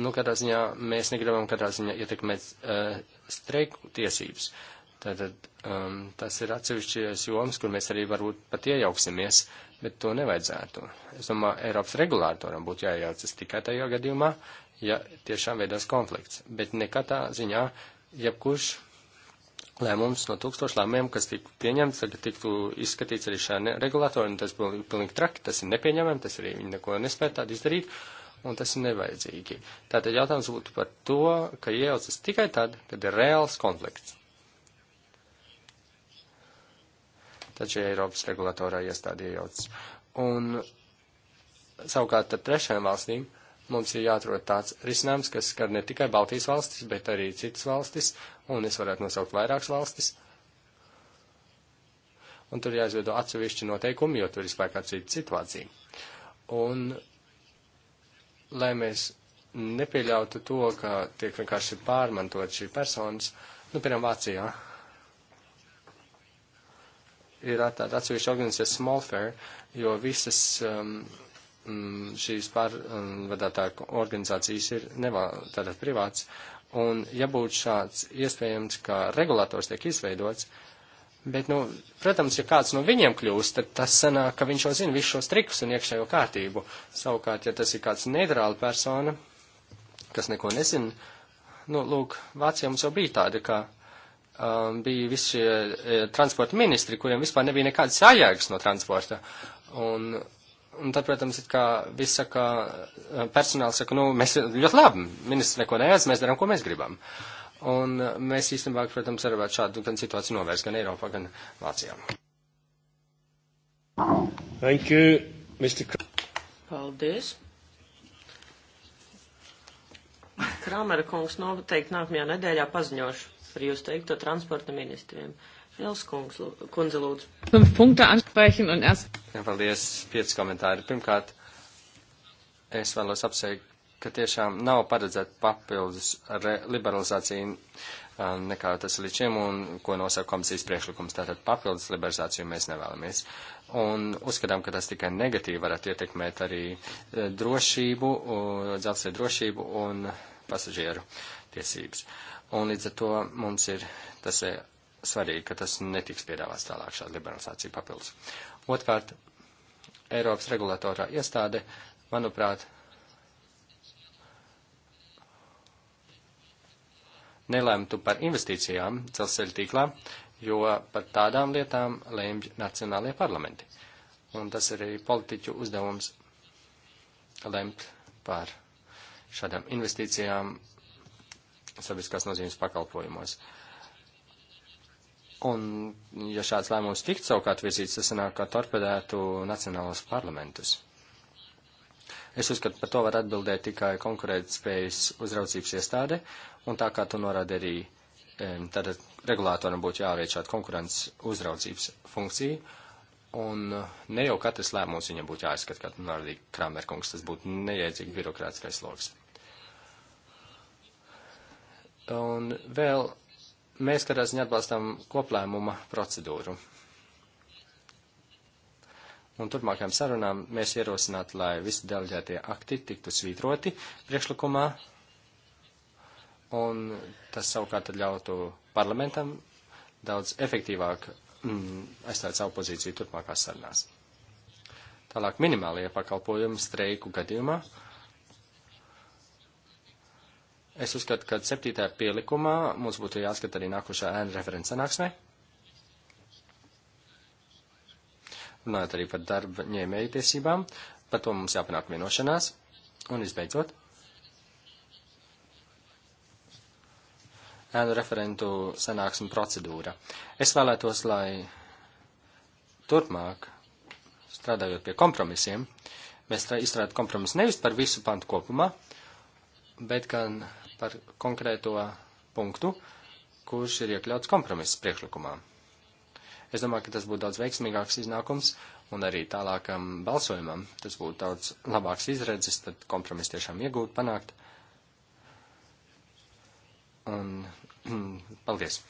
Nu, kādā ziņā mēs negribam kādā ziņā ietekmēt uh, streiku tiesības. Tātad um, tas ir atsevišķies joms, kur mēs arī varbūt pat iejauksimies, bet to nevajadzētu. Es domāju, Eiropas regulātoram būtu jājaucas tikai tajā gadījumā, ja tiešām veidās konflikts. Bet nekā tā ziņā, jebkurš lēmums no tūkstošu lēmumiem, kas tika pieņemts, tagad tiktu izskatīts arī šajā regulātorā, un tas būtu pilnīgi traki, tas ir nepieņemami, tas arī viņi neko nespēja tādu izdarīt, un tas ir nevajadzīgi. Tātad jautājums būtu par to, ka iejaucas tikai tad, kad ir reāls konflikts. Taču ja Eiropas regulatorā iestādi iejaucas. Un savukārt ar trešajām valstīm mums ir jāatrod tāds risinājums, kas skar ne tikai Baltijas valstis, bet arī citas valstis, un es varētu nosaukt vairākas valstis. Un tur jāizveido atsevišķi noteikumi, jo tur ir spēkā cita situācija. Un lai mēs nepieļautu to, ka tiek vienkārši pārmantot šī personas, nu, piemēram, Vācijā ir tāda atsevišķa organizācija Smallfair, jo visas um, Mm, šīs pārvadātāju organizācijas ir neval, tātad privāts, un ja būtu šāds iespējams, ka regulators tiek izveidots, bet, nu, protams, ja kāds no viņiem kļūst, tad tas sanāk, ka viņš jau zina visus šos trikus un iekšējo kārtību. Savukārt, ja tas ir kāds neitrāla persona, kas neko nezina, nu, lūk, Vācijā mums jau bija tāda, ka um, bija visi šie e, transporta ministri, kuriem vispār nebija nekādas sajēgas no transporta. Un, Un tad, protams, ir kā viss saka, eh, personāls saka, nu, mēs ļoti labi, ministrs neko nevēlas, mēs darām, ko mēs gribam. Un eh, mēs īstenībā, protams, arī varētu šādu gan situāciju novērst gan Eiropā, gan Vācijā. Thank you, Mr. Kr Paldies. Krāmera kungs noteikti nākamajā nedēļā paziņošu par jūs teikto transporta ministriem. Uh, Jels kungs, kundze lūdzu. Punkta ansprēķina un es. Jā, paldies. Pieci komentāri. Pirmkārt, es vēlos apsveikt, ka tiešām nav paredzēta papildus liberalizācija uh, nekā tas līdz šim un ko nosaka komisijas priekšlikums. Tātad papildus liberalizāciju mēs nevēlamies. Un uzskatām, ka tas tikai negatīvi varētu ietekmēt arī uh, drošību, uh, dzelzceļa drošību un pasažieru tiesības. Un līdz ar to mums ir tas svarīgi, ka tas netiks piedāvāts tālāk šāda liberalizācija papildus. Otkārt, Eiropas regulatorā iestāde, manuprāt, nelēmtu par investīcijām dzelzceļa tīklā, jo par tādām lietām lēmj nacionālajie parlamenti. Un tas ir arī politiķu uzdevums lemt par šādām investīcijām sabiedriskās nozīmes pakalpojumos. Uh, Un, ja šāds lēmums tiktu savukārt virzīts, tas sanāk, ka torpedētu nacionālos parlamentus. Es uzskatu, par to var atbildēt tikai konkurētspējas uzraudzības iestāde, un tā kā tu norādi arī, tad regulātoram būtu jāveic šāda konkurences uzraudzības funkcija, un ne jau katrs lēmums viņam būtu jāizskata, kā tu norādīji Kramerkungs, tas būtu neiedzīgi birokrātiskais loks. Un vēl mēs katrā ziņā atbalstam koplēmuma procedūru. Un turpmākajām sarunām mēs ierosinātu, lai visi deleģētie akti tiktu svītroti priekšlikumā, un tas savukārt ļautu parlamentam daudz efektīvāk mm, aizstāt savu pozīciju turpmākās sarunās. Tālāk minimālie pakalpojumi streiku gadījumā Es uzskatu, ka 7. pielikumā mums būtu jāskat arī nākošā ēna referents sanāksmē. Runājot arī par darba ņēmēju tiesībām, par to mums jāpanāk vienošanās. Un visbeidzot, ēnu referentu sanāksmu procedūra. Es vēlētos, lai turpmāk, strādājot pie kompromisiem, mēs izstrādātu kompromisu nevis par visu pantu kopumā, bet gan par konkrēto punktu, kurš ir iekļauts kompromiss priekšlikumā. Es domāju, ka tas būtu daudz veiksmīgāks iznākums un arī tālākam balsojumam. Tas būtu daudz labāks izredzes, tad kompromiss tiešām iegūt, panākt. Un paldies!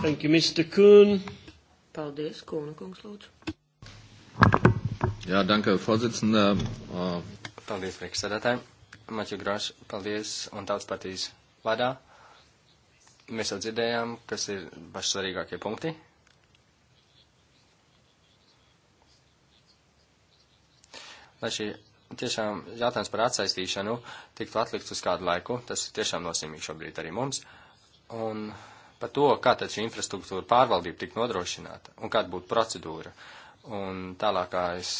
Thank you, Mr. Kuhn. Paldies, Kūna kungs, lūdzu. Jā, danke, Vorsitzender. Uh, Paldies, priekšsēdētāji. Maķu Groš, paldies un tautas partijas vadā. Mēs jau dzirdējām, kas ir pašsvarīgākie punkti. Lai šī tiešām jautājums par atsaistīšanu tiktu atlikts uz kādu laiku, tas ir tiešām nosimīgi šobrīd arī mums. Un par to, kā tad šī infrastruktūra pārvaldība tik nodrošināta un kāda būtu procedūra un tālākais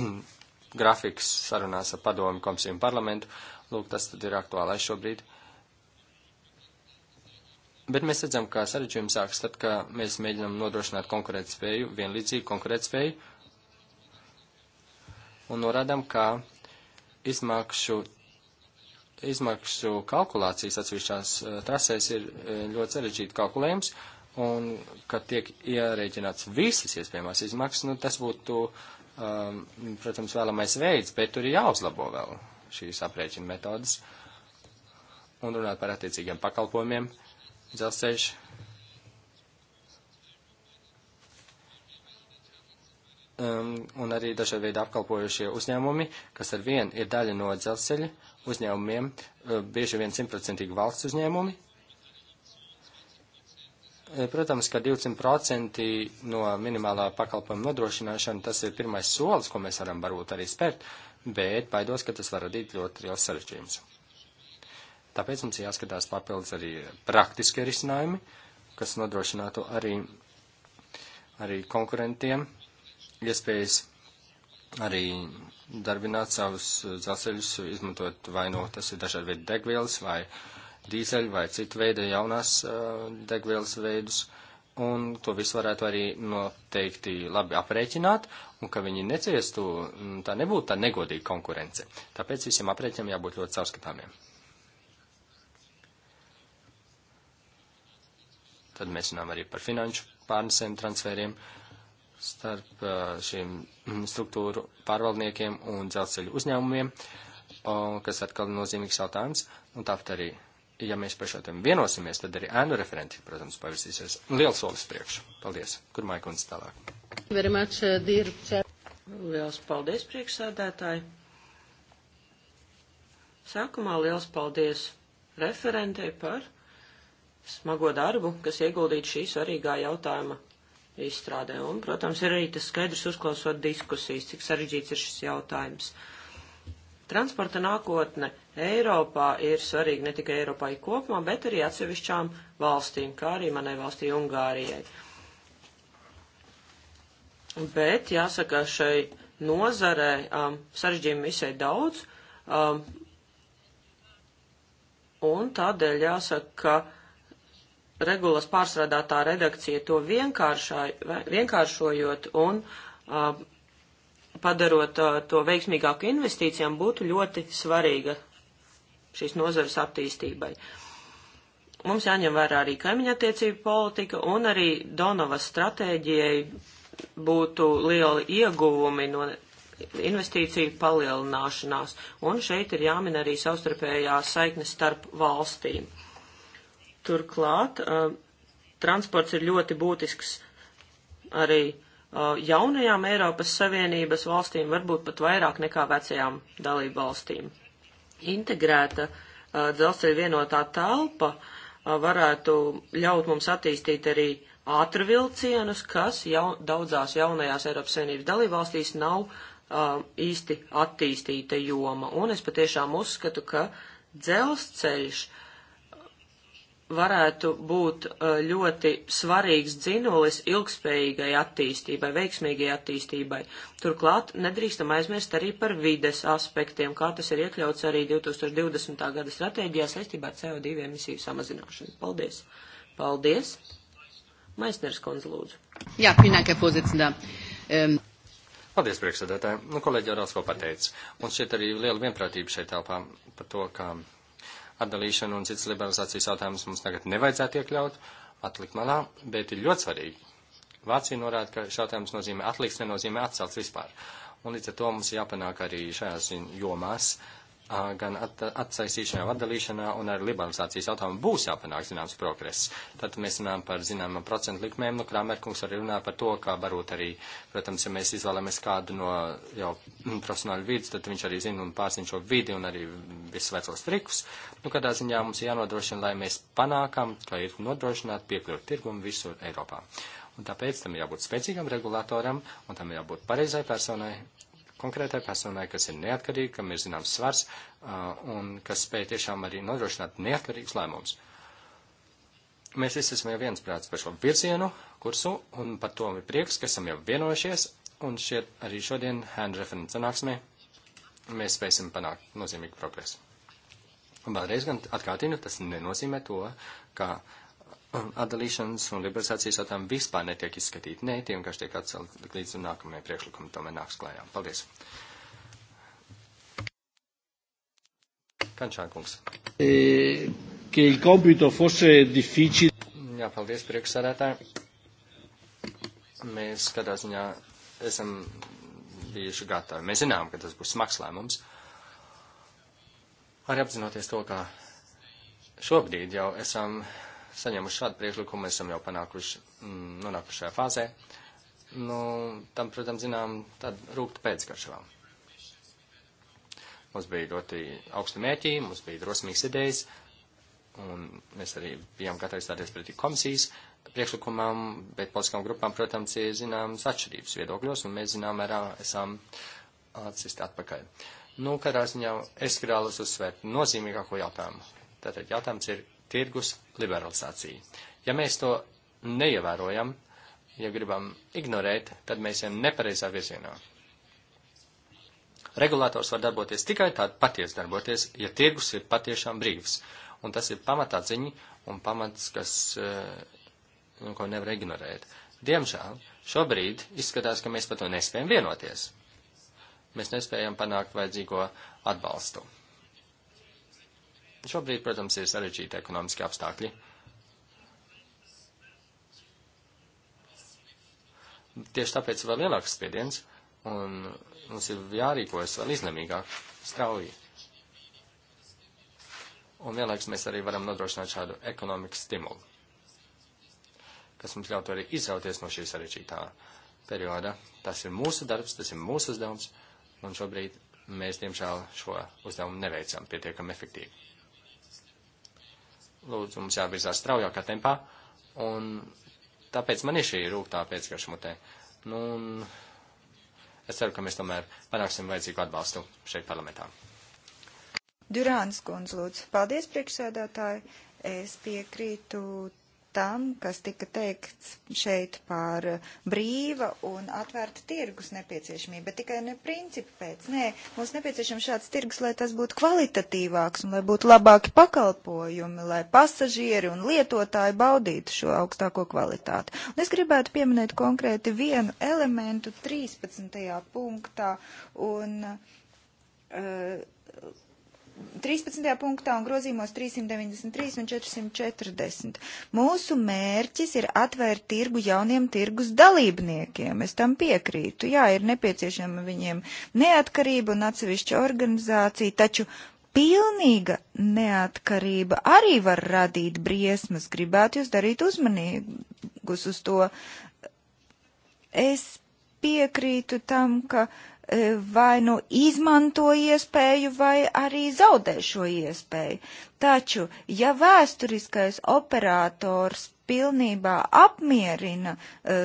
grafiks sarunās ar padomu komisiju un parlamentu. Lūk, tas tad ir aktuālais šobrīd. Bet mēs redzam, ka sarežģījums sāks tad, kad mēs mēģinām nodrošināt konkurētspēju, vienlīdzīgu konkurētspēju, un norādām, ka izmakšu, izmakšu kalkulācijas atsevišķās eh, trasēs ir eh, ļoti sarežģīti kalkulējums, un ka tiek ierēķināts visas iespējamās izmaksas, nu, tas būtu um, protams, vēlamais veids, bet tur ir jāuzlabo vēl šīs aprēķina metodas. Un runāt par attiecīgiem pakalpojumiem, dzelzceļš. Um, un arī dažādi veidi apkalpojušie uzņēmumi, kas ar vienu ir daļa no dzelzceļa uzņēmumiem, uh, bieži vien simtprocentīgi valsts uzņēmumi, E, protams, ka 200% no minimālā pakalpojuma nodrošināšana tas ir pirmais solis, ko mēs varam varbūt arī spērt, bet baidos, ka tas var radīt ļoti liels sarežģījums. Tāpēc mums jāskatās papildus arī praktiskie risinājumi, kas nodrošinātu arī, arī konkurentiem iespējas arī darbināt savus dzelzceļus, izmantot vai no nu, tas ir dažādi veidi degvielas vai uh, dīzeļu vai citu veidu jaunās uh, degvielas veidus, un to visu varētu arī noteikti labi aprēķināt, un ka viņi neciestu, tā nebūtu tā negodīga konkurence. Tāpēc visiem aprēķiniem jābūt ļoti caurskatāmiem. Tad mēs runājam arī par finanšu pārnesēm, transferiem starp šiem struktūru pārvaldniekiem un dzelzceļu uzņēmumiem, kas atkal ir nozīmīgs jautājums, un tāpat arī ja mēs par šo tēmu vienosimies, tad arī ēnu referenti, protams, pavirzīsies. Liels solis priekšu. Paldies. Kur Maikons tālāk? Very much, uh, dear Liels paldies, priekšsēdētāji. Sākumā liels paldies referentei par smago darbu, kas ieguldīts šī svarīgā jautājuma izstrādē. Un, protams, ir arī tas skaidrs uzklausot diskusijas, cik sarežģīts ir šis jautājums. Uh, Transporta nākotne Eiropā ir svarīga ne tikai Eiropai kopumā, bet arī atsevišķām valstīm, kā arī manai valstī Ungārijai. Bet, jāsaka, šai nozarē um, sarežģījumi visai daudz, um, un tādēļ jāsaka, ka regulas pārstrādātā redakcija to vienkāršojot un um, padarot uh, to veiksmīgāku investīcijām, būtu ļoti svarīga šīs nozares attīstībai. Mums jāņem vērā arī kaimiņattiecību politika un arī Donovas stratēģijai būtu lieli ieguvumi no investīciju palielināšanās, un šeit ir jāmin arī savstarpējās saiknes starp valstīm. Turklāt uh, transports ir ļoti būtisks arī Uh, jaunajām Eiropas Savienības valstīm, varbūt pat vairāk nekā vecajām dalību valstīm. Integrēta uh, dzelzceļa vienotā telpa uh, varētu ļaut mums attīstīt arī ātrvilcienus, kas jau, daudzās jaunajās Eiropas Savienības dalībvalstīs nav uh, īsti attīstīta joma. Un es patiešām uzskatu, ka dzelzceļš uh, varētu būt uh, ļoti svarīgs dzinolis ilgspējīgai attīstībai, veiksmīgai attīstībai. Turklāt nedrīkstam aizmirst arī par vides aspektiem, kā tas ir iekļauts arī 2020. gada stratēģijā saistībā ar CO2 emisiju samazināšanu. Paldies! Paldies! Maisners kundze lūdzu. Jā, pienākā pozicinā. Um. Paldies, priekšsēdētāji. Nu, kolēģi jau daudz ko pateica. Mums šeit arī liela vienprātība šeit telpā par to, ka. Kā atdalīšanu un citas liberalizācijas jautājumus mums tagad nevajadzētu iekļaut, atlikt malā, bet ir ļoti svarīgi. Vācija norāda, ka šādājums nozīmē atliks, nenozīmē atcelts vispār. Un līdz ar to mums jāpanāk arī šajās jomās gan at, atsaistīšanā, atdalīšanā un ar liberalizācijas jautājumu būs jāpanāk zināms progress. Tad mēs runājam par zināmām procentu likmēm, nu, Krāmerkungs arī runā par to, kā varbūt arī, protams, ja mēs izvēlamies kādu no jau profesionāļu vidus, tad viņš arī zina un pārzina šo vidi un arī visus vecos trikus. Nu, kādā ziņā mums jānodrošina, lai mēs panākam, ka ir nodrošināt piekļuvi tirgumu visur Eiropā. Un tāpēc tam jābūt spēcīgam regulātoram, un tam jābūt pareizai personai, konkrētai personai, kas ir neatkarīga, kam ir zināms svars uh, un kas spēj tiešām arī nodrošināt neatkarīgus lēmumus. Mēs visi esam jau viensprāts par šo virzienu, kursu, un par to ir prieks, ka esam jau vienojušies, un šeit arī šodien hand referents sanāksmē mēs spēsim panākt nozīmīgu progresu. Un vēlreiz gan atkārtinu, tas nenozīmē to, ka atdalīšanas um, un liberalizācijas jautājumu vispār netiek izskatīti. Nē, tie vienkārši tiek atcelt līdz nākamajai priekšlikumam, tomēr nāks klājām. Paldies. Kančākungs. E, Jā, paldies priekšsādātāji. Mēs kādā ziņā esam bijuši gatavi. Mēs zinām, ka tas būs smags lēmums. Arī apzinoties to, ka šobrīd jau esam saņēmuši šādu priekšlikumu, mēs esam jau panākuši, mm, nonākuši šajā fāzē. Nu, tam, protams, zinām, tad rūkt pēckarš vēl. Mums bija ļoti augsti mērķi, mums bija drosmīgas idejas, un mēs arī bijām gatavi stāties pretī komisijas priekšlikumam, bet politiskām grupām, protams, ir zināmas atšķirības viedokļos, un mēs zinām, mērā esam atsisti atpakaļ. Nu, kādā ziņā es grālos uzsvērt nozīmīgāko jautājumu. Tātad jautājums ir, tirgus liberalizāciju. Ja mēs to neievērojam, ja gribam ignorēt, tad mēs ejam nepareizā virzienā. Regulators var darboties tikai tād paties darboties, ja tirgus ir patiešām brīvs. Un tas ir pamatā ziņa un pamats, kas, nu, ko nevar ignorēt. Diemžēl šobrīd izskatās, ka mēs par to nespējam vienoties. Mēs nespējam panākt vajadzīgo atbalstu. Šobrīd, protams, ir sarežģīti ekonomiski apstākļi. Tieši tāpēc vēl lielāks spiediens, un mums ir jārīkojas vēl izlemīgāk, strauji. Un vienlaiks mēs arī varam nodrošināt šādu ekonomikas stimulu, kas mums ļautu arī izrauties no šī sarežģītā perioda. Tas ir mūsu darbs, tas ir mūsu uzdevums, un šobrīd mēs, diemžēl, šo uzdevumu neveicam pietiekami efektīvi lūdzu, mums jāvirzās straujākā tempā, un tāpēc man ir šī rūgtā pēcgarša mutē. Nu, un es ceru, ka mēs tomēr panāksim vajadzīgu atbalstu šeit parlamentā. Durāns Gunz, lūdzu. Paldies, priekšsēdētāji. Es piekrītu tam, kas tika teikts šeit par brīva un atvērta tirgus nepieciešamību, bet tikai ne principu pēc. Nē, mums nepieciešams šāds tirgus, lai tas būtu kvalitatīvāks un lai būtu labāki pakalpojumi, lai pasažieri un lietotāji baudītu šo augstāko kvalitāti. Un es gribētu pieminēt konkrēti vienu elementu 13. punktā un. Uh, 13. punktā un grozījumos 393 un 440. Mūsu mērķis ir atvērt tirgu jauniem tirgus dalībniekiem. Es tam piekrītu. Jā, ir nepieciešama viņiem neatkarība un atsevišķa organizācija, taču pilnīga neatkarība arī var radīt briesmas. Gribētu jūs darīt uzmanīgus uz to. Es piekrītu tam, ka vai nu izmanto iespēju, vai arī zaudē šo iespēju. Taču, ja vēsturiskais operators pilnībā apmierina e,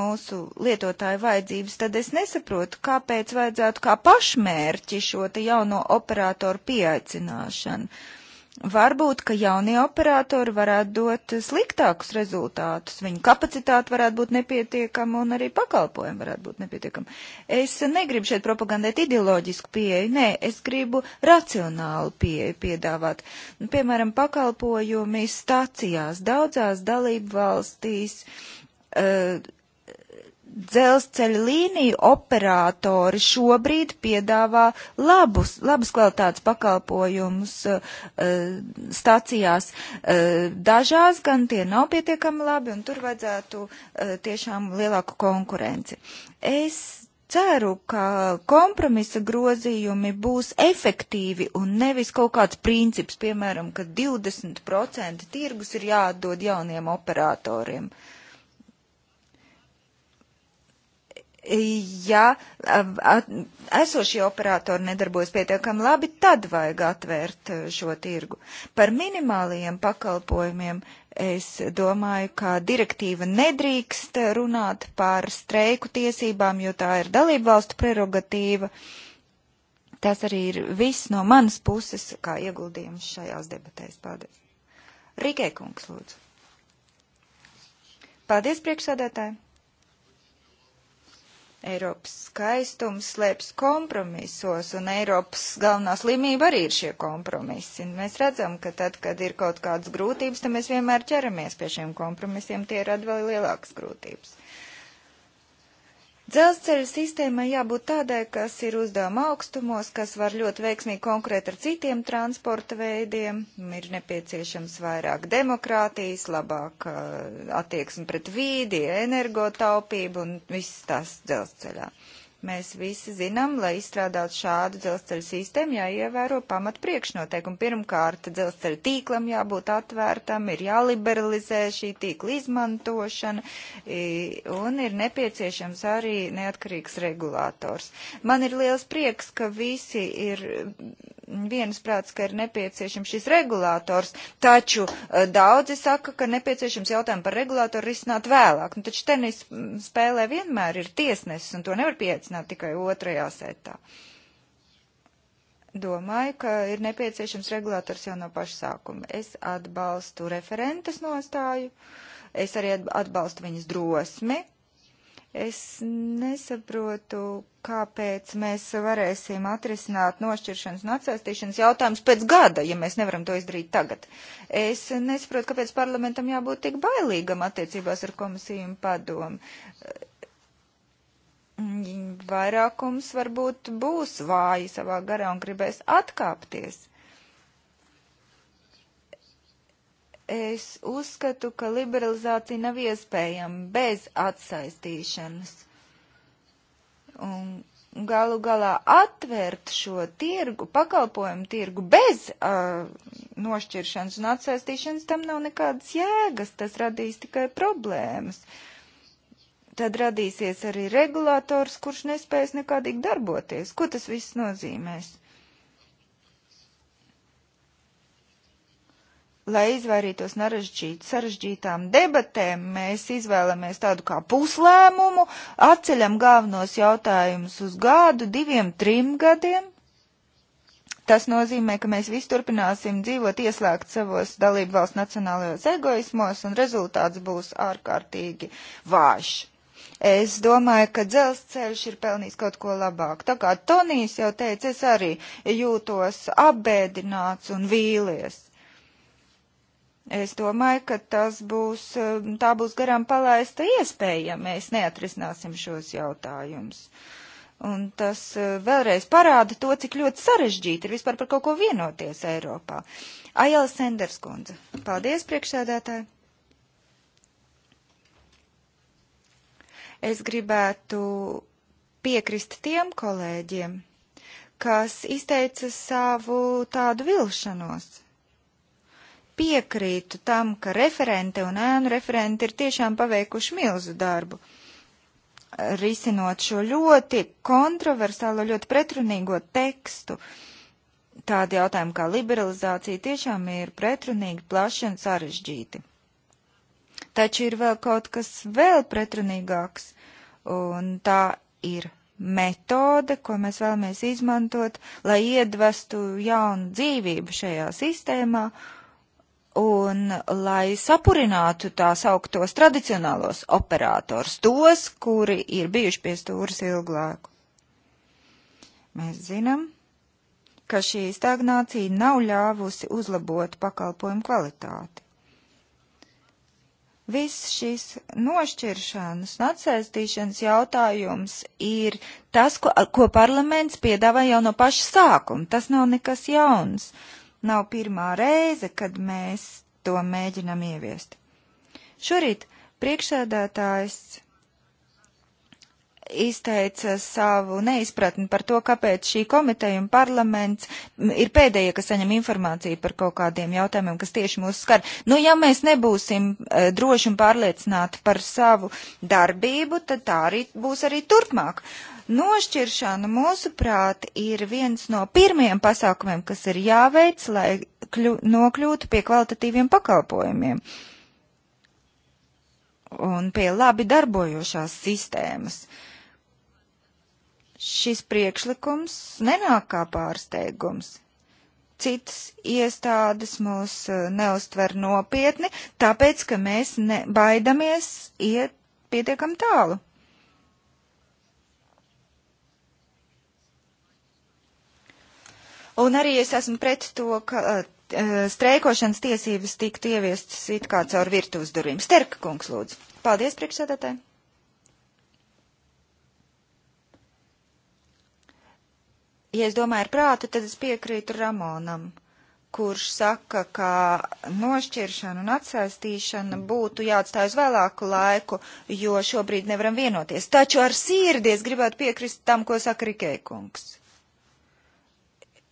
mūsu lietotāju vajadzības, tad es nesaprotu, kāpēc vajadzētu kā pašmērķi šo te jauno operatoru pieaicināšanu. Uh, Varbūt, ka jaunie operatori varētu dot sliktākus rezultātus. Viņu kapacitāte varētu būt nepietiekama un arī pakalpojumi varētu būt nepietiekami. Es negribu šeit propagandēt ideoloģisku pieeju, nē, es gribu racionālu pieeju piedāvāt. Nu, piemēram, pakalpojumi stacijās daudzās dalību valstīs. Uh, dzelzceļa līniju operatori šobrīd piedāvā labus, labas kvalitātes pakalpojumus uh, stacijās. Uh, dažās gan tie nav pietiekami labi, un tur vajadzētu uh, tiešām lielāku konkurenci. Es ceru, ka kompromisa grozījumi būs efektīvi un nevis kaut kāds princips, piemēram, ka 20% tirgus ir jāatdod jauniem operatoriem. Uh, ja eh, esošie operatori nedarbojas pietiekami labi, tad vajag atvērt eh, šo tirgu. Par minimālajiem pakalpojumiem es domāju, ka direktīva nedrīkst runāt par streiku tiesībām, jo tā ir dalību valstu prerogatīva. Tas arī ir viss no manas puses, kā ieguldījums šajās debatēs. Paldies. Rīkē kungs, lūdzu. Paldies, priekšsēdētāji. Eiropas skaistums slēpjas kompromisos, un Eiropas galvenā slimība arī ir šie kompromisi. Un mēs redzam, ka tad, kad ir kaut kādas grūtības, tad mēs vienmēr ķeramies pie šiem kompromisiem, tie rada vēl lielākas grūtības. Dzelzceļa sistēmai jābūt tādai, kas ir uzdevuma augstumos, kas var ļoti veiksmīgi konkurēt ar citiem transporta veidiem. Ir nepieciešams vairāk demokrātijas, labāk uh, attieksme pret vīdi, energotaupību un viss tas dzelzceļā. Uh, Mēs visi zinām, lai izstrādātu šādu dzelzceļu sistēmu, jāievēro pamat priekšnoteikumi. Pirmkārt, dzelzceļu tīklam jābūt atvērtam, ir jāliberalizē šī tīkla izmantošana un ir nepieciešams arī neatkarīgs regulators. Man ir liels prieks, ka visi ir viensprāts, ka ir nepieciešams šis regulators, taču eh, daudzi saka, ka nepieciešams jautājumu par regulātoru risināt vēlāk. Nu, taču tenis mm, spēlē vienmēr ir tiesnesis, un to nevar piecināt tikai otrajā setā. Domāju, ka ir nepieciešams regulators jau no paša sākuma. Es atbalstu referentes nostāju, es arī atbalstu viņas drosmi Es nesaprotu, kāpēc mēs varēsim atrisināt nošķiršanas un atsaistīšanas jautājumus pēc gada, ja mēs nevaram to izdarīt tagad. Es nesaprotu, kāpēc parlamentam jābūt tik bailīgam attiecībās ar komisiju un padomu. Vairākums varbūt būs vāji savā garā un gribēs atkāpties. Es uzskatu, ka liberalizācija nav iespējama bez atsaistīšanas. Un galu galā atvērt šo tirgu, pakalpojumu tirgu bez uh, nošķiršanas un atsaistīšanas, tam nav nekādas jēgas, tas radīs tikai problēmas. Tad radīsies arī regulators, kurš nespēs nekādīgi darboties. Ko tas viss nozīmēs? lai izvairītos naražģīt, sarežģītām debatēm, mēs izvēlamies tādu kā puslēmumu, atceļam galvenos jautājumus uz gadu, diviem, trim gadiem. Tas nozīmē, ka mēs visi turpināsim dzīvot ieslēgt savos dalību valsts nacionālajos egoismos, un rezultāts būs ārkārtīgi vājš. Es domāju, ka dzelzceļš ir pelnījis kaut ko labāku. Tā kā Tonijs jau teica, es arī jūtos apbēdināts un vīlies. Es domāju, ka tas būs, um, tā būs garām palaista iespēja, ja mēs neatrisināsim šos jautājumus. Un tas uh, vēlreiz parāda to, cik ļoti sarežģīti ir vispār par kaut ko vienoties Eiropā. Ajala Senders kundze. Paldies, priekšsēdētāji. Es gribētu piekrist tiem kolēģiem, kas izteica savu tādu vilšanos piekrītu tam, ka referente un ēnu referente ir tiešām paveikuši milzu darbu, risinot šo ļoti kontroversālo, ļoti pretrunīgo tekstu. Tādi jautājumi kā liberalizācija tiešām ir pretrunīgi, plaši un sarežģīti. Taču ir vēl kaut kas vēl pretrunīgāks, un tā ir metode, ko mēs vēlamies izmantot, lai iedvestu jaunu dzīvību šajā sistēmā un lai sapurinātu tās augtos tradicionālos operators, tos, kuri ir bijuši pie stūras ilglāku. Mēs zinām, ka šī stagnācija nav ļāvusi uzlabot pakalpojumu kvalitāti. Viss šis nošķiršanas un atsaistīšanas jautājums ir tas, ko, ko parlaments piedāvā jau no paša sākuma. Tas nav nekas jauns. Uh, Nav pirmā reize, kad mēs to mēģinam ieviest. Šorīt priekšsēdētājs izteica savu neizpratni par to, kāpēc šī komiteja un parlaments ir pēdējie, kas saņem informāciju par kaut kādiem jautājumiem, kas tieši mūs skar. Nu, ja mēs nebūsim e, droši un pārliecināti par savu darbību, tad tā arī būs arī turpmāk. E, Nošķiršana, mūsuprāt, ir viens no pirmajiem pasākumiem, kas ir jāveic, lai kļu, nokļūtu pie kvalitatīviem pakalpojumiem un pie labi darbojošās sistēmas. Šis priekšlikums nenāk kā pārsteigums citas iestādes mūs eh, neustver nopietni, tāpēc, ka mēs ne, baidamies iet pietiekam tālu. Un arī es esmu pret to, ka eh, streikošanas tiesības tiktu ieviestas it kā caur virtuves durvīm. Sterka kungs, lūdzu. Paldies, priekšsēdētāji. Ja es domāju ar prātu, tad es piekrītu Ramonam, kurš saka, ka nošķiršana un atsaistīšana būtu jāatstāj uz vēlāku laiku, jo šobrīd nevaram vienoties. Taču ar sirdi es gribētu piekrist tam, ko saka Rikē kungs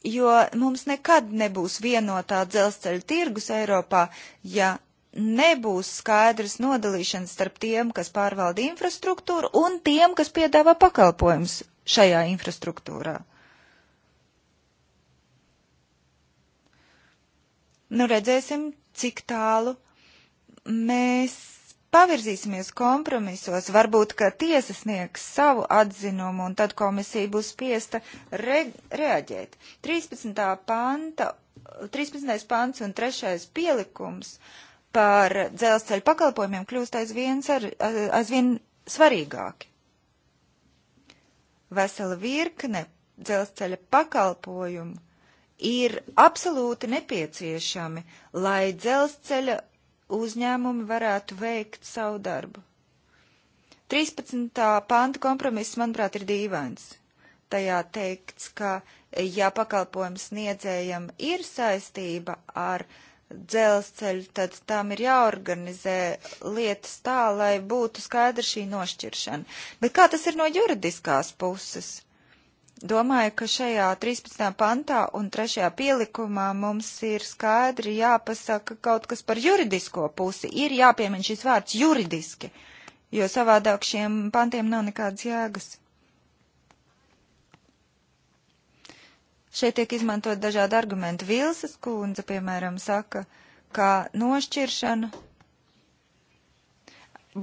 jo mums nekad nebūs vienotā dzelzceļa tirgus Eiropā, ja nebūs skaidras nodalīšanas starp tiem, kas pārvalda infrastruktūru un tiem, kas piedāvā pakalpojumus šajā infrastruktūrā. Nu, redzēsim, cik tālu mēs pavirzīsimies kompromisos, varbūt, ka tiesa sniegs savu atzinumu un tad komisija būs spiesta re reaģēt. 13. panta, 13. pants un 3. pielikums par dzelzceļa pakalpojumiem kļūst aizvien, aizvien svarīgāki. Vesela virkne dzelzceļa pakalpojumu ir absolūti nepieciešami, lai dzelzceļa uzņēmumi varētu veikt savu darbu. 13. panta kompromiss, manuprāt, ir dīvains. Tajā teikts, ka ja pakalpojums sniedzējam ir saistība ar dzelzceļu, tad tam ir jāorganizē lietas tā, lai būtu skaidra šī nošķiršana. Bet kā tas ir no juridiskās puses? Domāju, ka šajā 13. pantā un 3. pielikumā mums ir skaidri jāpasaka kaut kas par juridisko pusi. Ir jāpiemina šis vārds juridiski, jo savādāk šiem pantiem nav nekādas jēgas. Šeit tiek izmantot dažādi argumenti. Vilsas kundze, piemēram, saka, ka nošķiršana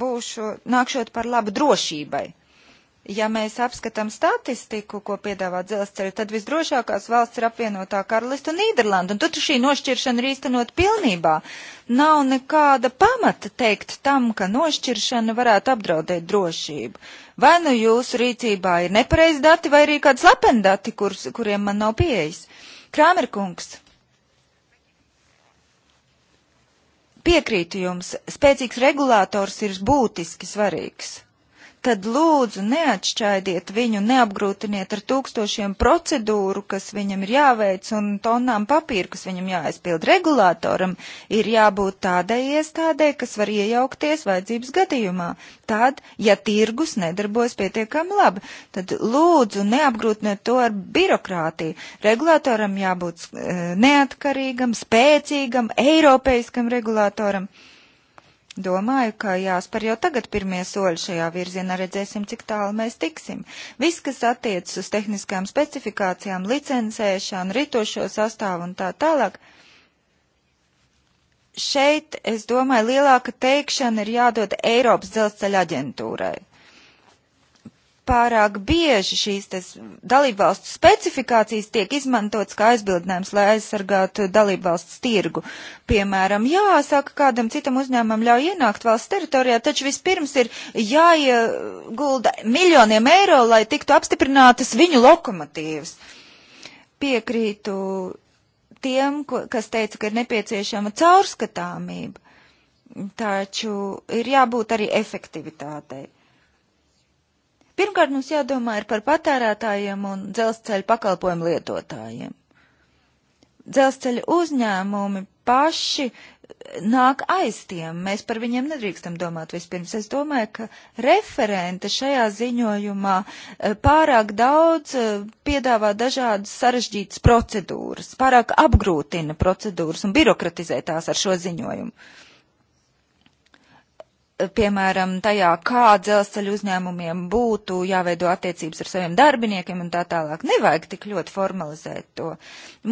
būšu, nākšot par labu drošībai. Ja mēs apskatām statistiku, ko piedāvā dzelzceļa, tad visdrošākās valsts ir apvienotā karalista un Nīderlanda, un tad šī nošķiršana ir īstenot pilnībā. Nav nekāda pamata teikt tam, ka nošķiršana varētu apdraudēt drošību. Vai nu jūsu rīcībā ir nepareizi dati, vai arī kāds lepeni dati, kur, kuriem man nav pieejas. Krāmerkungs. Piekrītu jums, spēcīgs regulators ir būtiski svarīgs tad lūdzu neatšķaidiet viņu, neapgrūtiniet ar tūkstošiem procedūru, kas viņam ir jāveic un tonām papīru, kas viņam jāaizpild. Regulātoram ir jābūt tādai iestādē, kas var iejaukties vajadzības gadījumā. Tad, ja tirgus nedarbojas pietiekami labi, tad lūdzu neapgrūtiniet to ar birokrātiju. Regulātoram jābūt e, neatkarīgam, spēcīgam, eiropeiskam regulātoram. Uh, Domāju, ka jāspēr jau tagad pirmie soļi šajā virzienā, redzēsim, cik tālu mēs tiksim. Viss, kas attiecas uz tehniskām specifikācijām, licencēšanu, ritošo sastāvu un tā tālāk, šeit, es domāju, lielāka teikšana ir jādod Eiropas dzelzceļa aģentūrai pārāk bieži šīs dalībvalstu specifikācijas tiek izmantotas kā aizbildinājums, lai aizsargātu dalībvalsts tirgu. Piemēram, jāsaka, kādam citam uzņēmumam ļauj ienākt valsts teritorijā, taču vispirms ir jāiegulda miljoniem eiro, lai tiktu apstiprinātas viņu lokomotīvas. Piekrītu tiem, kas teica, ka ir nepieciešama caurskatāmība, taču ir jābūt arī efektivitātei Pirmkārt, mums jādomā ir par patērētājiem un dzelzceļa pakalpojumu lietotājiem. Dzelzceļa uzņēmumi paši nāk aiz tiem. Mēs par viņiem nedrīkstam domāt vispirms. Es domāju, ka referente šajā ziņojumā e, pārāk daudz e, piedāvā dažādas sarežģītas procedūras, pārāk apgrūtina procedūras un birokratizē tās ar šo ziņojumu piemēram, tajā, kā dzelzceļu uzņēmumiem būtu jāveido attiecības ar saviem darbiniekiem un tā tālāk. Nevajag tik ļoti formalizēt to.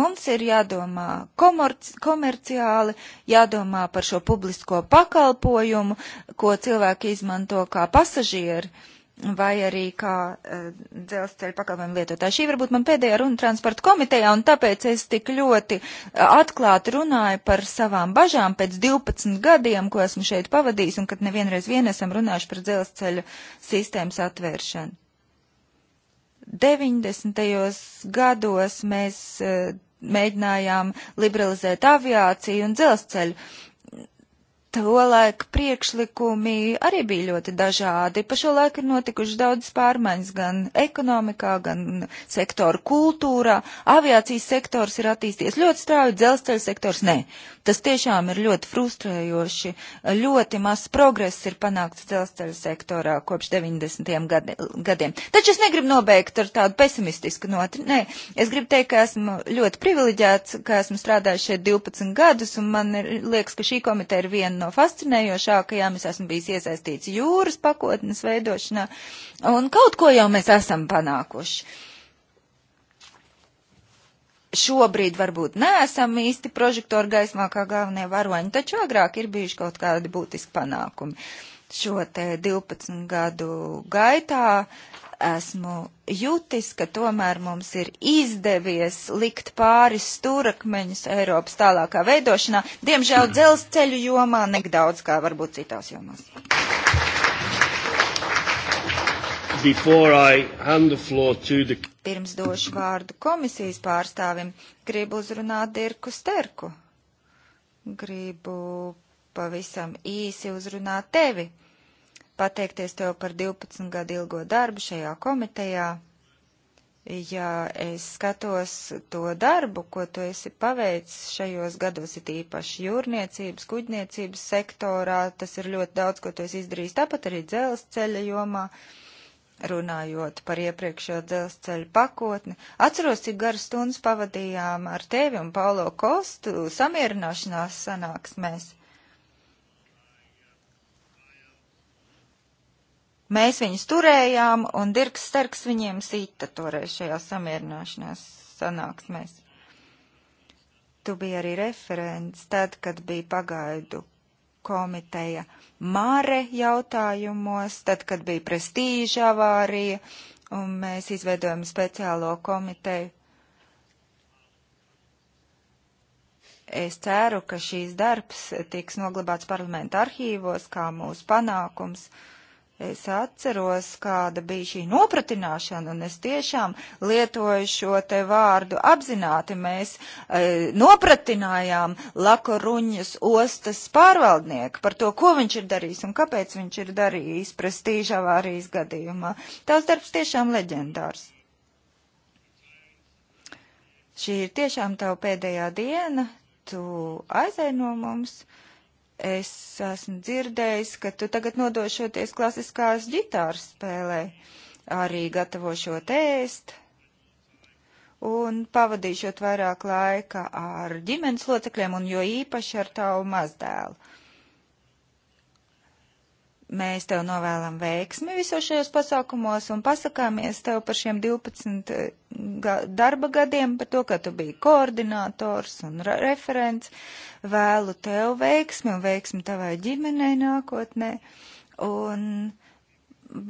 Mums ir jādomā komerci komerciāli, jādomā par šo publisko pakalpojumu, ko cilvēki izmanto kā pasažieri. Uh, vai arī kā uh, dzelzceļa pakalpojumu lietotāji. Šī varbūt man pēdējā runa transporta komitejā, un tāpēc es tik ļoti uh, atklāti runāju par savām bažām pēc 12 gadiem, ko esmu šeit pavadījis, un kad nevienreiz vien esam runājuši par dzelzceļa sistēmas atvēršanu. 90. gados mēs uh, mēģinājām liberalizēt aviāciju un dzelzceļu. Uh, Tolaik priekšlikumi arī bija ļoti dažādi. Pa šo laiku ir notikuši daudz pārmaiņas gan ekonomikā, gan sektoru kultūrā. Aviācijas sektors ir attīstījies ļoti strauji, dzelzceļa sektors nē. Tas tiešām ir ļoti frustrējoši. Ļoti maz progress ir panākts dzelzceļa sektorā kopš 90. Gadi, gadiem. Taču es negribu nobeigt ar tādu pesimistisku notri. Nē, es gribu teikt, ka esmu ļoti privileģēts, ka esmu strādājis šeit 12 gadus, un man ir, liekas, ka šī komiteja ir viena no fascinējošākajām. Es esmu bijis iesaistīts jūras pakotnes veidošanā, un kaut ko jau mēs esam panākuši šobrīd varbūt neesam īsti prožektoru gaismā kā galvenie varoņi, taču agrāk ir bijuši kaut kādi būtiski panākumi. Šo te 12 gadu gaitā esmu jutis, ka tomēr mums ir izdevies likt pāris stūrakmeņus Eiropas tālākā veidošanā, diemžēl dzelzceļu jomā, nek daudz kā varbūt citās jomās the... Pirms došu vārdu komisijas pārstāvim, gribu uzrunāt Dirku Sterku. Gribu pavisam īsi uzrunāt tevi, pateikties tev par 12 gadu ilgo darbu šajā komitejā. Ja es skatos to darbu, ko tu esi paveicis šajos gados, ir īpaši jūrniecības, kuģniecības sektorā, tas ir ļoti daudz, ko tu esi izdarījis, tāpat arī dzelzceļa jomā. Uh, runājot par iepriekšējo dzelzceļa pakotni. Atceros, cik garas stundas pavadījām ar tevi un Paulo Kostu samierināšanās sanāksmēs. Mēs viņus turējām, un Dirks Starks viņiem sita toreiz šajā samierināšanās sanāksmēs. Tu biji arī referents tad, kad bija pagaidu komiteja Māre jautājumos, tad, kad bija prestīža avārija, un mēs izveidojam speciālo komiteju. Es ceru, ka šīs darbs tiks noglabāts parlamenta arhīvos kā mūsu panākums. Uh, Es atceros, kāda bija šī nopratināšana, un es tiešām lietoju šo te vārdu apzināti. Mēs e, nopratinājām Lakoruņas ostas pārvaldnieku par to, ko viņš ir darījis un kāpēc viņš ir darījis prestīžā avārijas gadījumā. Tās darbs tiešām leģendārs. Šī ir tiešām tava pēdējā diena, tu aizēj no mums. Uh, Es esmu dzirdējis, ka tu tagad nodošoties klasiskās ģitāras spēlē, arī gatavošot ēst un pavadīšot vairāk laika ar ģimenes locekļiem un jo īpaši ar tavu mazdēlu. Mēs tev novēlam veiksmi visos šajos pasākumos un pasakāmies tev par šiem 12 eh, ga darba gadiem, par to, ka tu biji koordinators un referents. Vēlu tev veiksmi un veiksmi tavai ģimenei nākotnē. Un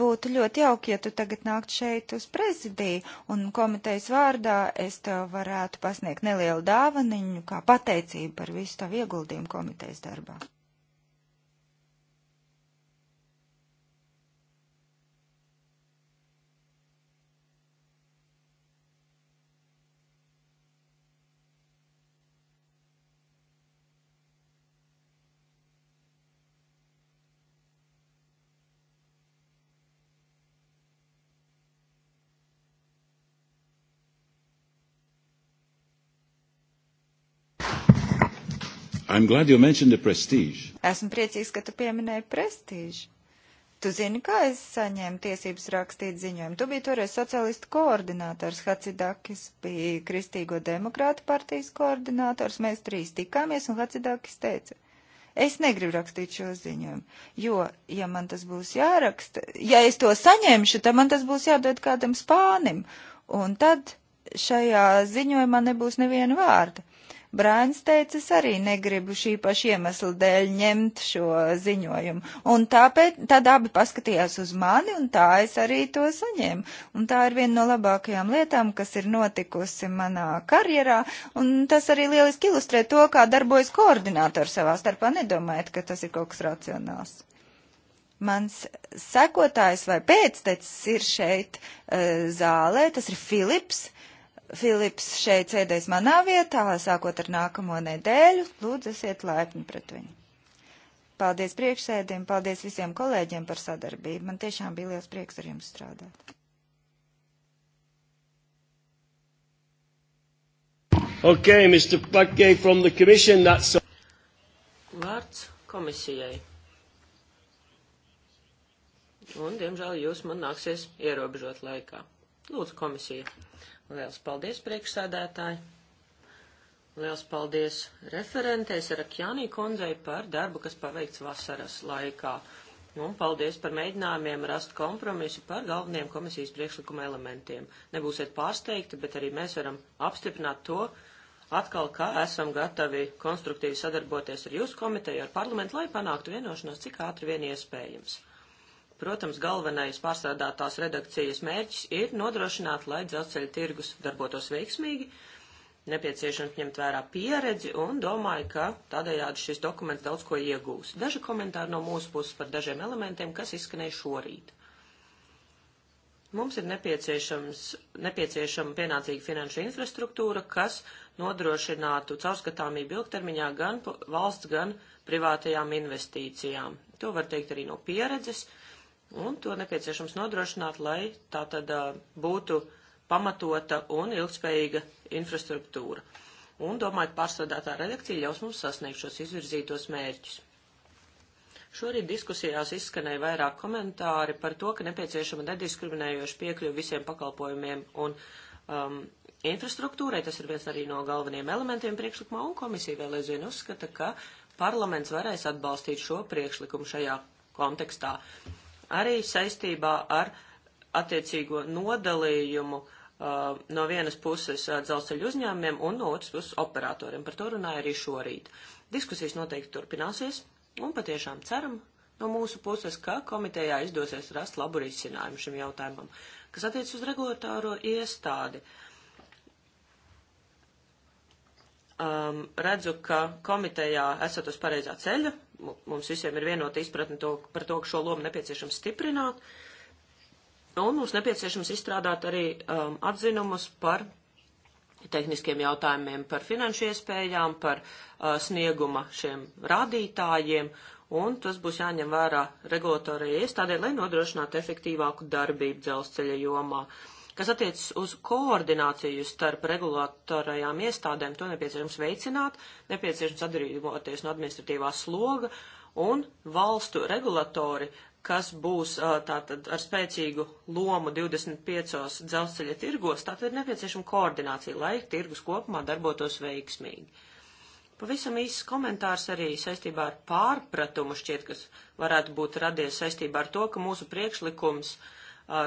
būtu ļoti jauki, ja tu tagad nākt šeit uz prezidiju un komitejas vārdā es tev varētu pasniegt nelielu dāvaniņu kā pateicību par visu tavu ieguldījumu komitejas darbā. I'm glad you mentioned the prestige. Esmu priecīgs, ka tu pieminēji prestīžu. Tu zini, kā es saņēmu tiesības rakstīt ziņojumu. Tu biji toreiz socialistu koordinātors, Hacidakis bija Kristīgo demokrātu partijas koordinātors, mēs trīs tikāmies un Hacidakis teica. Es negribu rakstīt šo ziņojumu, jo, ja man tas būs jāraksta, ja es to saņemšu, tad man tas būs jādod kādam spānim, un tad šajā ziņojumā nebūs neviena vārda. Brāns teica, es arī negribu šī paša iemesla dēļ ņemt šo ziņojumu. Un tāpēc, tad abi paskatījās uz mani, un tā es arī to saņēmu. Un tā ir viena no labākajām lietām, kas ir notikusi manā karjerā, un tas arī lieliski ilustrē to, kā darbojas koordinātori savā starpā. Nedomājiet, ka tas ir kaut kas racionāls mans sekotājs vai pēctecis ir šeit uh, zālē, tas ir Filips. Filips šeit sēdēs manā vietā, sākot ar nākamo nedēļu. Lūdzu, esiet laipni pret viņu. Paldies priekšsēdiem, paldies visiem kolēģiem par sadarbību. Man tiešām bija liels prieks ar jums strādāt. Okay, Mr. Pakke from the Commission, that's... Vārds komisijai. Un, diemžēl, jūs man nāksies ierobežot laikā. Lūdzu, komisija. Liels paldies, priekšsēdētāji! Liels paldies referentēs Rakjānī kundzei par darbu, kas paveikts vasaras laikā. Nu, un paldies par mēģinājumiem rast kompromisu par galveniem komisijas priekšlikuma elementiem. Nebūsiet pārsteigti, bet arī mēs varam apstiprināt to, atkal kā esam gatavi konstruktīvi sadarboties ar jūsu komiteju, ar parlamentu, lai panāktu vienošanos, cik ātri vien iespējams. Protams, galvenais pārstrādātās redakcijas mērķis ir nodrošināt, lai dzelzceļa tirgus darbotos veiksmīgi, nepieciešams ņemt vērā pieredzi un domāju, ka tādējādi šis dokuments daudz ko iegūs. Daži komentāri no mūsu puses par dažiem elementiem, kas izskanēja šorīt. Mums ir nepieciešama pienācīga finanšu infrastruktūra, kas nodrošinātu caurskatāmību ilgtermiņā gan valsts, gan privātajām investīcijām. To var teikt arī no pieredzes. Un to nepieciešams nodrošināt, lai tā tad būtu pamatota un ilgspējīga infrastruktūra. Un domāju, ka pārstrādātā redakcija ļaus mums sasniegt šos izvirzītos mērķus. Šorīt diskusijās izskanēja vairāk komentāri par to, ka nepieciešama nediskriminējoša piekļuva visiem pakalpojumiem un um, infrastruktūrai. Tas ir viens arī no galvenajiem elementiem priekšlikumā, un komisija vēl aizvien uzskata, ka parlaments varēs atbalstīt šo priekšlikumu šajā kontekstā arī saistībā ar attiecīgo nodalījumu uh, no vienas puses uh, dzelzceļu uzņēmumiem un no otras puses operatoriem. Par to runāja arī šorīt. Diskusijas noteikti turpināsies un patiešām ceram no mūsu puses, ka komitejā izdosies rast labu risinājumu šim jautājumam, kas attiec uz regulatāro iestādi. Um, redzu, ka komitejā esat uz pareizā ceļa, mums visiem ir vienota izpratne to, par to, ka šo lomu nepieciešams stiprināt, un mums nepieciešams izstrādāt arī um, atzinumus par tehniskiem jautājumiem, par finanšu iespējām, par uh, snieguma šiem rādītājiem, un tas būs jāņem vērā regulatorijai iestādē, lai nodrošinātu efektīvāku darbību dzelzceļa jomā. Uh, Kas attiecas uz koordināciju starp regulatorajām iestādēm, to nepieciešams veicināt, nepieciešams atbrīvoties no administratīvā sloga un valstu regulatori, kas būs tātad ar spēcīgu lomu 25 dzelzceļa tirgos, tātad ir nepieciešama koordinācija, lai tirgus kopumā darbotos veiksmīgi. Pavisam īsts komentārs arī saistībā ar pārpratumu šķiet, kas varētu būt radies saistībā ar to, ka mūsu priekšlikums uh,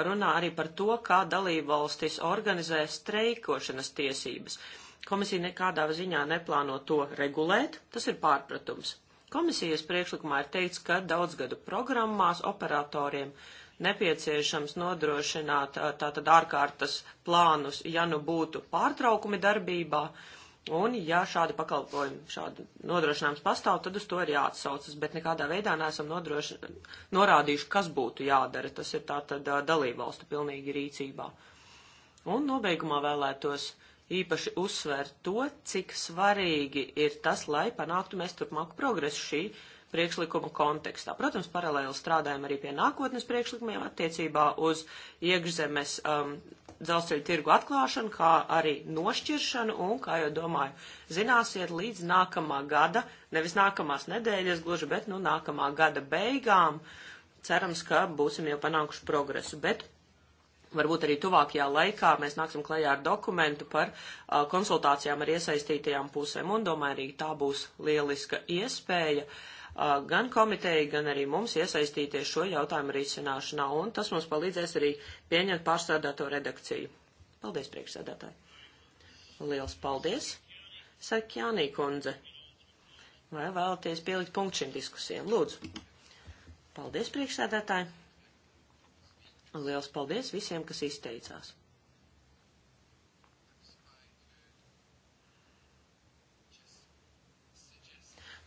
runā arī par to, kā dalībvalstis organizē streikošanas tiesības. Komisija nekādā ziņā neplāno to regulēt, tas ir pārpratums. Komisijas priekšlikumā ir teikts, ka daudzgadu programmās operatoriem nepieciešams nodrošināt tātad ārkārtas plānus, ja nu būtu pārtraukumi darbībā. Uh, Un, ja šāda pakalpojuma, šāda nodrošinājums pastāv, tad uz to ir jāatsaucas, bet nekādā veidā neesam nodroši, norādījuši, kas būtu jādara. Tas ir tātad dalībvalstu pilnīgi rīcībā. Un nobeigumā vēlētos īpaši uzsvērt to, cik svarīgi ir tas, lai panāktu mēs turpmāku progresu šī priekšlikumu kontekstā. Protams, paralēli strādājam arī pie nākotnes priekšlikumiem attiecībā uz iekšzemes um, dzelzceļa tirgu atklāšanu, kā arī nošķiršanu un, kā jau domāju, zināsiet līdz nākamā gada, nevis nākamās nedēļas gluži, bet nu nākamā gada beigām. Cerams, ka būsim jau panākuši progresu, bet varbūt arī tuvākajā laikā mēs nāksim klajā ar dokumentu par a, uh, konsultācijām ar iesaistītajām pusēm un domāju arī tā būs lieliska iespēja uh, gan komiteja, gan arī mums iesaistīties šo jautājumu risināšanā, un tas mums palīdzēs arī pieņemt pārstrādāto redakciju. Paldies, priekšsēdētāji! Liels paldies! Saka Jānī kundze. Vai vēlaties pielikt punktu šīm diskusijām? Lūdzu! Paldies, priekšsēdētāji! Liels paldies visiem, kas izteicās!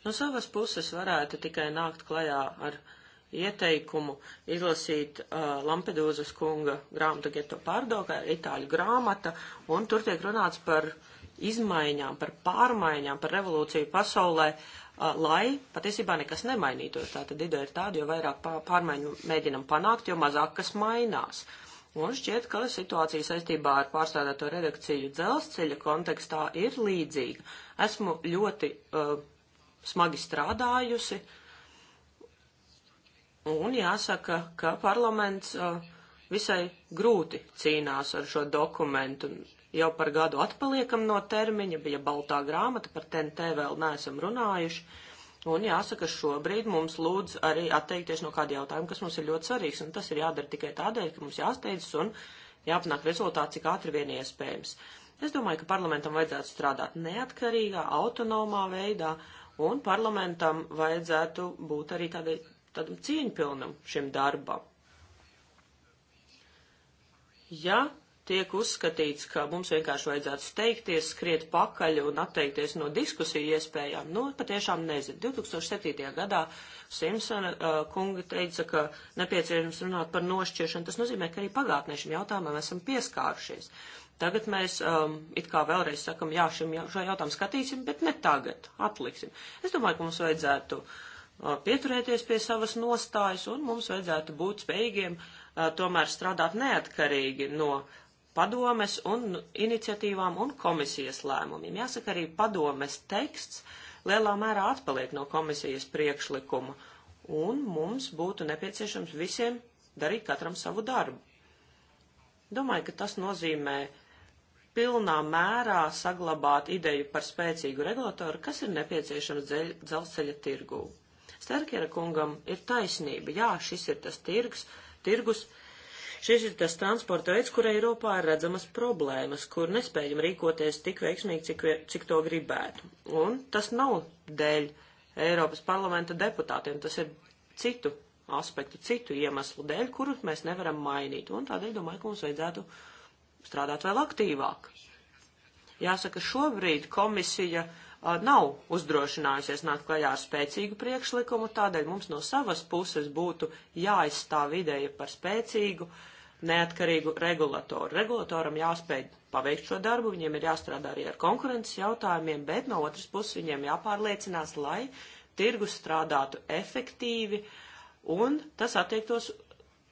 No savas puses varētu tikai nākt klajā ar ieteikumu izlasīt uh, Lampedūzas kunga grāmatu Geto Pārdo, kā itāļu grāmata, un tur tiek runāts par izmaiņām, par pārmaiņām, par revolūciju pasaulē, uh, lai patiesībā nekas nemainītos. Tā tad ideja ir tāda, jo vairāk pārmaiņu mēģinam panākt, jo mazāk kas mainās. Un šķiet, ka situācija saistībā ar pārstādāto redakciju dzelzceļa kontekstā ir līdzīga. Esmu ļoti uh, smagi strādājusi. Un jāsaka, ka parlaments uh, visai grūti cīnās ar šo dokumentu. Jau par gadu atpaliekam no termiņa, bija baltā grāmata, par TNT vēl neesam runājuši. Un jāsaka, šobrīd mums lūdz arī atteikties no kāda jautājuma, kas mums ir ļoti svarīgs, un tas ir jādara tikai tādēļ, ka mums jāsteidzas un jāpanāk rezultāti, cik ātri vien iespējams. Es domāju, ka parlamentam vajadzētu strādāt neatkarīgā, autonomā veidā, un parlamentam vajadzētu būt arī tādai, tādam cieņpilnam šim darbam. Ja tiek uzskatīts, ka mums vienkārši vajadzētu steigties, skriet pakaļ un atteikties no diskusiju iespējām. Nu, patiešām nezinu. 2007. gadā Simpsona uh, kunga teica, ka nepieciešams runāt par nošķiršanu. Tas nozīmē, ka arī pagātnē šim jautājumam esam pieskārušies. Tagad mēs um, it kā vēlreiz sakam, jā, šim jā, šo jautājumu skatīsim, bet ne tagad, atliksim. Es domāju, ka mums vajadzētu uh, pieturēties pie savas nostājas un mums vajadzētu būt spējīgiem uh, tomēr strādāt neatkarīgi no uh, padomes un iniciatīvām un komisijas lēmumiem. Jāsaka, arī padomes teksts lielā mērā atpaliek no komisijas priekšlikuma, un mums būtu nepieciešams visiem darīt katram savu darbu. Domāju, ka tas nozīmē pilnā mērā saglabāt ideju par spēcīgu regulatoru, kas ir nepieciešams dzelzceļa tirgū. Sterkera kungam ir taisnība, jā, šis ir tas tirgs, tirgus, tirgus Šis ir tas transporta veids, kur Eiropā ir redzamas problēmas, kur nespējam rīkoties tik veiksmīgi, cik, cik to gribētu. Un tas nav dēļ Eiropas parlamenta deputātiem, tas ir citu aspektu, citu iemeslu dēļ, kurus mēs nevaram mainīt. Un tādēļ domāju, ka mums vajadzētu strādāt vēl aktīvāk. Jāsaka, šobrīd komisija uh, nav uzdrošinājusies nākt klajā ar spēcīgu priekšlikumu, tādēļ mums no savas puses būtu jāizstāv ideja par spēcīgu, neatkarīgu regulatoru. Regulatoram jāspēj paveikt šo darbu, viņiem ir jāstrādā arī ar konkurences jautājumiem, bet no otras puses viņiem jāpārliecinās, lai tirgus strādātu efektīvi, un tas attiektos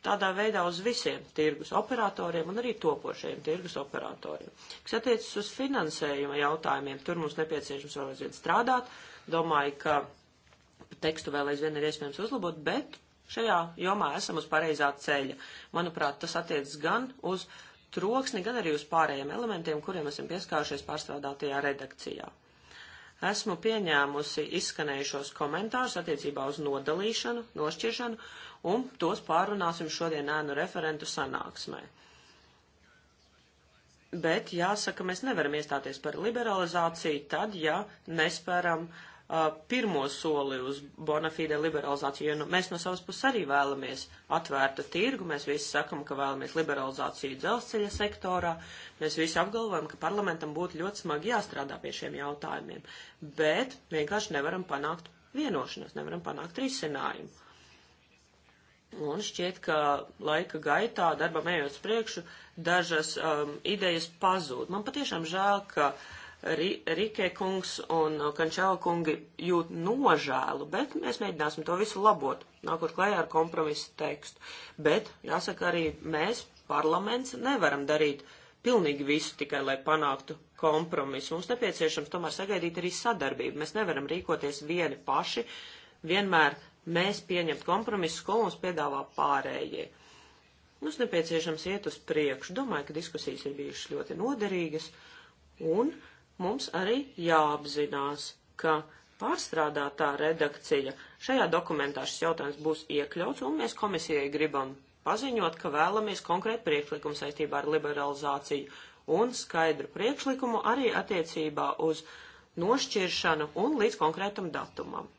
tādā veidā uz visiem tirgus operatoriem un arī topošajiem tirgus operatoriem. Kas attiecas uz finansējuma jautājumiem, tur mums nepieciešams vēl aizvien strādāt. Domāju, ka tekstu vēl aizvien ir iespējams uzlabot, bet šajā jomā esam uz pareizā ceļa. Manuprāt, tas attiecas gan uz troksni, gan arī uz pārējiem elementiem, kuriem esam pieskārušies pārstrādātajā redakcijā esmu pieņēmusi izskanējušos komentārus attiecībā uz nodalīšanu, nošķiršanu, un tos pārunāsim šodien ēnu referentu sanāksmē. Bet jāsaka, mēs nevaram iestāties par liberalizāciju tad, ja nespēram uh, pirmo soli uz bonafide liberalizāciju, jo nu, mēs no savas puses arī vēlamies atvērtu tirgu, mēs visi sakam, ka vēlamies liberalizāciju dzelzceļa sektorā, mēs visi apgalvojam, ka parlamentam būtu ļoti smagi jāstrādā pie šiem jautājumiem, bet vienkārši nevaram panākt vienošanos, nevaram panākt risinājumu. Un šķiet, ka laika gaitā, darbam ejot priekšu, dažas um, idejas pazūd. Man patiešām žēl, ka uh, Rikē kungs un Kančēla kungi jūt nožēlu, bet mēs mēģināsim to visu labot, nākot klajā ar kompromisu tekstu. Bet, jāsaka, arī mēs, parlaments, nevaram darīt pilnīgi visu tikai, lai panāktu kompromisu. Mums nepieciešams tomēr sagaidīt arī sadarbību. Mēs nevaram rīkoties vieni paši, vienmēr mēs pieņemt kompromisus, ko mums piedāvā pārējie. Mums nepieciešams iet uz priekšu. Domāju, ka diskusijas ir bijušas ļoti noderīgas un mums arī jāapzinās, ka pārstrādātā redakcija šajā dokumentā šis jautājums būs iekļauts, un mēs komisijai gribam paziņot, ka vēlamies konkrētu priekšlikumu saistībā ar liberalizāciju un skaidru priekšlikumu arī attiecībā uz nošķiršanu un līdz konkrētam datumam.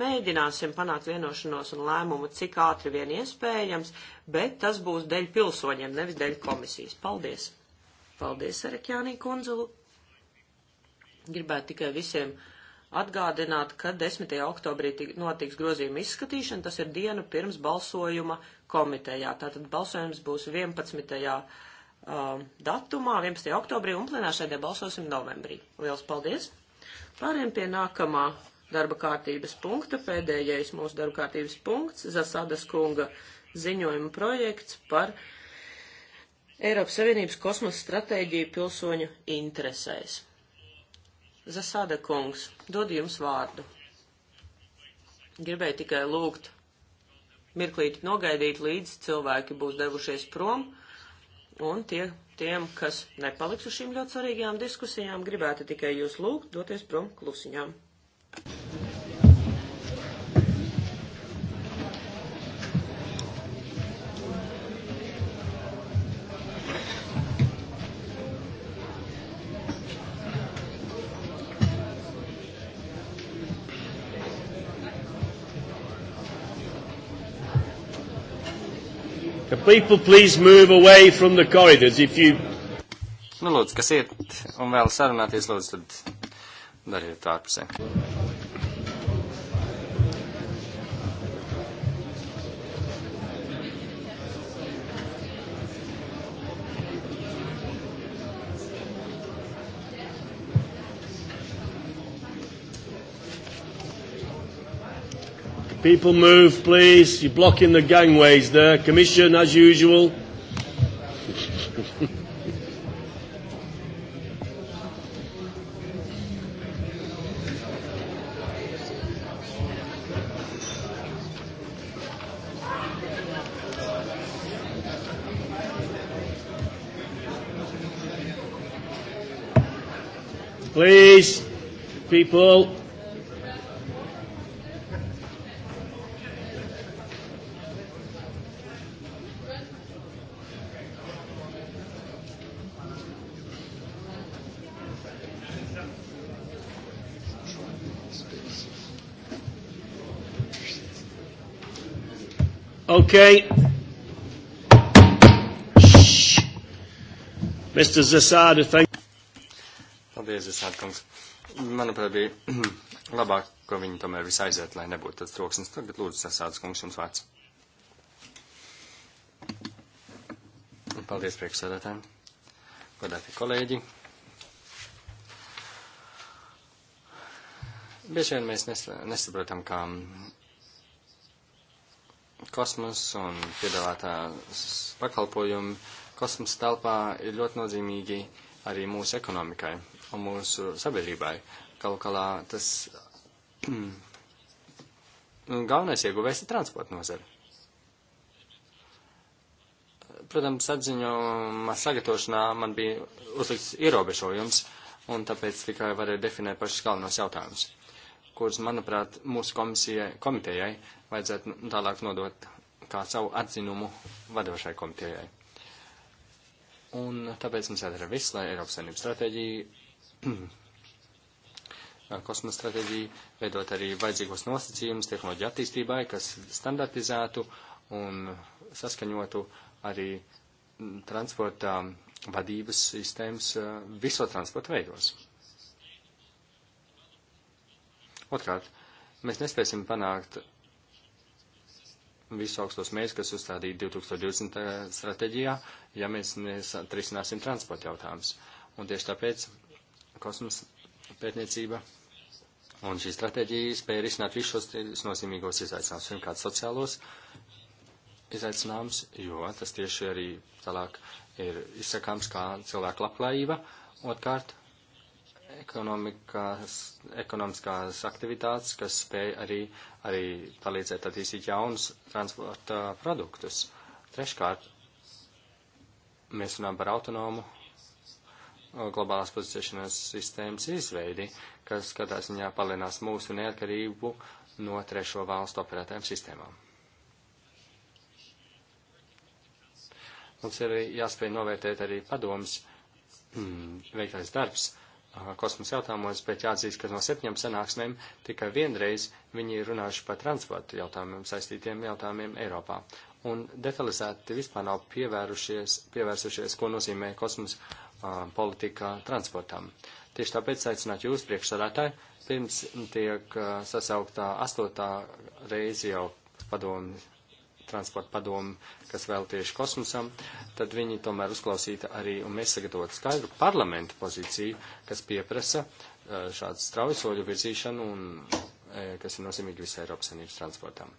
Mēģināsim panākt vienošanos un lēmumu, cik ātri vien iespējams, bet tas būs dēļ pilsoņiem, nevis dēļ komisijas. Paldies! Paldies, Erekjānī Kunzulu! Gribētu tikai visiem atgādināt, ka 10. oktobrī notiks grozījuma izskatīšana, tas ir diena pirms balsojuma komitejā. Tātad balsojums būs 11. Uh, datumā, 11. oktobrī, un plenāšēdē balsosim novembrī. Liels paldies! Pāriem pie nākamā darba kārtības punkta, pēdējais mūsu darba kārtības punkts, Zasadas kunga ziņojuma projekts par Eiropas Savienības kosmosa stratēģiju pilsoņu interesēs. Zasada kungs, dod jums vārdu. Gribēju tikai lūgt mirklīti nogaidīt, līdz cilvēki būs devušies prom, un tie, tiem, kas nepaliks uz šīm ļoti svarīgajām diskusijām, gribētu tikai jūs lūgt doties prom klusiņām. People please move away from the corridors if you. Nu, lūdzu, kas iet un vēl sarunāties, lūdzu, tad dariet ārpusē. People move, please. You're blocking the gangways there. Commission, as usual. please, people. Okay. Shh. Mr. Zasada, thank Paldies, Zasada kungs. Manuprāt, bija labāk, ka viņi tomēr visu aiziet, lai nebūtu tas troksnis. Tagad lūdzu, Zasada kungs, jums vārds. Paldies, priekšsēdētājiem. Godāti kolēģi. Bieži vien mēs nesaprotam, kā kosmos un piedāvātās pakalpojumi kosmosa telpā ir ļoti nozīmīgi arī mūsu ekonomikai un mūsu sabiedrībai. Galu galā tas galvenais ieguvējs ir transporta nozara. Protams, atziņojuma sagatavošanā man bija uzlikts ierobežojums, un tāpēc tikai varēju definēt pašus galvenos jautājumus kurus, manuprāt, mūsu komisijai, komitejai vajadzētu nu, tālāk nodot kā savu atzinumu vadošai komitejai. Un tāpēc mums jādara viss, lai Eiropas Savienības stratēģija kosmosa stratēģiju, veidot arī vajadzīgos nosacījumus tehnoloģiju attīstībai, kas standartizētu un saskaņotu arī transporta vadības sistēmas eh, viso transporta veidos. Otrkārt, mēs nespēsim panākt visu augstos mērķus, kas uzstādīti 2020. Eh, stratēģijā, ja mēs atrisināsim transporta jautājumus. Un tieši tāpēc kosmosa pētniecība un šī stratēģija spēja risināt visus šos nozīmīgos izaicinājumus. Pirmkārt, sociālos izaicinājumus, jo tas tieši arī tālāk ir izsakāms kā cilvēku labklājība. Otkārt, ekonomikās, ekonomiskās aktivitātes, kas spēj arī, arī palīdzēt attīstīt jaunus transporta produktus. Treškārt, mēs runājam par autonomu globālās pozicionēšanas sistēmas izveidi, kas katrā ziņā palielinās mūsu neatkarību no trešo valstu operētājiem sistēmām. Mums ir jāspēj novērtēt arī padomus hmm, veiktais darbs kosmosa jautājumos, bet jāatzīst, ka no septiņām sanāksmēm tikai vienreiz viņi ir runājuši par transportu jautājumiem saistītiem jautājumiem Eiropā. Un detalizēti vispār nav pievērsušies, ko nozīmē kosmosa uh, politika transportam. Tieši tāpēc aicinātu jūs priekšsādātāji, pirms tiek uh, sasauktā astotā reize jau padomu transporta padomu, kas vēl tieši kosmosam, tad viņi tomēr uzklausīta arī un mēs sagatavot skaidru parlamenta pozīciju, kas pieprasa uh, šādu straujisoļu virzīšanu un uh, kas ir nozīmīgi visai Eiropas Savienības transportam.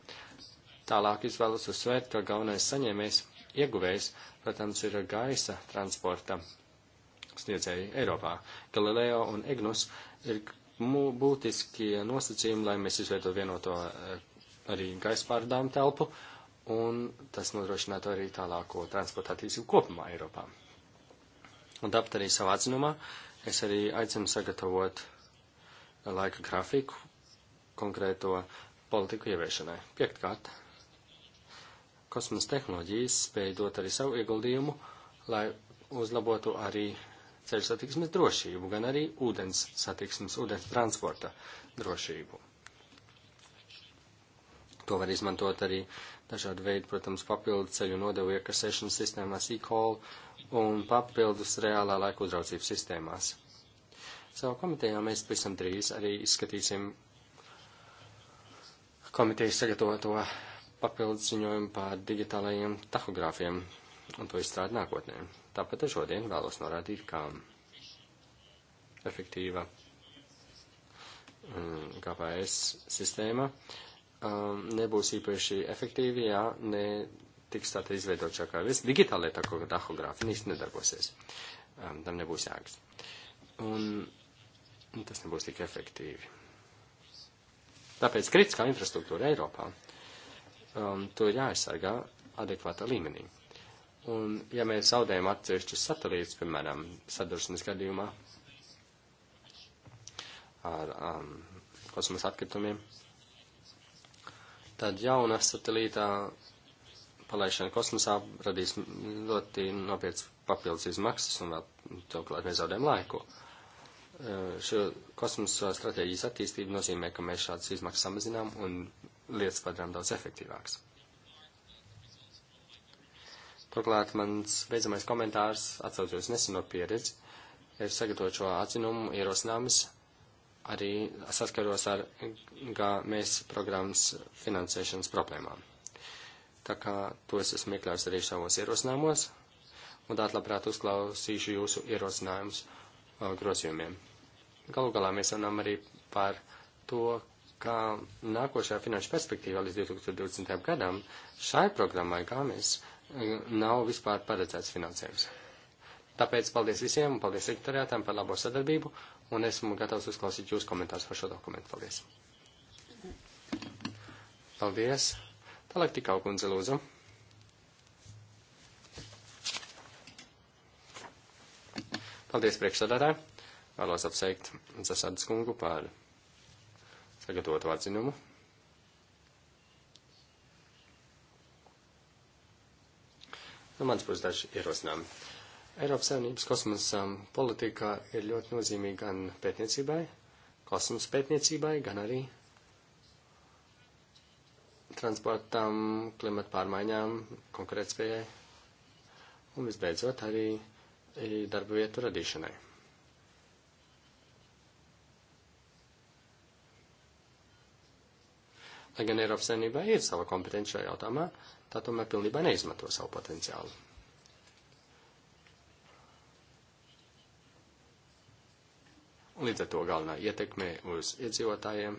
Tālāk es vēlos uzsvērt, ka galvenais saņēmējs, ieguvējs, protams, ir gaisa transporta sniedzēji Eiropā. Galileo un Egnus ir būtiski nosacījumi, lai mēs izveidotu vienoto uh, arī gaisa pārdām telpu, un tas nodrošinātu arī tālāko transporta attīstību kopumā Eiropā. Un tāpat arī savā atzinumā es arī aicinu sagatavot laika grafiku konkrēto politiku ieviešanai. Piektkārt, kosmosa tehnoloģijas spēja dot arī savu ieguldījumu, lai uzlabotu arī ceļu satiksmes drošību, gan arī ūdens satiksmes, ūdens transporta drošību. To var izmantot arī dažādi veidi, protams, papildu ceļu nodevu iekasēšanas sistēmās e-call un papildus reālā laika uzraucības sistēmās. Savu komitejā mēs pavisam drīz arī izskatīsim komitejas sagatavoto papildus ziņojumu par digitālajiem tahogrāfiem un to izstrādi nākotnē. Tāpat šodien vēlos norādīt, kā efektīva GPS mm, sistēma um, nebūs īpaši efektīvi, ja netiks tātad izveidot šākā. Viss digitālajā tā kā tahogrāfa īsti nedarbosies. Um, tam nebūs jēgas. Un tas nebūs tik efektīvi. Tāpēc kritiskā infrastruktūra Eiropā um, to ir jāaizsargā adekvātā līmenī. Un, ja mēs zaudējam atsevišķus satelītus, piemēram, sadursmes gadījumā ar um, kosmosa atkritumiem, tad jauna satelītā palaišana kosmosā radīs ļoti nopietnas papildus izmaksas un vēl turklāt mēs zaudējam laiku. Šo kosmosa stratēģijas attīstība nozīmē, ka mēs šādas izmaksas samazinām un lietas padarām daudz efektīvākas. Turklāt mans beidzamais komentārs atsaucos neseno pieredzi. Es sagatavoju šo atzinumu ierosinājumus arī saskaros ar GMS e programmas finansēšanas problēmām. Tā kā to es esmu iekļāvis arī savos ierosinājumos, un tātad labprāt uzklausīšu jūsu ierosinājumus uh, grozījumiem. Galu galā mēs runājam arī par to, kā nākošajā finanšu perspektīvā līdz 2020. gadam šai programmai GMS e uh, nav vispār paredzēts finansējums. Tāpēc paldies visiem un paldies sekretariātām par labo sadarbību un esmu gatavs uzklausīt jūsu komentārus par šo dokumentu. Paldies! Paldies! Tālāk tikau kundze lūdzu. Paldies priekšsādātāji! Vēlos apsveikt Zasadas kungu par sagatavotu atzinumu. No nu, manas puses daži ierosinājumi. Eiropas Savienības kosmosa politika ir ļoti nozīmīga gan pētniecībai, kosmosa pētniecībai, gan arī transportam, klimata pārmaiņām, konkurētspējai un visbeidzot arī darba vietu radīšanai. Lai gan Eiropas Savienībā ir sava kompetenci šajā jautājumā, tā tomēr pilnībā neizmanto savu potenciālu. Līdz ar to galvenā ietekme uz iedzīvotājiem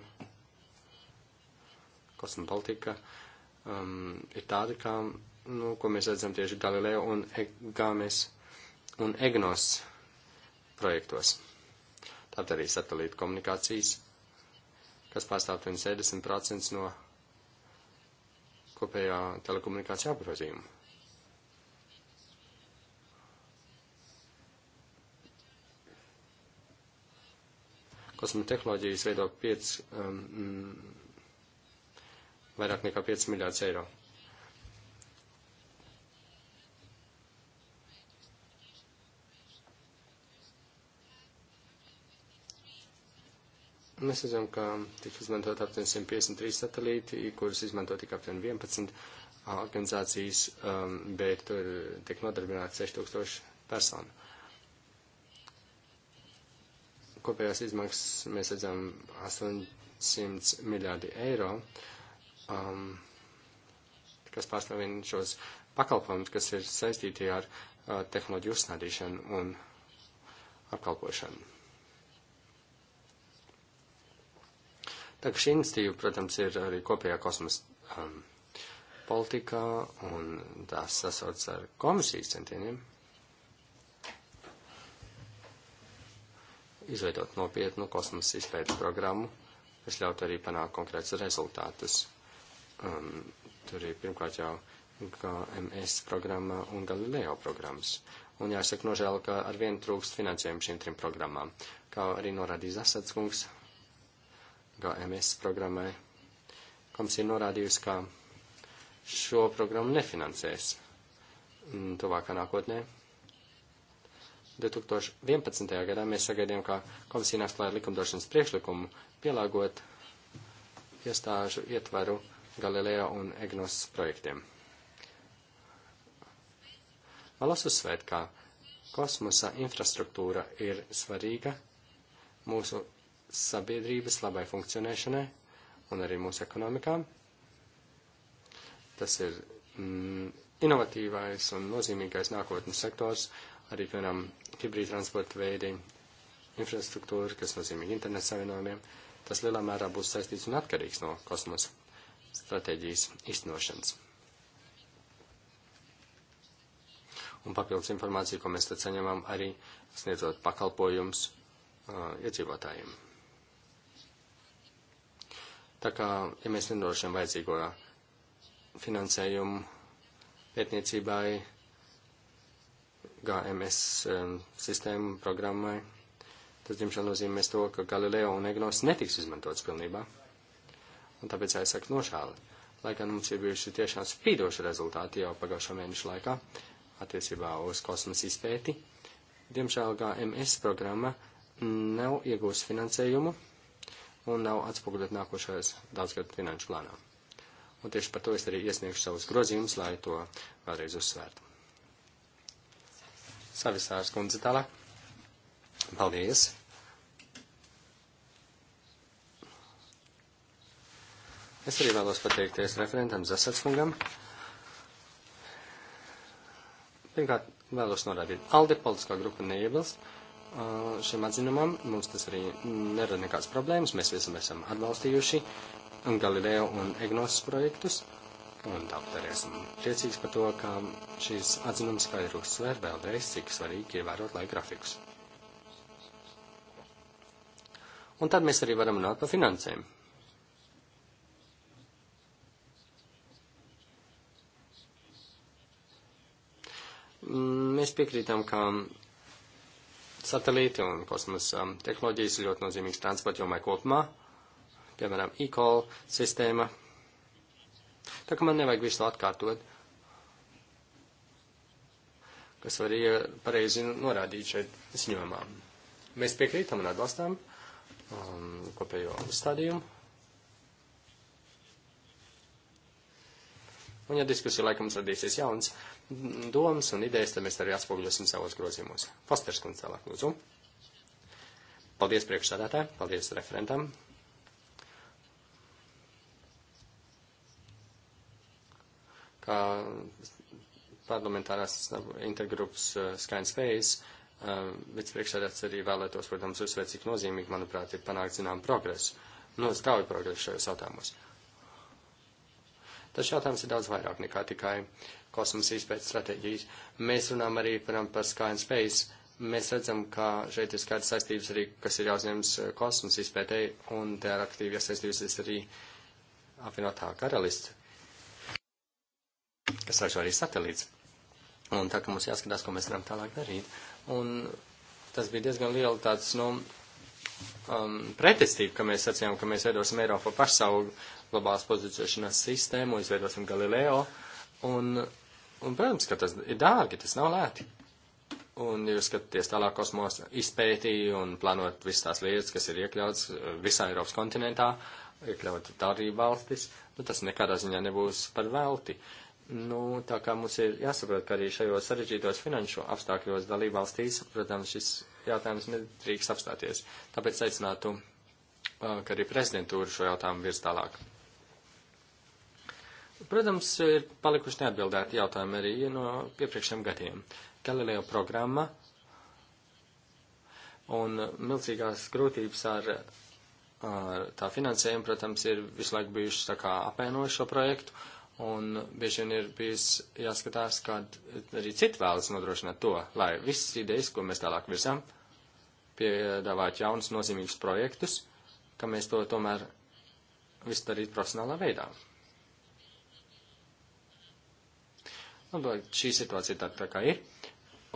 kosmosa politika um, ir tāda, kā, nu, ko mēs redzam tieši Galileo un e Gāmes un EGNOS projektos. Tāpat arī satelīta komunikācijas, kas pārstāv 70% no kopējā telekomunikācija apgrozījuma. kosmotehnoloģijas veido 5, um, mm, vairāk nekā 5 miljārdus eiro. Mēs redzam, ka tika izmantot aptuveni 153 satelīti, kurus izmanto tikai aptuveni 11 organizācijas, um, bet tur uh, tiek nodarbināti 6000 personu kopējās izmaksas mēs redzam 800 miljārdi eiro, um, kas pārstāvien šos pakalpojumus, kas ir saistīti ar uh, tehnoloģiju uzstādīšanu un apkalpošanu. Tā kā šī institīva, protams, ir arī kopējā kosmosa um, politikā un tās sasauc ar komisijas centieniem. izveidot nopietnu kosmosa izpētes programmu, kas ļautu arī panākt konkrētus rezultātus. Um, tur ir pirmkārt jau GMS programma un Galileo programmas. Un jāsaka nožēla, ka ar vienu trūkst finansējumu šīm trim programmām. Kā arī norādīja Zasatskungs GMS programmai, komisija norādījusi, ka šo programmu nefinansēs mm, tuvākā nākotnē, 2011. gadā mēs sagaidījām, ka komisija nāks klāt likumdošanas priekšlikumu pielāgot iestāžu ietvaru Galileo un Egnos projektiem. Vēlos uzsvērt, ka kosmosa infrastruktūra ir svarīga mūsu sabiedrības labai funkcionēšanai un arī mūsu ekonomikām. Tas ir mm, inovatīvais un nozīmīgais nākotnes sektors, uh, arī, piemēram, hibrīdtransporta veidi, infrastruktūra, kas nozīmīgi internets savienojumiem, tas lielā mērā būs saistīts un atkarīgs no kosmosa stratēģijas iznošanas. Un papildus informāciju, ko mēs tad saņemam, arī sniedzot pakalpojums uh, iedzīvotājiem. Tā kā, ja mēs nenodošam vajadzīgo finansējumu pētniecībai, GMS um, sistēmu programmai. Tas, diemžēl, nozīmēs to, ka Galileo un Egnos netiks izmantots pilnībā. Un tāpēc aizsaka nožēli. Lai gan mums ir bijuši tiešām spīdoši rezultāti jau pagājušo mēnešu laikā attiecībā uz kosmosa izpēti, diemžēl GMS programma nav iegūst finansējumu un nav atspoguļot nākošais daudzgadu finanšu plānā. Un tieši par to es arī iesniegšu savus grozījumus, lai to vēlreiz uzsvērtu. Savisārs kundze tālāk. Paldies. Es arī vēlos pateikties referentam Zasatskungam. Pirmkārt, vēlos norādīt, Alde politiskā grupa neiebilst uh, šim atzinumam. Mums tas arī nerada nekādas problēmas. Mēs visam esam atbalstījuši un Galileo un Egnosis projektus un doktorēs. Un priecīgs par to, ka šīs atzinums skaidri uzsver vēlreiz, cik svarīgi ievērot laika grafikus. Un tad mēs arī varam runāt par finansēm. Mēs piekrītam, ka satelīti un kosmosa um, tehnoloģijas ir ļoti nozīmīgs transporta jomai kopumā. Piemēram, e-call sistēma tā ka man nevajag visu atkārtot, kas var pareizi norādīt šeit ziņojumā. Mēs piekrītam un atbalstām um, kopējo stādījumu. Un ja diskusija laikam radīsies jauns domas un idejas, tad mēs arī atspoguļosim savos grozījumos. Fosters kundze tālāk lūdzu. Paldies priekšsādātājai, paldies referentam parlamentārās intergrupas eh, skaņas spējas, vicepriekšsēdētājs eh, arī vēlētos, protams, uzsvērt, cik nozīmīgi, manuprāt, ir panākt zinām progresu, nu, strauju progresu šajos jautājumos. Tas jautājums ir daudz vairāk nekā tikai kosmosa izpētes stratēģijas. Mēs runājam arī param, par Sky and Space. Mēs redzam, ka šeit ir skaidrs saistības arī, kas ir jāuzņems eh, kosmosa izpētē, un te ir aktīvi iesaistījusies arī apvienotā karaliste kas ražo arī satelīts. Un tā, ka mums jāskatās, ko mēs varam tālāk darīt. Un tas bija diezgan liela tāds, nu, um, pretestība, ka mēs sacījām, ka mēs veidosim Eiropu pašu savu globālas pozicionēšanās sistēmu, izveidosim Galileo. Un, un, protams, ka tas ir dārgi, tas nav lēti. Un, ja jūs skatāties tālāk kosmosa izpētīju un plānot visas tās lietas, kas ir iekļauts uh, visā Eiropas kontinentā, iekļaut arī valstis, nu tas nekādā ziņā nebūs par velti. Uh, Nu, tā kā mums ir jāsaprot, ka arī šajos sarežģītos finanšu apstākļos dalībvalstīs, protams, šis jautājums nedrīkst apstāties. Tāpēc aicinātu, ka arī prezidentūra šo jautājumu virs tālāk. Protams, ir palikuši neatbildēti jautājumi arī no piepriekšējiem gadiem. Galileo programma un milzīgās grūtības ar, ar tā finansējumu, protams, ir visu laiku bijušas tā kā apēnojušo projektu Un bieži vien ir bijis jāskatās, kā arī citi vēlas nodrošināt to, lai visas idejas, ko mēs tālāk virzām, piedāvāt jaunus nozīmīgus projektus, ka mēs to tomēr visu darīt profesionālā veidā. Nu, šī situācija tāda tā kā ir.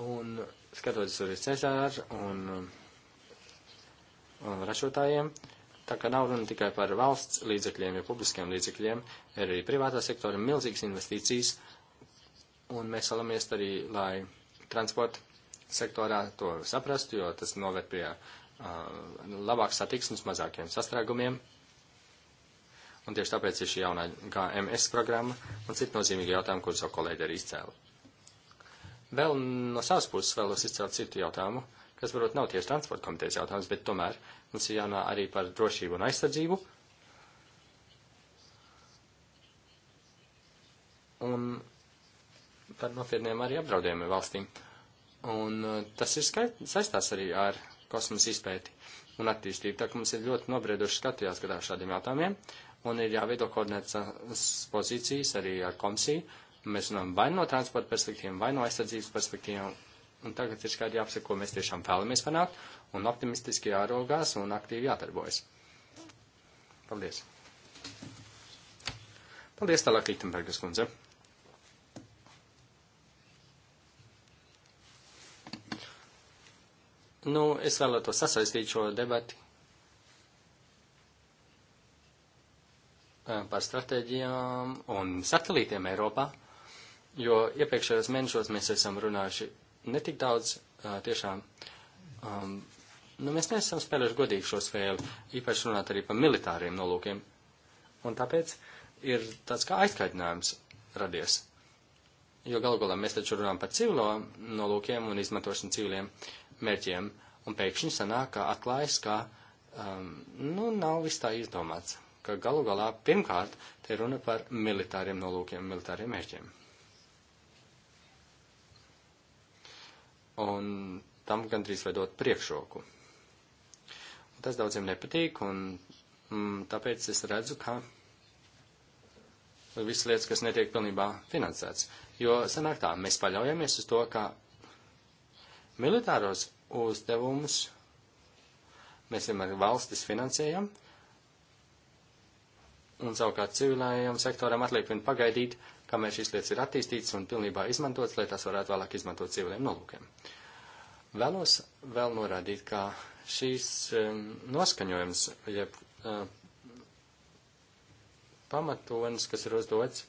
Un skatoties uz Cezāru un, un um, ražotājiem, uh, Tā kā nav runa tikai par valsts līdzekļiem, ja publiskiem līdzekļiem, ir arī privātā sektora milzīgas investīcijas, un mēs vēlamies arī, lai transporta sektorā to saprastu, jo tas noved pie uh, labākas satiksmes, mazākiem sastrēgumiem. Un tieši tāpēc ir šī jaunā GMS programma un citi nozīmīgi jautājumi, kurus jau kolēģi arī izcēla. Vēl no savas puses vēlos izcelt citu jautājumu. Uh, kas varbūt nav tieši transporta komitejas jautājums, bet tomēr mums ir jānā arī par drošību un aizsardzību. Un par nopietniem arī apdraudējumiem valstīm. Un uh, tas ir skait, saistās arī ar kosmosa izpēti un attīstību. Tā ka mums ir ļoti nobrieduši skatu jāskatās šādiem jautājumiem, un ir jāveido koordinētas pozīcijas arī ar komisiju. Mēs runājam vai no transporta perspektīvām, vai no aizsardzības perspektīvām, Un tagad ir skaidri jāapsaka, ko mēs tiešām vēlamies panākt, un optimistiski jāraugās un aktīvi jādarbojas. Paldies! Paldies, tālāk Rītenbergas kundze! Nu, es vēlētos sasaistīt šo debati par stratēģijām un satelītiem Eiropā, jo iepriekšējos mēnešos mēs esam runājuši netik daudz uh, tiešām. Um, nu, mēs neesam spēlējuši godīgi šo spēli, īpaši runāt arī par militāriem nolūkiem. Un tāpēc ir tāds kā aizkaitinājums radies. Jo galu galā mēs taču runājam par civilo nolūkiem un izmantošanu civiliem mērķiem, un pēkšņi sanāk, ka atklājas, ka um, nu, nav viss tā izdomāts, ka galu galā pirmkārt te runa par militāriem nolūkiem, militāriem mērķiem. un tam gandrīz vai dot priekšroku. Un tas daudziem nepatīk, un mm, tāpēc es redzu, ka visas lietas, kas netiek pilnībā finansēts. Jo sanāk tā, mēs paļaujamies uz to, ka militāros uzdevumus mēs vienmēr valstis finansējam, un savukārt civilējam sektoram atliek vien pagaidīt, uh, kamēr šīs lietas ir attīstītas un pilnībā izmantotas, lai tās varētu vēlāk izmantot civiliem nolūkiem. Vēlos vēl norādīt, ka šīs um, noskaņojums, jeb uh, pamatonis, kas ir uzdots,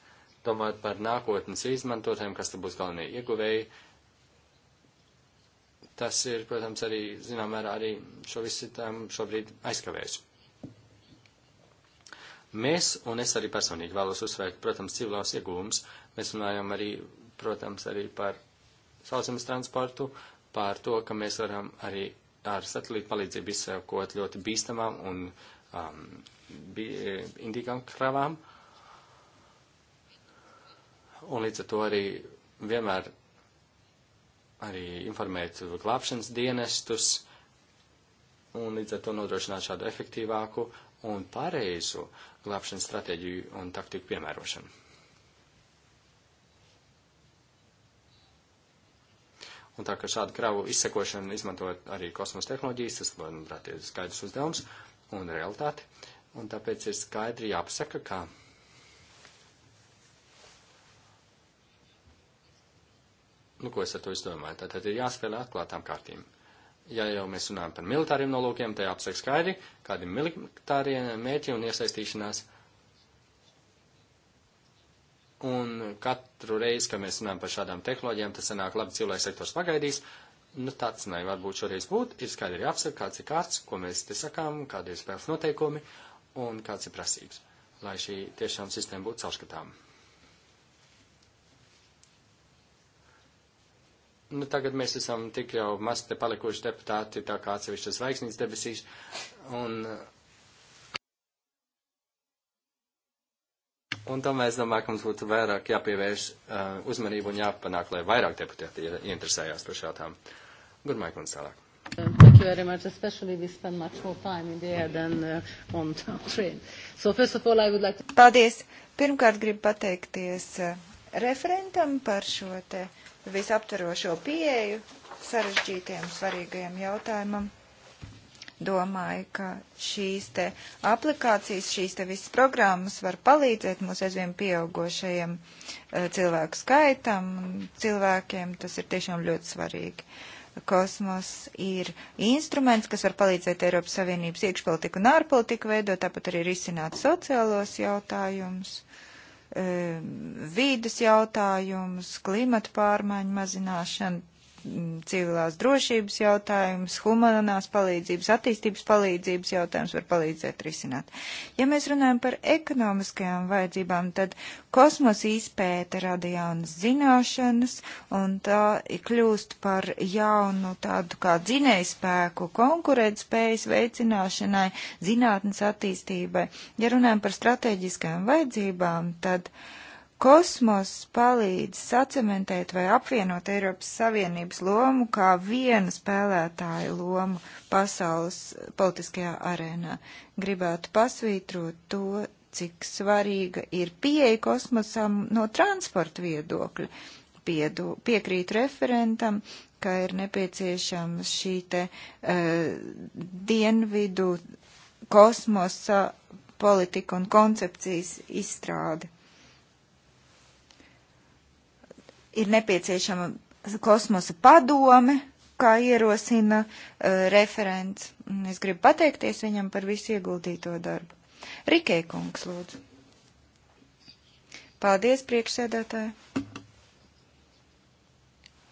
domāt par nākotnes izmantotājiem, kas tad būs galvenie ieguvēji, tas ir, protams, arī, zinām, mērā arī šo visu tam šobrīd aizkavējis. Mēs, un es arī personīgi vēlos uzsvērt, protams, civilās iegūmus, mēs runājam arī, protams, arī par sauszemes transportu, par to, ka mēs varam arī ar satelītu palīdzību izsēkot ļoti bīstamām un um, bī, indīgām kravām. Un līdz ar to arī vienmēr arī informēt glābšanas dienestus un līdz ar to nodrošināt šādu efektīvāku un pareizu glābšanas stratēģiju un taktiku piemērošanu. Un tā kā šādu kravu izsekošanu izmantot arī kosmosa tehnoloģijas, tas, manuprāt, ir skaidrs uzdevums un realitāte. Un tāpēc ir skaidri jāpasaka, ka Nu, ko es ar to izdomāju? Tātad ir jāspēlē atklātām kārtīm ja jau mēs runājam par militāriem nolūkiem, tajā apsek skaidri, kādi ir militārie mērķi un iesaistīšanās. Un katru reizi, kad mēs runājam par šādām tehnoloģijām, tas sanāk labi cilvēks sektors pagaidīs. Nu, tāds nevar būt šoreiz būt. Ir skaidri jāapsver, kāds ir kārts, ko mēs te sakām, kādi ir spēles noteikumi un kāds ir prasības, lai šī tiešām sistēma būtu caurskatāma. Nu, tagad mēs esam tik jau maz te palikuši deputāti, tā kā atsevišķas zvaigznīs debesīs. Un, un tomēr es domāju, ka mums būtu vairāk jāpievērš uh, uzmanību un jāpanāk, lai vairāk deputāti interesējās par šādām. Gurmai kundze tālāk. Um, thank you very much, especially we spend much more time in the air than uh, on train. So first of all, I would like to... Paldies. Pirmkārt gribu pateikties uh, referentam par šo te uh, visaptverošo pieeju sarežģītiem svarīgajiem jautājumam. Domāju, ka šīs te aplikācijas, šīs te visas programmas var palīdzēt mūsu aizvien pieaugošajiem eh, cilvēku skaitam, cilvēkiem tas ir tiešām ļoti svarīgi. Kosmos ir instruments, kas var palīdzēt Eiropas Savienības iekšpolitiku un ārpolitiku veidot, tāpat arī risināt sociālos jautājumus. Uh, Um, vīdas jautājumus, klimata pārmaiņu mazināšanu, Mm, civilās drošības jautājums, humanās palīdzības, attīstības palīdzības jautājums var palīdzēt risināt. Ja mēs runājam par ekonomiskajām vajadzībām, tad kosmosa izpēta rada jaunas zināšanas un tā kļūst par jaunu tādu kā dzinējspēku konkurētspējas veicināšanai, zinātnes attīstībai. Ja runājam par strateģiskajām vajadzībām, tad. Uh, Kosmos palīdz sacementēt vai apvienot Eiropas Savienības lomu kā viena spēlētāja lomu pasaules politiskajā arēnā. Gribētu pasvītrot to, cik svarīga ir pieeja kosmosam no transporta viedokļa. Piedu, piekrītu referentam, ka ir nepieciešams šī te uh, dienvidu kosmosa politika un koncepcijas izstrāde. ir nepieciešama kosmosa padome, kā ierosina uh, referents. Un es gribu pateikties viņam par visu ieguldīto darbu. Rikē kungs, lūdzu. Paldies, priekšsēdētāji.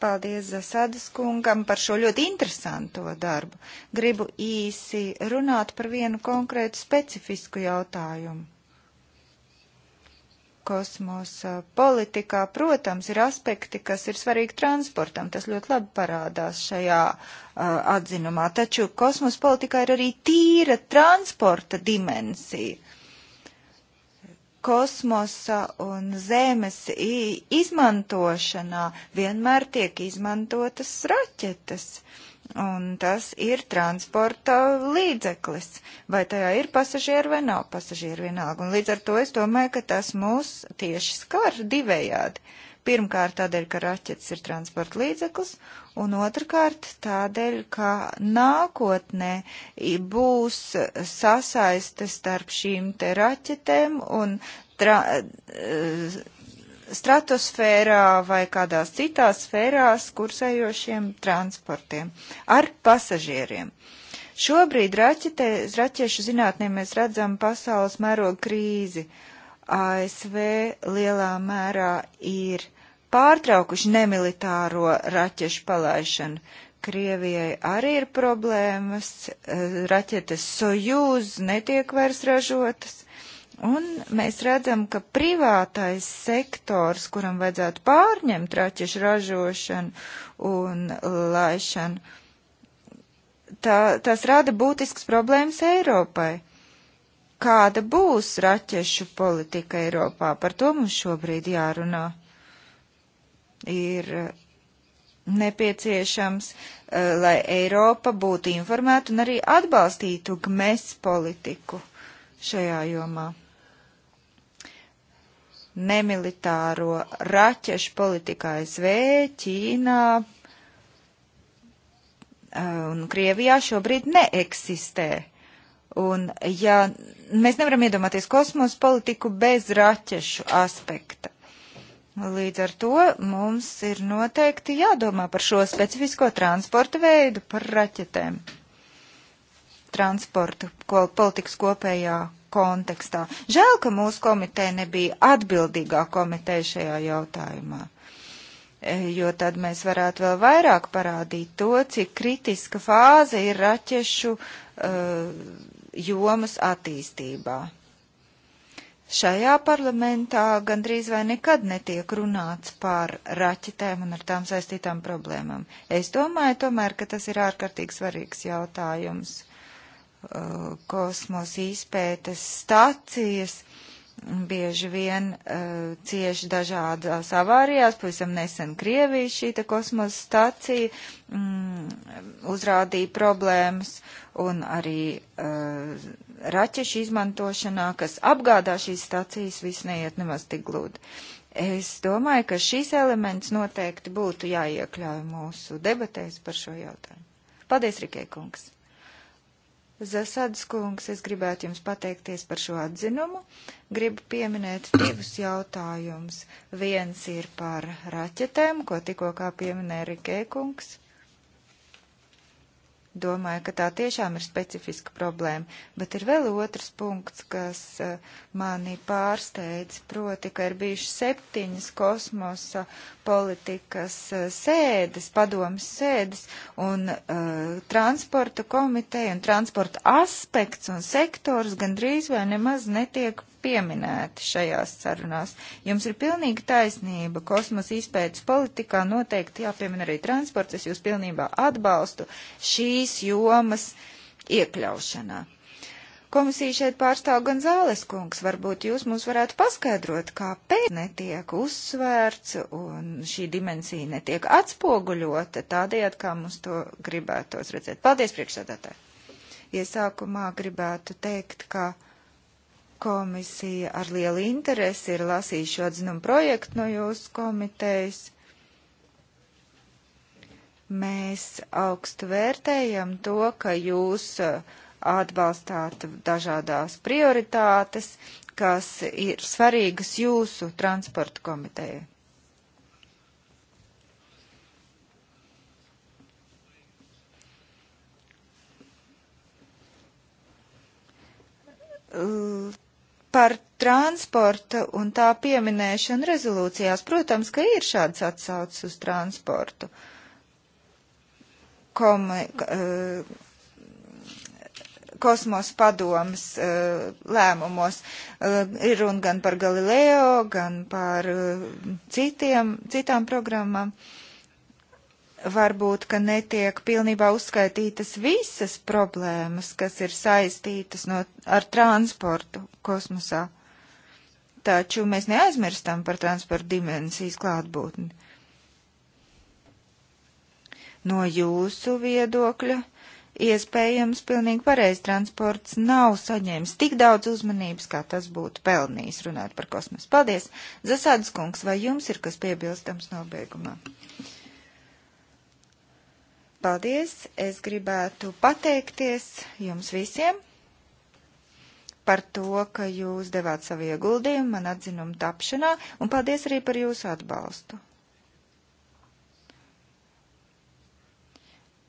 Paldies Zasadas kungam par šo ļoti interesanto darbu. Gribu īsi runāt par vienu konkrētu specifisku jautājumu kosmosa politikā, protams, ir aspekti, kas ir svarīgi transportam. Tas ļoti labi parādās šajā uh, atzinumā. Taču kosmosa politikā ir arī tīra transporta dimensija. Kosmosa un zemes izmantošanā vienmēr tiek izmantotas raķetes. Uh, Un tas ir transporta līdzeklis. Vai tajā ir pasažieri vai nav pasažieri vienalga. Un līdz ar to es domāju, ka tas mūs tieši skar divējādi. Pirmkārt, tādēļ, ka raķets ir transporta līdzeklis, un otrkārt, tādēļ, ka nākotnē būs sasaiste starp šīm te raķetēm un tra, stratosfērā vai kādās citās sfērās kursējošiem transportiem ar pasažieriem. Šobrīd raķetē, raķešu zinātnē mēs redzam pasaules mēroga krīzi. ASV lielā mērā ir pārtraukuši nemilitāro raķešu palaišanu. Krievijai arī ir problēmas, raķetes Sojuz netiek vairs ražotas Un mēs redzam, ka privātais sektors, kuram vajadzētu pārņemt raķešu ražošanu un laišanu, tā, tas rada būtisks problēmas Eiropai. Kāda būs raķešu politika Eiropā? Par to mums šobrīd jārunā. Ir uh, nepieciešams, uh, lai Eiropa būtu informēta un arī atbalstītu GMES politiku šajā jomā nemilitāro raķešu politikā SV, Ķīnā un Krievijā šobrīd neeksistē. Un ja mēs nevaram iedomāties kosmosa politiku bez raķešu aspekta. Līdz ar to mums ir noteikti jādomā par šo specifisko transporta veidu, par raķetēm transportu ko, politikas kopējā kontekstā. Žēl, ka mūsu komiteja nebija atbildīgā komiteja šajā jautājumā e, jo tad mēs varētu vēl vairāk parādīt to, cik kritiska fāze ir raķešu uh, jomas attīstībā. Šajā parlamentā gandrīz vai nekad netiek runāts par raķetēm un ar tām saistītām problēmām. Es domāju tomēr, ka tas ir ārkārtīgi svarīgs jautājums kosmosa izpētes stacijas bieži vien uh, e, cieši dažādās avārijās. Pavisam nesen Krievija šī kosmosa stacija mm, uzrādīja problēmas un arī uh, raķešu izmantošanā, kas apgādā šīs stacijas, viss neiet nemaz tik glūdi. Es domāju, ka šīs elements noteikti būtu jāiekļauj mūsu debatēs par šo jautājumu. Paldies, Rikē kungs! Zasadas kungs, es gribētu jums pateikties par šo atzinumu. Gribu pieminēt divus jautājumus. Viens ir par raķetēm, ko tikko kā pieminēja Rikē kungs. Domāju, ka tā tiešām ir specifiska problēma, bet ir vēl otrs punkts, kas eh, mani pārsteidz, proti, ka ir bijuši septiņas kosmosa politikas eh, sēdes, padomas sēdes, un uh, transporta komiteja un transporta aspekts un sektors gandrīz vai nemaz netiek pieminēti šajās sarunās. Jums ir pilnīga taisnība, kosmosa izpētes politikā noteikti jāpiemina arī transports, es jūs pilnībā atbalstu šīs jomas iekļaušanā. Komisija šeit pārstāv gan Zāles kungs, varbūt jūs mums varētu paskaidrot, kāpēc netiek uzsvērts un šī dimensija netiek atspoguļota tādējādi, kā mums to gribētos redzēt. Paldies, priekšsēdētāji! Iesākumā gribētu teikt, ka Komisija ar lielu interesi ir lasījuši atzinumu projektu no jūsu komitejas. Mēs augstu vērtējam to, ka jūs uh, atbalstāt dažādās prioritātes, kas ir svarīgas jūsu transporta komitejai. Par transporta un tā pieminēšanu rezolūcijās, protams, ka ir šāds atsaucis uz transportu. Kom, uh, e, kosmosa padomas uh, lēmumos. Uh, ir runa gan par Galileo, gan par uh, citiem, citām programmām. Uh, varbūt, ka netiek pilnībā uzskaitītas visas problēmas, kas ir saistītas no, ar transportu kosmosā. Taču mēs neaizmirstam par transporta dimensijas klātbūtni. No jūsu viedokļa iespējams pilnīgi pareizi transports nav saņēmis tik daudz uzmanības, kā tas būtu pelnījis runāt par kosmosu. Paldies! Zasādas kungs, vai jums ir kas piebilstams nobeigumā? Uh, Paldies! Es gribētu pateikties jums visiem par to, ka jūs devāt savu ieguldījumu man atzinumu tapšanā, un paldies arī par jūsu atbalstu.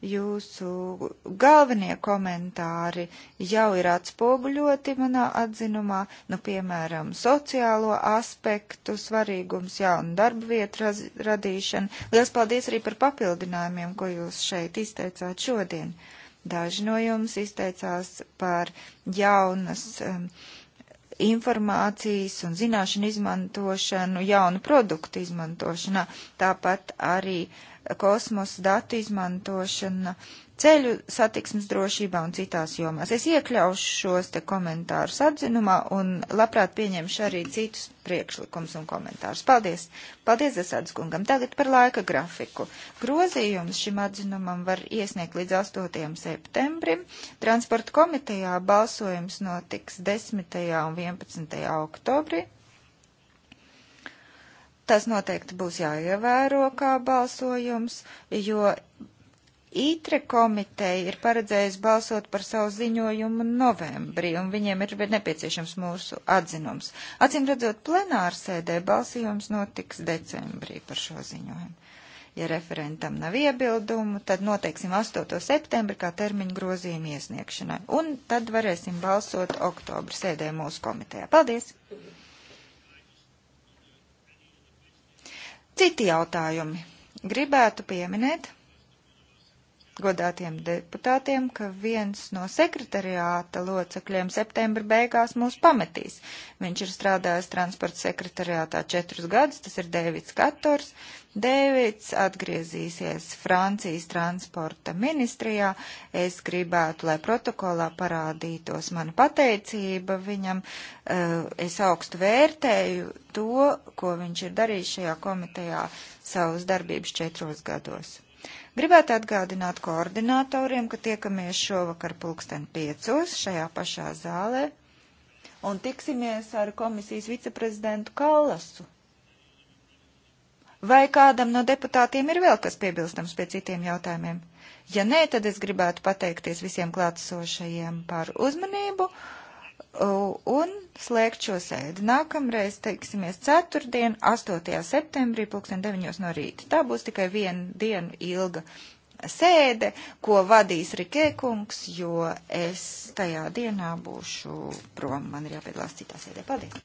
Jūsu galvenie komentāri jau ir atspoguļoti manā atzinumā, nu, piemēram, sociālo aspektu svarīgums, jaunu darba vietu raz, radīšana. Lielas paldies arī par papildinājumiem, ko jūs šeit izteicāt šodien. Daži no jums izteicās par jaunas um, informācijas un zināšanu izmantošanu, jaunu produktu izmantošanā, tāpat arī uh, kosmosa datu izmantošana ceļu satiksmes drošībā un citās jomās. Es iekļaušu šos te komentārus atzinumā un labprāt pieņemšu arī citus priekšlikums un komentārus. Paldies! Paldies Zasādas kungam! Tagad par laika grafiku. Grozījums šim atzinumam var iesniegt līdz 8. septembrim. Transporta komitejā balsojums notiks 10. un 11. oktobrī. Tas noteikti būs jāievēro kā balsojums, jo ITRE komiteja ir paredzējusi balsot par savu ziņojumu novembrī, un viņiem ir nepieciešams mūsu atzinums. Acīm redzot, plenārsēdē balsījums notiks decembrī par šo ziņojumu. Ja referentam nav iebildumu, tad noteiksim 8. septembri kā termiņu grozījumu iesniegšanai, un tad varēsim balsot oktobra sēdē mūsu komitejā. Paldies! Citi jautājumi. Gribētu pieminēt, godātiem deputātiem, ka viens no sekretariāta locekļiem septembra beigās mūs pametīs. Viņš ir strādājis transporta sekretariātā četrus gadus, tas ir Dēvids Kators. Dēvids atgriezīsies Francijas transporta ministrijā. Es gribētu, lai protokolā parādītos mana pateicība viņam. Eh, es augstu vērtēju to, ko viņš ir darījis šajā komitejā savus darbības četros gados. Gribētu atgādināt koordinatoriem, ka tiekamies šovakar pulksten piecos šajā pašā zālē un tiksimies ar komisijas viceprezidentu Kallasu. Vai kādam no deputātiem ir vēl kas piebilstams pie citiem jautājumiem? Ja nē, tad es gribētu pateikties visiem klātsošajiem par uzmanību un slēgt šo sēdi. Nākamreiz, teiksimies, ceturtdien, 8. septembrī, pulksten 9. no rīta. Tā būs tikai viena diena ilga sēde, ko vadīs Rikē kungs, jo es tajā dienā būšu prom, man ir jāpiedalās citā sēdē. Paldies!